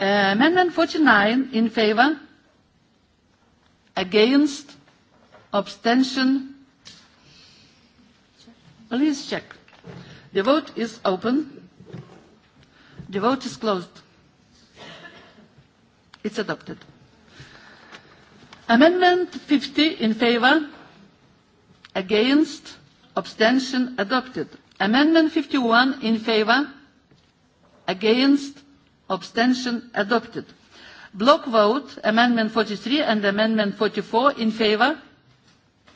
Amendment 49 in favor, Against? Abstention? Please check. The vote is open. The vote is closed. It's adopted. Amendment 50 in favor. Against? Abstention? Adopted. Amendment 51 in favor. Against? Abstention? Adopted. Block vote, Amendment 43 and Amendment 44 in favor,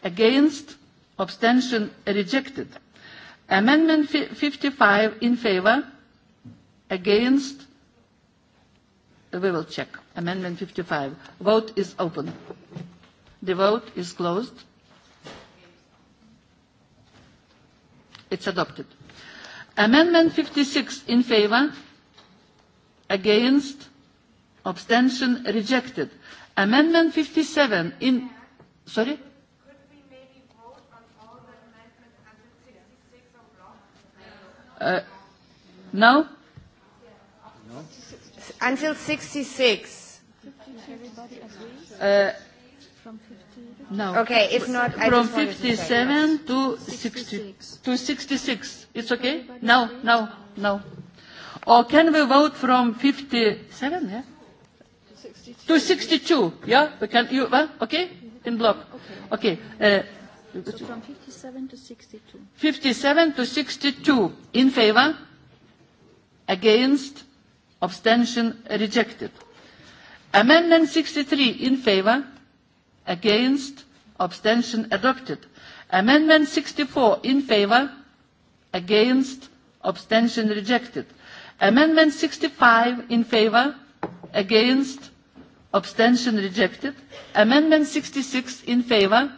against, abstention rejected. Amendment 55 in favor, against, we will check. Amendment 55. Vote is open. The vote is closed. It's adopted. Amendment 56 in favor, against, Abstention rejected. Amendment 57 in... Sorry? Could No? Until 66. No. Okay, if not, I From 57 to 66. To 66. It's okay? No, no, no. Or can we vote from 57? Yeah. To 62, yeah? We can, you, okay? In block. Okay. okay. So from 57 to 62. 57 to 62. In favor? Against? Abstention rejected. Amendment 63. In favor? Against? Abstention adopted. Amendment 64. In favor? Against? Abstention rejected. Amendment 65. In favor? Against? abstention rejected amendment 66 in favor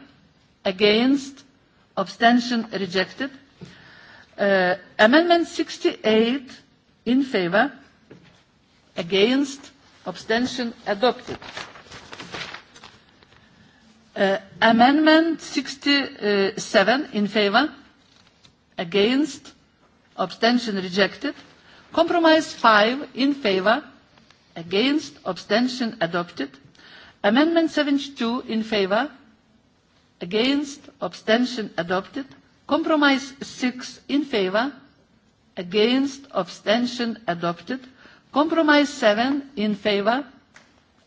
against abstention rejected amendment 68 in favor against abstention adopted amendment 67 in favor against abstention rejected compromise 5 in favor against abstention adopted amendment 72 in favor against abstention adopted compromise 6 in favor against abstention adopted compromise 7 in favor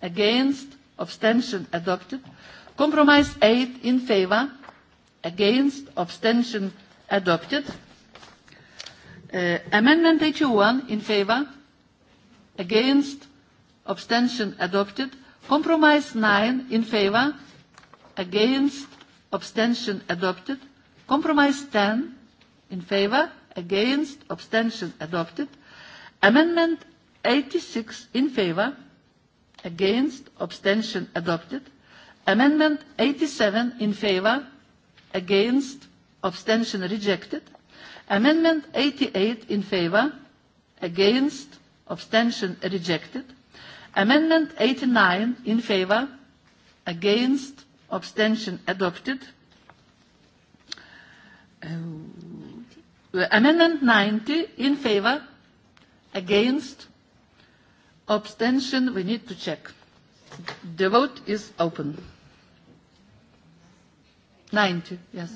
against abstention adopted compromise 8 in favor against abstention adopted amendment 81 in favor against abstention adopted. Compromise 9 in favor, against, abstention adopted. Compromise 10 in favor, against, abstention adopted. Amendment 86 in favor, against, abstention adopted. Amendment 87 in favor, against, abstention rejected. Amendment 88 in favor, against, abstention rejected. Amendment 89 in favor, against, abstention adopted. Amendment 90 in favor, against, abstention we need to check. The vote is open. 90, yes.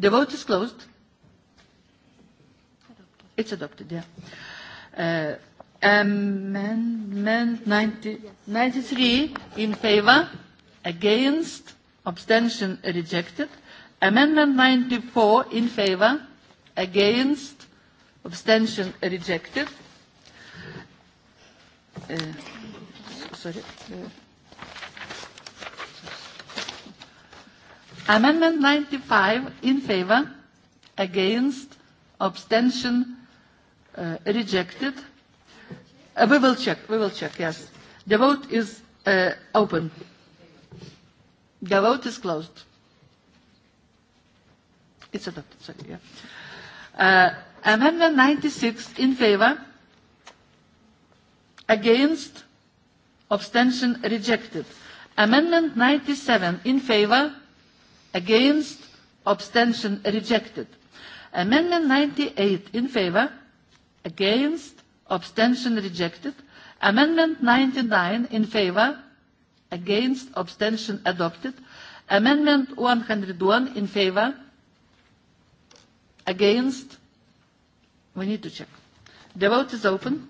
The vote is closed. It's adopted, yeah. Amendment 93 in favor, against, abstention rejected. Amendment 94 in favor, against, abstention rejected. Sorry. Amendment 95 in favor, against, abstention rejected. We will check. We will check, yes. The vote is open. The vote is closed. It's adopted, sorry, yeah. Amendment 96 in favor. Against. Abstention rejected. Amendment 97 in favor. Against. Abstention rejected. Amendment 98 in favor. Against abstention rejected. Amendment 99 in favor, against, abstention adopted. Amendment 101 in favor, against, we need to check. The vote is open.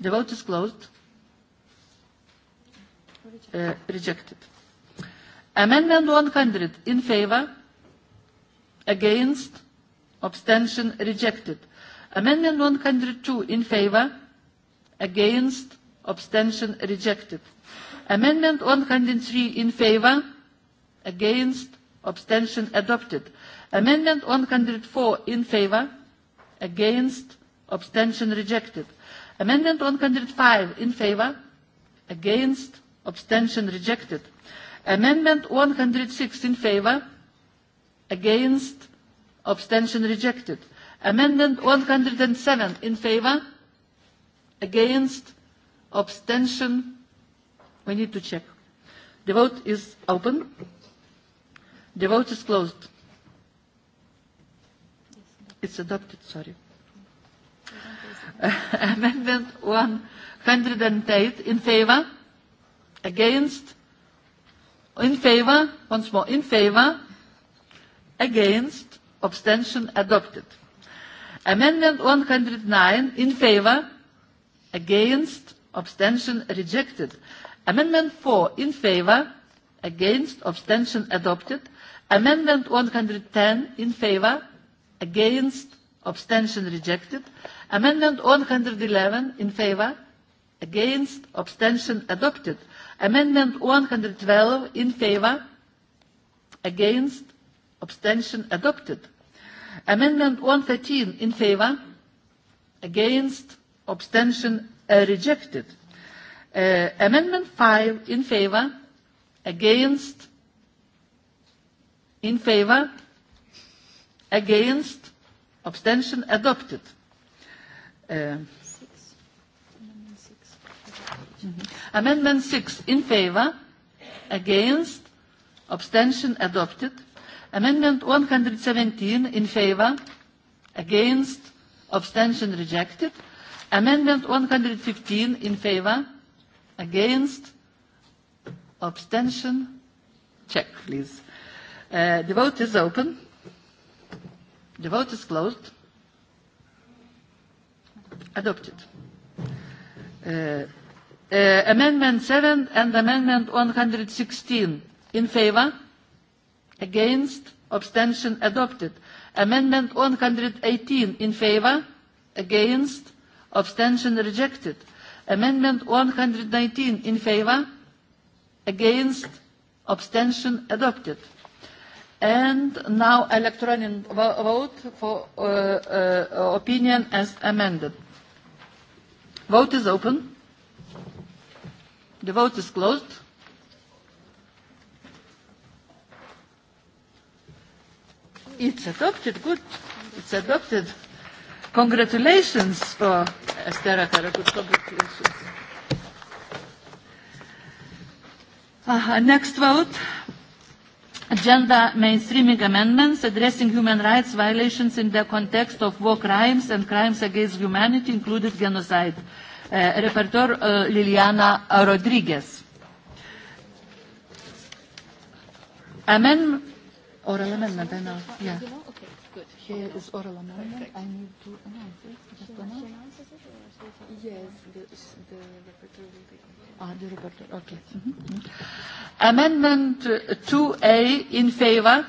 The vote is closed. Rejected. Amendment 100 in favor, against, abstention rejected. Amendment 102 in favor, against, abstention rejected. Amendment 103 in favor, against, abstention adopted. Amendment 104 in favor, against, abstention rejected. Amendment 105 in favor, against, abstention rejected. Amendment 106 in favor, against, abstention rejected. Amendment 107 in favor, against, abstention. We need to check. The vote is open. The vote is closed. It's adopted, sorry. Amendment 108 in favor, against, in favor, once more, in favor, against, abstention adopted. Amendment 109 in favor, against, abstention rejected. Amendment 4 in favor, against, abstention adopted. Amendment 110 in favor, against, abstention rejected. Amendment 111 in favor, against, abstention adopted. Amendment 112 in favor, against, abstention adopted. Amendment 113 in favor, against, abstention rejected. Amendment 5 in favor, against, in favor, against, abstention adopted. Amendment 6 in favor, against, abstention adopted. Amendment 117 in favor, against, abstention rejected. Amendment 115 in favor, against, abstention. Check, please. The vote is open. The vote is closed. Adopted. Amendment 7 and Amendment 116 in favor against abstention adopted amendment 118 in favor against abstention rejected amendment 119 in favor against abstention adopted and now electronic vote for opinion as amended vote is open the vote is closed It's adopted. Good. It's adopted. Congratulations for Esther next vote. Agenda mainstreaming amendments addressing human rights violations in the context of war crimes and crimes against humanity, including genocide. Uh, Liliana Rodriguez. Amen. Oral amendment, I know. Yeah. good. Here is oral amendment. I need to announce it. Just announce. Yes, the, the will take Ah, the reporter. Okay. Amendment 2A in favor.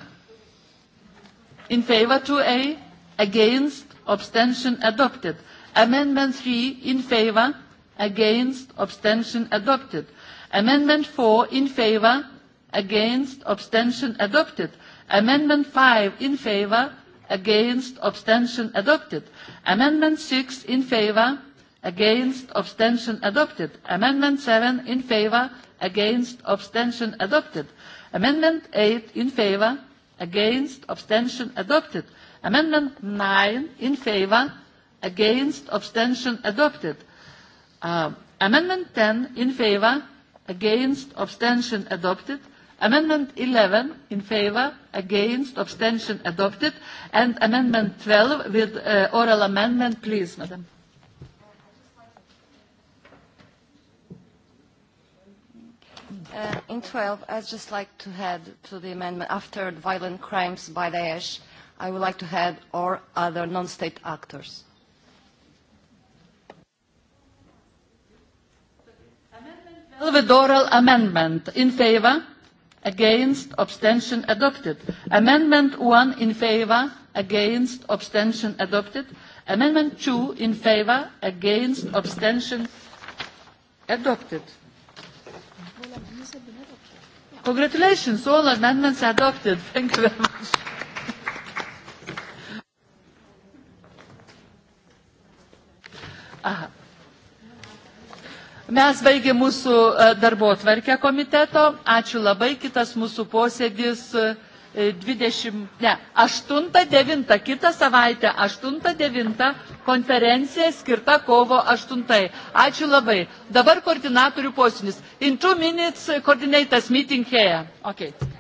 In favor 2A. Against. Abstention adopted. Amendment 3 in favor. Against. Abstention adopted. Amendment 4 in favor. Against. Abstention adopted. Amendment 5 in favor, against, abstention adopted. Amendment 6 in favor, against, abstention adopted. Amendment 7 in favor, against, abstention adopted. Amendment 8 in favor, against, abstention adopted. Amendment 9 in favor, against, abstention adopted. Amendment 10 in favor, against, abstention adopted. Amendment 11 in favor, against, abstention adopted. And Amendment 12 with oral amendment, please, Madam. In 12, I'd just like to add to the amendment, after violent crimes by Daesh, I would like to add or other non-state actors. Amendment 12 with oral amendment. In favor? against abstention adopted amendment 1 in favor against abstention adopted amendment 2 in favor against abstention adopted congratulations all amendments adopted thank you very much Mes baigėm mūsų darbo tvarkę komiteto. Ačiū labai. Kitas mūsų posėdis 20, ne, 8-9, kitą savaitę 8-9 konferencija skirta kovo 8. Ačiū labai. Dabar koordinatorių posėdis. In two minutes coordinators meeting here. Okay.